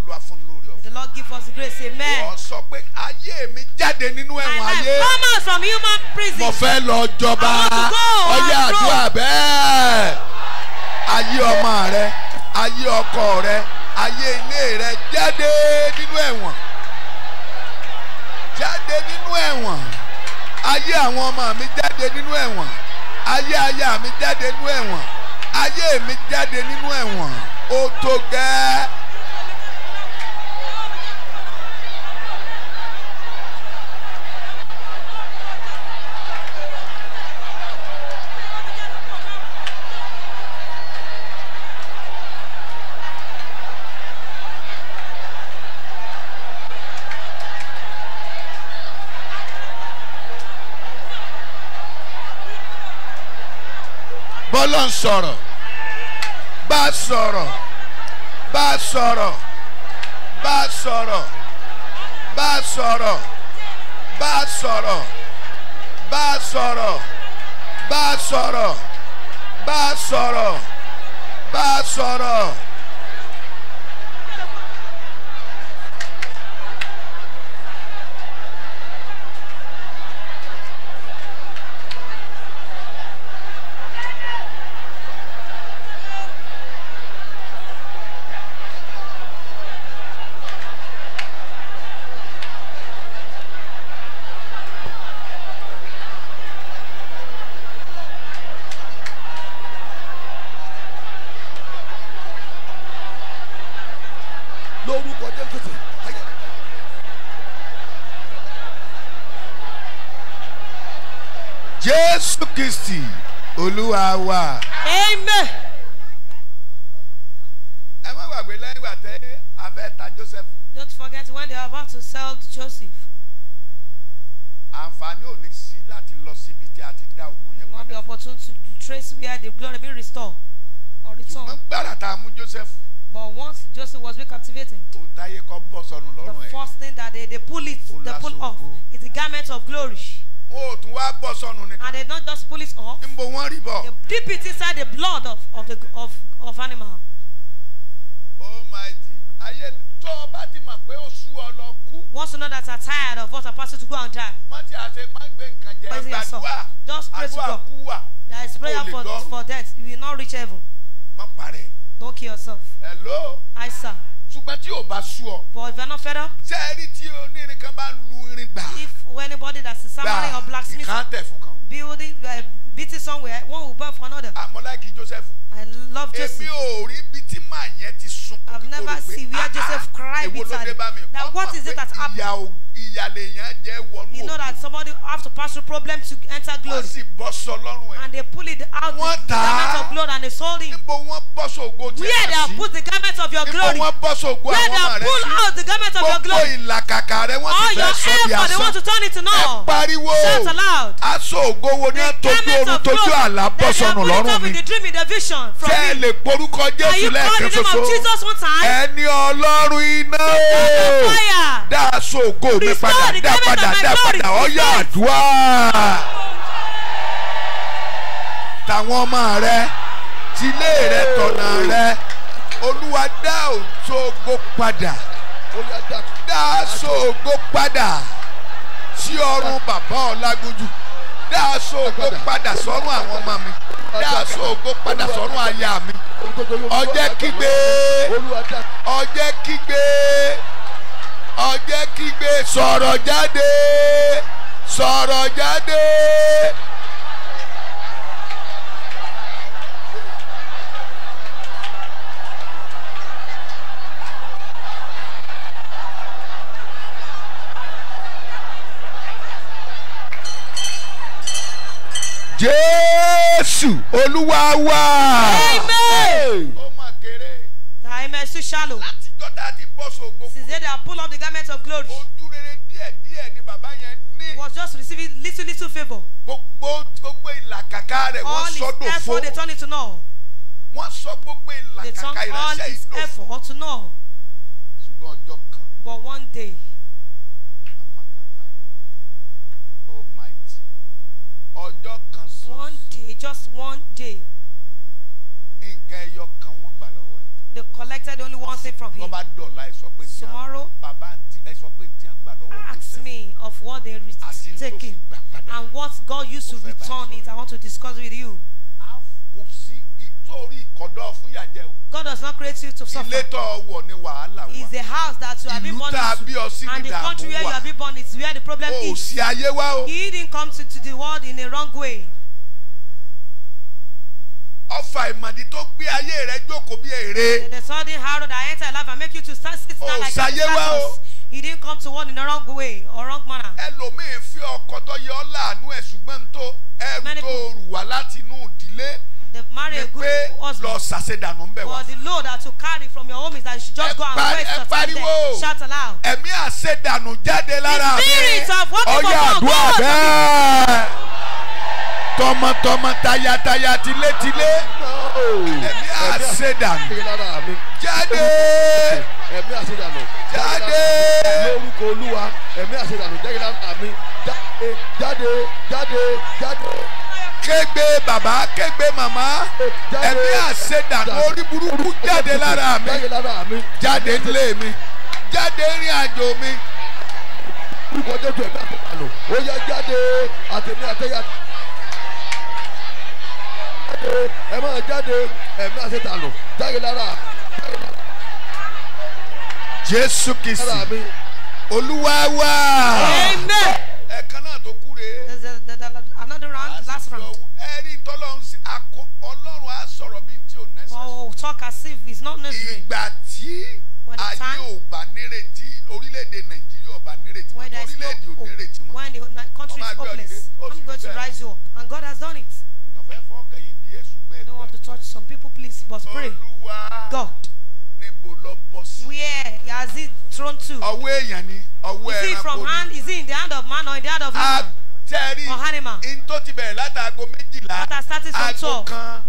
May the Lord give us grace. Amen. And I come out from human prison. Mo fẹ́ lọ jọba. Ọyẹ àdúrà Ayé ọmọ rẹ, ayé ọkọ rẹ, ayé ilé rẹ jáde nínú ẹ̀wọ̀n jáde nínú ẹ̀wọ̀n ayé àwọn ọmọ mi jáde nínú ẹ̀wọ̀n ayé aya mi jáde nínú ẹ̀wọ̀n ayé mi jáde nínú ẹ̀wọ̀n ó tó gẹ́ẹ́. bọ́lọ̀ ń sọ̀rọ̀ bá sọ̀rọ̀ bá sọ̀rọ̀ bá sọ̀rọ̀ bá sọ̀rọ̀ bá sọ̀rọ̀ bá sọ̀rọ̀ bá sọ̀rọ̀ bá sọ̀rọ̀ bá sọ̀rọ̀. Jésù Kristi Olúwa wa. Amen. Ẹ má gbàgbé lẹ́yìn ìgbà tẹ́ a ta Joseph. Don't forget when they are about to sell Joseph. Àǹfààní ò ní sí láti lọ síbi tí a ti dá ògùn yẹn padà. You want the opportunity to trace where the glory be restored or returned. Ṣùgbọ́n gbàrà tá a mú Joseph. But once Joseph was recaptivated, the first thing that they, they pull it, they pull off, is the garment of glory tún wá bọ́ sọnù nìkan. and they don't just pull it off. nbo wọ́n rí bọ̀. they dip it inside the blood of of the of of animal. oh my dear ayé tó o bá ti mọ̀ pé o ọ lọ kú. once another that are tired of what are passing to go and die. má ti àṣe nǹkan jẹ gbàdúrà just pray to God. àdúrà kú wà. there is prayer for for death you will not reach heaven. má parẹ́. don't kill yourself. hello. hi sir ṣùgbọ́n tí ò bá sú ọ. but if you are not fed up. ṣé ẹ tí onírin kan bá lu irin gbà. if anybody that's a samurai or blacksmith. gbà ìkàntẹ̀ fún kan. building uh, beating somewhere one will burn for another. àmọ́ ah, láìkí Joseph. I love Joseph. èmi ò rí ibi tí màá yẹn ti sunkún kíkó rò pé ah ah, ah èwo ló dé bá mi. na what is it that happened. ìyá ogun ìyàlèyàn jẹ́ wọnú. you know that somebody have to pass through problem to enter glory. wọ́n sì bọ́ sọ lọ́rùn ẹ̀. and they pull it out wọ́n the garment of glory and they sold him. níbo wọ́n bọ́ sògo tí a sí. where they have put the garment of your glory. níbo wọ́n bọ́ sògo àwọn ọmọ where they have pulled out the garment of your glory. gbogbo ìlàkàkà rẹ wọ́n ti fẹ́ sọ di asán. all your effort they want to turn it to naught. ẹ pariwo shout aloud. aṣọ ògo wo ní àtọ́jú oorun tójú àlá bọ́ sọnù lọ́rùn mi. fẹ́ẹ̀ lè porúkọ Jésù lẹ́ẹ̀kan ṣoṣo ẹni Ọlọ́run iná dáa sóògùn mi padà dá padà dá padà ọ̀yà àdúrà. tàwọn ọmọ rẹ tilé rẹ tọ̀nà rẹ olúwa dá òtógó padà dá sóògó padà sí ọrùn bàbá ọlágójú dá sóògó padà sọ́run àwọn ọmọ mi dá sóògó padà sọ́run aya mi ọjẹ́ kígbe ọjẹ́ kígbe ọjẹ́ kígbe sọ̀rọ̀ jáde sọ̀rọ̀ jáde. Jésù Olúwa wa. Amen. Time is too shallow. Since then they have pulled off the garment of glory. He was just receiving little little favour. All his effort they turn it to know. They turned all his effort to know. But one day. One day, just one day. collected only one thing from him. Tomorrow, ask me of what they are taking and what God used to return it. I want to discuss with you. God does not create you to suffer. It's the house that you have been born into. And the country where you have been born is where the problem is. He didn't come to, to the world in the wrong way ọfà ìmọ̀dí tó gbé ayé rẹ jókòó bí èrè. the sudden harrow that enter life and make you to stand sit down like a statue. He didn't come to warn in the wrong way or wrong manner. Ẹlòmíì fi ọkọ tó yọ ọ́ láàánú ẹ̀ ṣùgbọ́n tó ẹrù tó rù wá láti inú ìdílé ni pé lọ ṣàṣedànù ń bẹ̀ wá. But the load that you carry from your home is that you should just go and waste your time there. Shout aloud. Ẹ̀mí àṣedànù jáde lára mi. The spirit of working àdúrà bẹ́ẹ̀ tọmọtọmọ tayataya tilétilé ẹ̀mí àṣedànù jáde ẹ̀mí àṣedànù jáde lórúkọ olúwa ẹ̀mí àṣedànù jáde àmì jáde jáde jáde jáde. Kégbe bàbá kégbe màmá ẹ̀mí àṣedànù orí burúkú jáde lára mi jáde nílé mi jáde rìn àjò mi. Olùkọ́ jẹ́ tu ẹ̀mí àṣedànù ó yá jáde àtẹ̀mí àtẹ̀yà jáde ẹ máa jáde ẹ̀mí àṣetànù jáde lára. Jésù Kristi Olúwa wa. ẹ̀kan náà tó kú rèé. another round last round. ọlọ́run á sọ̀rọ̀ bí n tí ò nẹ́sẹ̀. oh talk as if it's not necessary. ìgbà tí ayé ò bá nírètí orílẹ̀-èdè Nàìjíríà ò bá nírètí mọ́ orílẹ̀-èdè ò nírètí mọ́. when the country is hopeless I'm going to rise you up and God has done it. ọ̀fẹ́ fọ́ kẹ̀yìn don't want to touch some people, please, but pray. God. Where has it thrown to? Is it from hand? Is he in the hand of man or in the hand of human? tẹ́rí in tó ti bẹ̀rẹ̀ láti aago méjìlá aago kan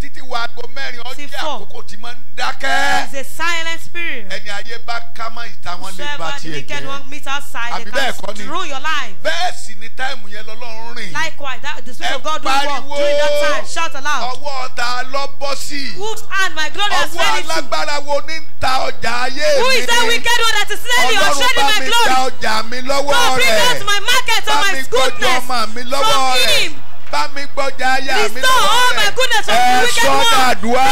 títí wa aago mẹ́rin ọjọ́ àkókò tí máa ń dákẹ́. it's a silent spirit. ẹni ayé bá ká mọ́ ìta wọn lè bá tiẹ̀ jẹ́ àbí bẹ́ẹ̀ kọ́ ni bẹ́ẹ̀ sì ni táìmù yẹn lọ́lọ́run rìn. likewise that, the spirit of God will work during that time shout aloud. ọwọ́ ta lọ bọ́ sí. whose hand my glory has fallen to. ọwọ́ alágbára wo ni ń ta ọjà ayé mi. who is that wicked one that is selling or shedding my glory. ọlọ́run bá mi ta ọjà mi lọ́wọ́ rẹ̀. God bring out my market and my goodness from him bá mi gbọ́jà aya oh mi lọ́wọ́ rẹ̀ ẹ̀ sọ́dàdúrà.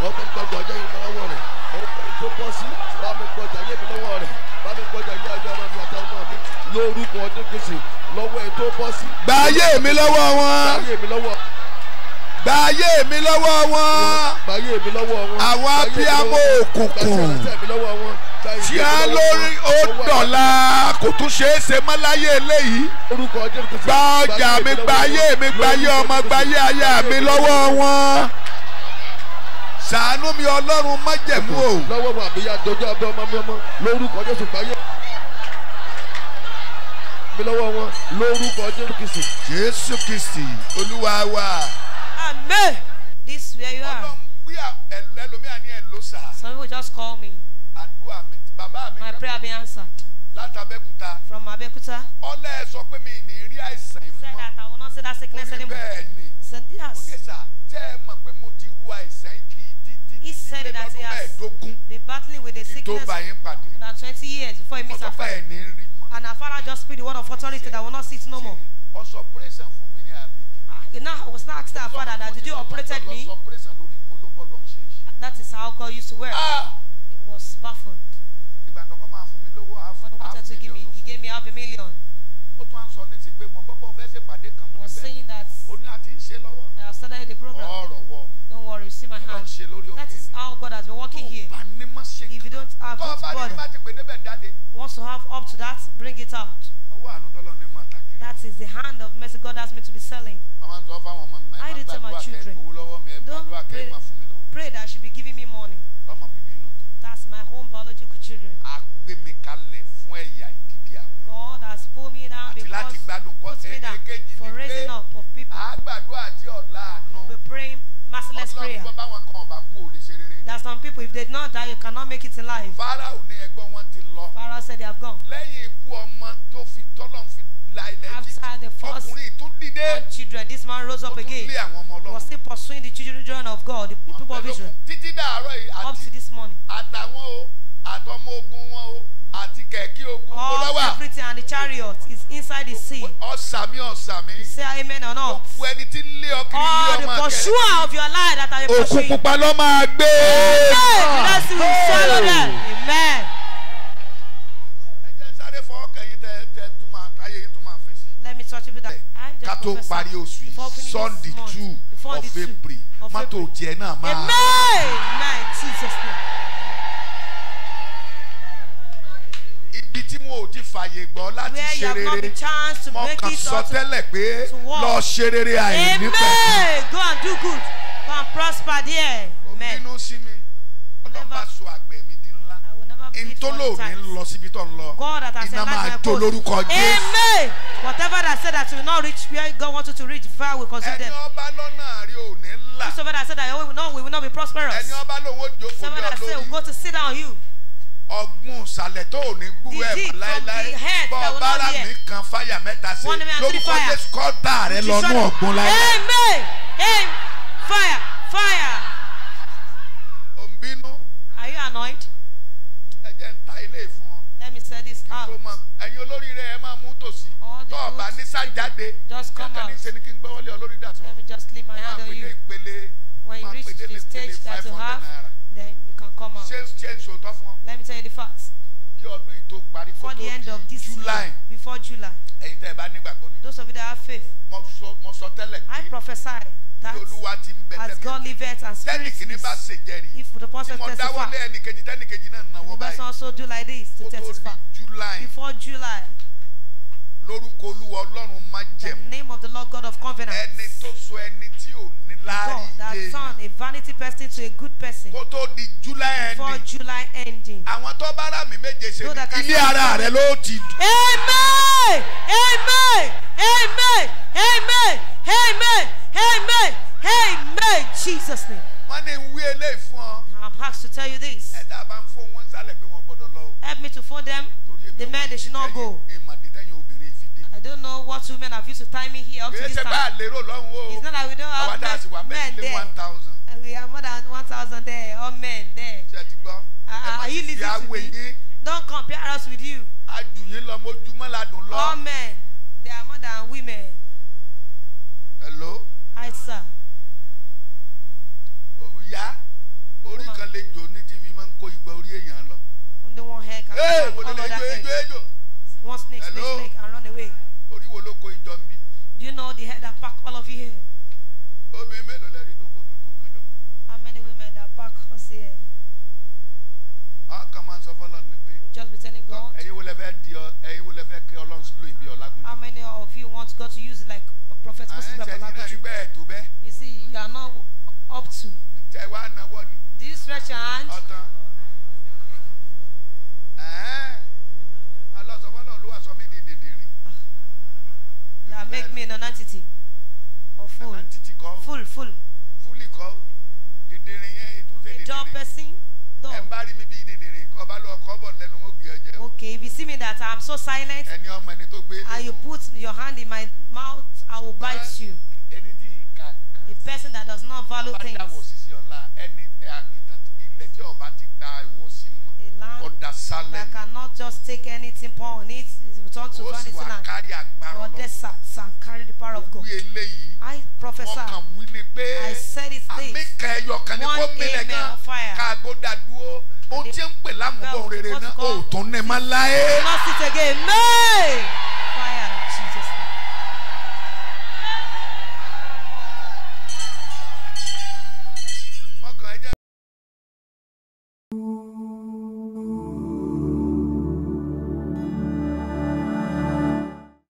lórúkọ ọdún kejì lọ́wọ́ ẹ tó sí. gba mi lọ́wọ́ wọn. gba mi lọ́wọ́ gbàyè mi lọ́wọ́ wọn. gbàyè mi lọ́wọ́ wọn. àwọn abiyamọ òkùnkùn. tí a lórí ó dọ̀la kò tún ṣeé ṣe mọ́ láyé eléyìí. gba ọjà mi gbàyè mi gbàyè ọmọ gbàyè aya mi lọ́wọ́ wọn ṣàánú mi ọlọ́run májẹ̀mú o. wa àbíyá dọjọ́ abẹ́ ọmọ mi ọmọ lórúkọ jésù gbáyé. mi lọ́wọ́ olúwa wa. Amen. This where you are. Some people just call me. My prayer be answered. From Abekuta. Said that I will not say that sickness anymore. Said yes. He said that he has been battling with the sickness for 20 years before he meets our father. And our father just speak the word of authority that will not sit no more now I was not asking our father that did you operated me? That is how God used to work. Ah. It was baffled. When he wanted to give me, he gave me half a million. He was saying that I have started the program. Don't worry, see my hand. That is how God has been working here. If you don't have, God, bother. Wants to have up to that, bring it out. That is the hand of mercy God asked me to be selling. I did tell my children, don't pray, pray that should be giving me money. That's my home biological children. God has pulled me down because puts me down for raising up of people. We'll be praying merciless prayer. That some people, if they do not die, you cannot make it in life. Pharaoh said they have gone force on children. This man rose up again. He was still pursuing the children of God, the people of Israel. Up to this morning. All everything and the chariot is inside the sea. You say amen or not. All the pursuer of your life that are pursuing. Amen. Amen. tó parí oṣù yìí sunday two of april mọ́tò tiẹ̀ náà máa. ibi tí mo ti fàyè gbọ́ láti ṣe rere mo kàn sọ tẹ́lẹ̀ pé lọ ṣe rere àìní pẹ̀lú. go and sí mi ọlọ́pàá sọ àgbẹ̀ it four times. God that has enlarged my coast. Amen. Whatever that said that will not reach where God wants you to reach, fire will consume them. Christopher that said that we will not, we will be prosperous. Someone that said we go to sit down you. ọgbun ìsàlẹ̀ tó ò ní gbúrú ẹ̀ láéláé bọ́ bára mi kan fáyà mẹ́ta sí lórúkọ jésù kọ́ bá rẹ lọ́nú ọ̀gbun láéláé. amen fire fire. ò ń bínú. are you annoyed. bọ́ọ̀ bá ní sájáde kẹ́kẹ́ ní ṣe ni kí n gbọ́wọ́lé olórí dàtọ̀ máa pè dé ìpele máa pè dé ìpele five hundred naira ṣé change òótọ́ fún ọ. let me tell you the facts. kí ọdún yìí tó parí kó tó july before july. ẹ̀yin tẹ́ ẹ bá nígbàgbọ́ ni. those of you that have faith. mo sọ mo sọ tẹ́lẹ̀ pé. I prophesy that as God liveth and spirit is. tẹ́nìkì ní if the person testify. tí mo the person also do like this to testify. before july lórúkọ olúwa ọlọ́run májẹ̀mú. the name of the lord god of confidence. ẹni tó so ẹni tí ò ní láàyè. God that turned a vanity person to a good person. kó tó di july ending. before july ending. àwọn tó bá rà méje ṣe ní ilé ara rẹ ló ti. amen amen amen amen amen amen amen jesus name. wọ́n ní wí eléyìí fún ọ. I'm asked to tell you this. ẹ dábàá ń fún wọn sálẹ̀ pé wọ́n gbọ́dọ̀ lọ. help me to phone them. the men they should not go don't know what women have used to tie me here up to this time. It's not that we don't have men, men there. 1, eh, we are more than 1,000 there, all men there. Uh, are you listening to me? Don't compare us with you. All men, they are more than women. Hello? Hi, sir. Ìyá, orí kan lè jò ní tí fi máa ń kó ìgbà orí èèyàn lọ. Only one hair can hey, cover that egg. One snake, snake, snake wo ló kó ìjọ ń bí. do you know the head that pack all of you here. obìnrin mélòó lẹ tó kó mi kó nǹkan jọ. how many women that pack us here. a kàn máa ń sọ fọlọ ni pé. we just be telling God. ẹ̀yin wo lẹ fẹ́ di ọ ẹ̀yin wo lẹ fẹ́ kí Ọlọ́run lò ìbí Ọlágúnjú. how many of you want God to use like prophet Moses Babalagunju. you see you are not up to. tẹ wá náwó ni. do you stretch your hand. ọ̀tán. make me a entity or full non-entity full full fully kọ́ dìndìnrín yẹn ètò ṣe dìndìnrín ìjọ pẹ̀sìn dọ̀ ẹ̀ ń mi bí dìndìnrín kọ́ bá lọ kọ́ bọ̀ lẹ́nu ó gbé okay if you see me that I'm so silent ẹni ọmọ ẹni tó gbé and you put your hand in my mouth I will bite you a person that does not value things ẹni àkìtàn ilẹ̀ tí ọba That cannot just take anything, upon on it, return to vanity land. But this and carry the power of God. I prophesy. I said it this. One amen of fire. ohun tí ń pè lámùbọ̀ rere náà òòtún ní ẹ máa láyé. fire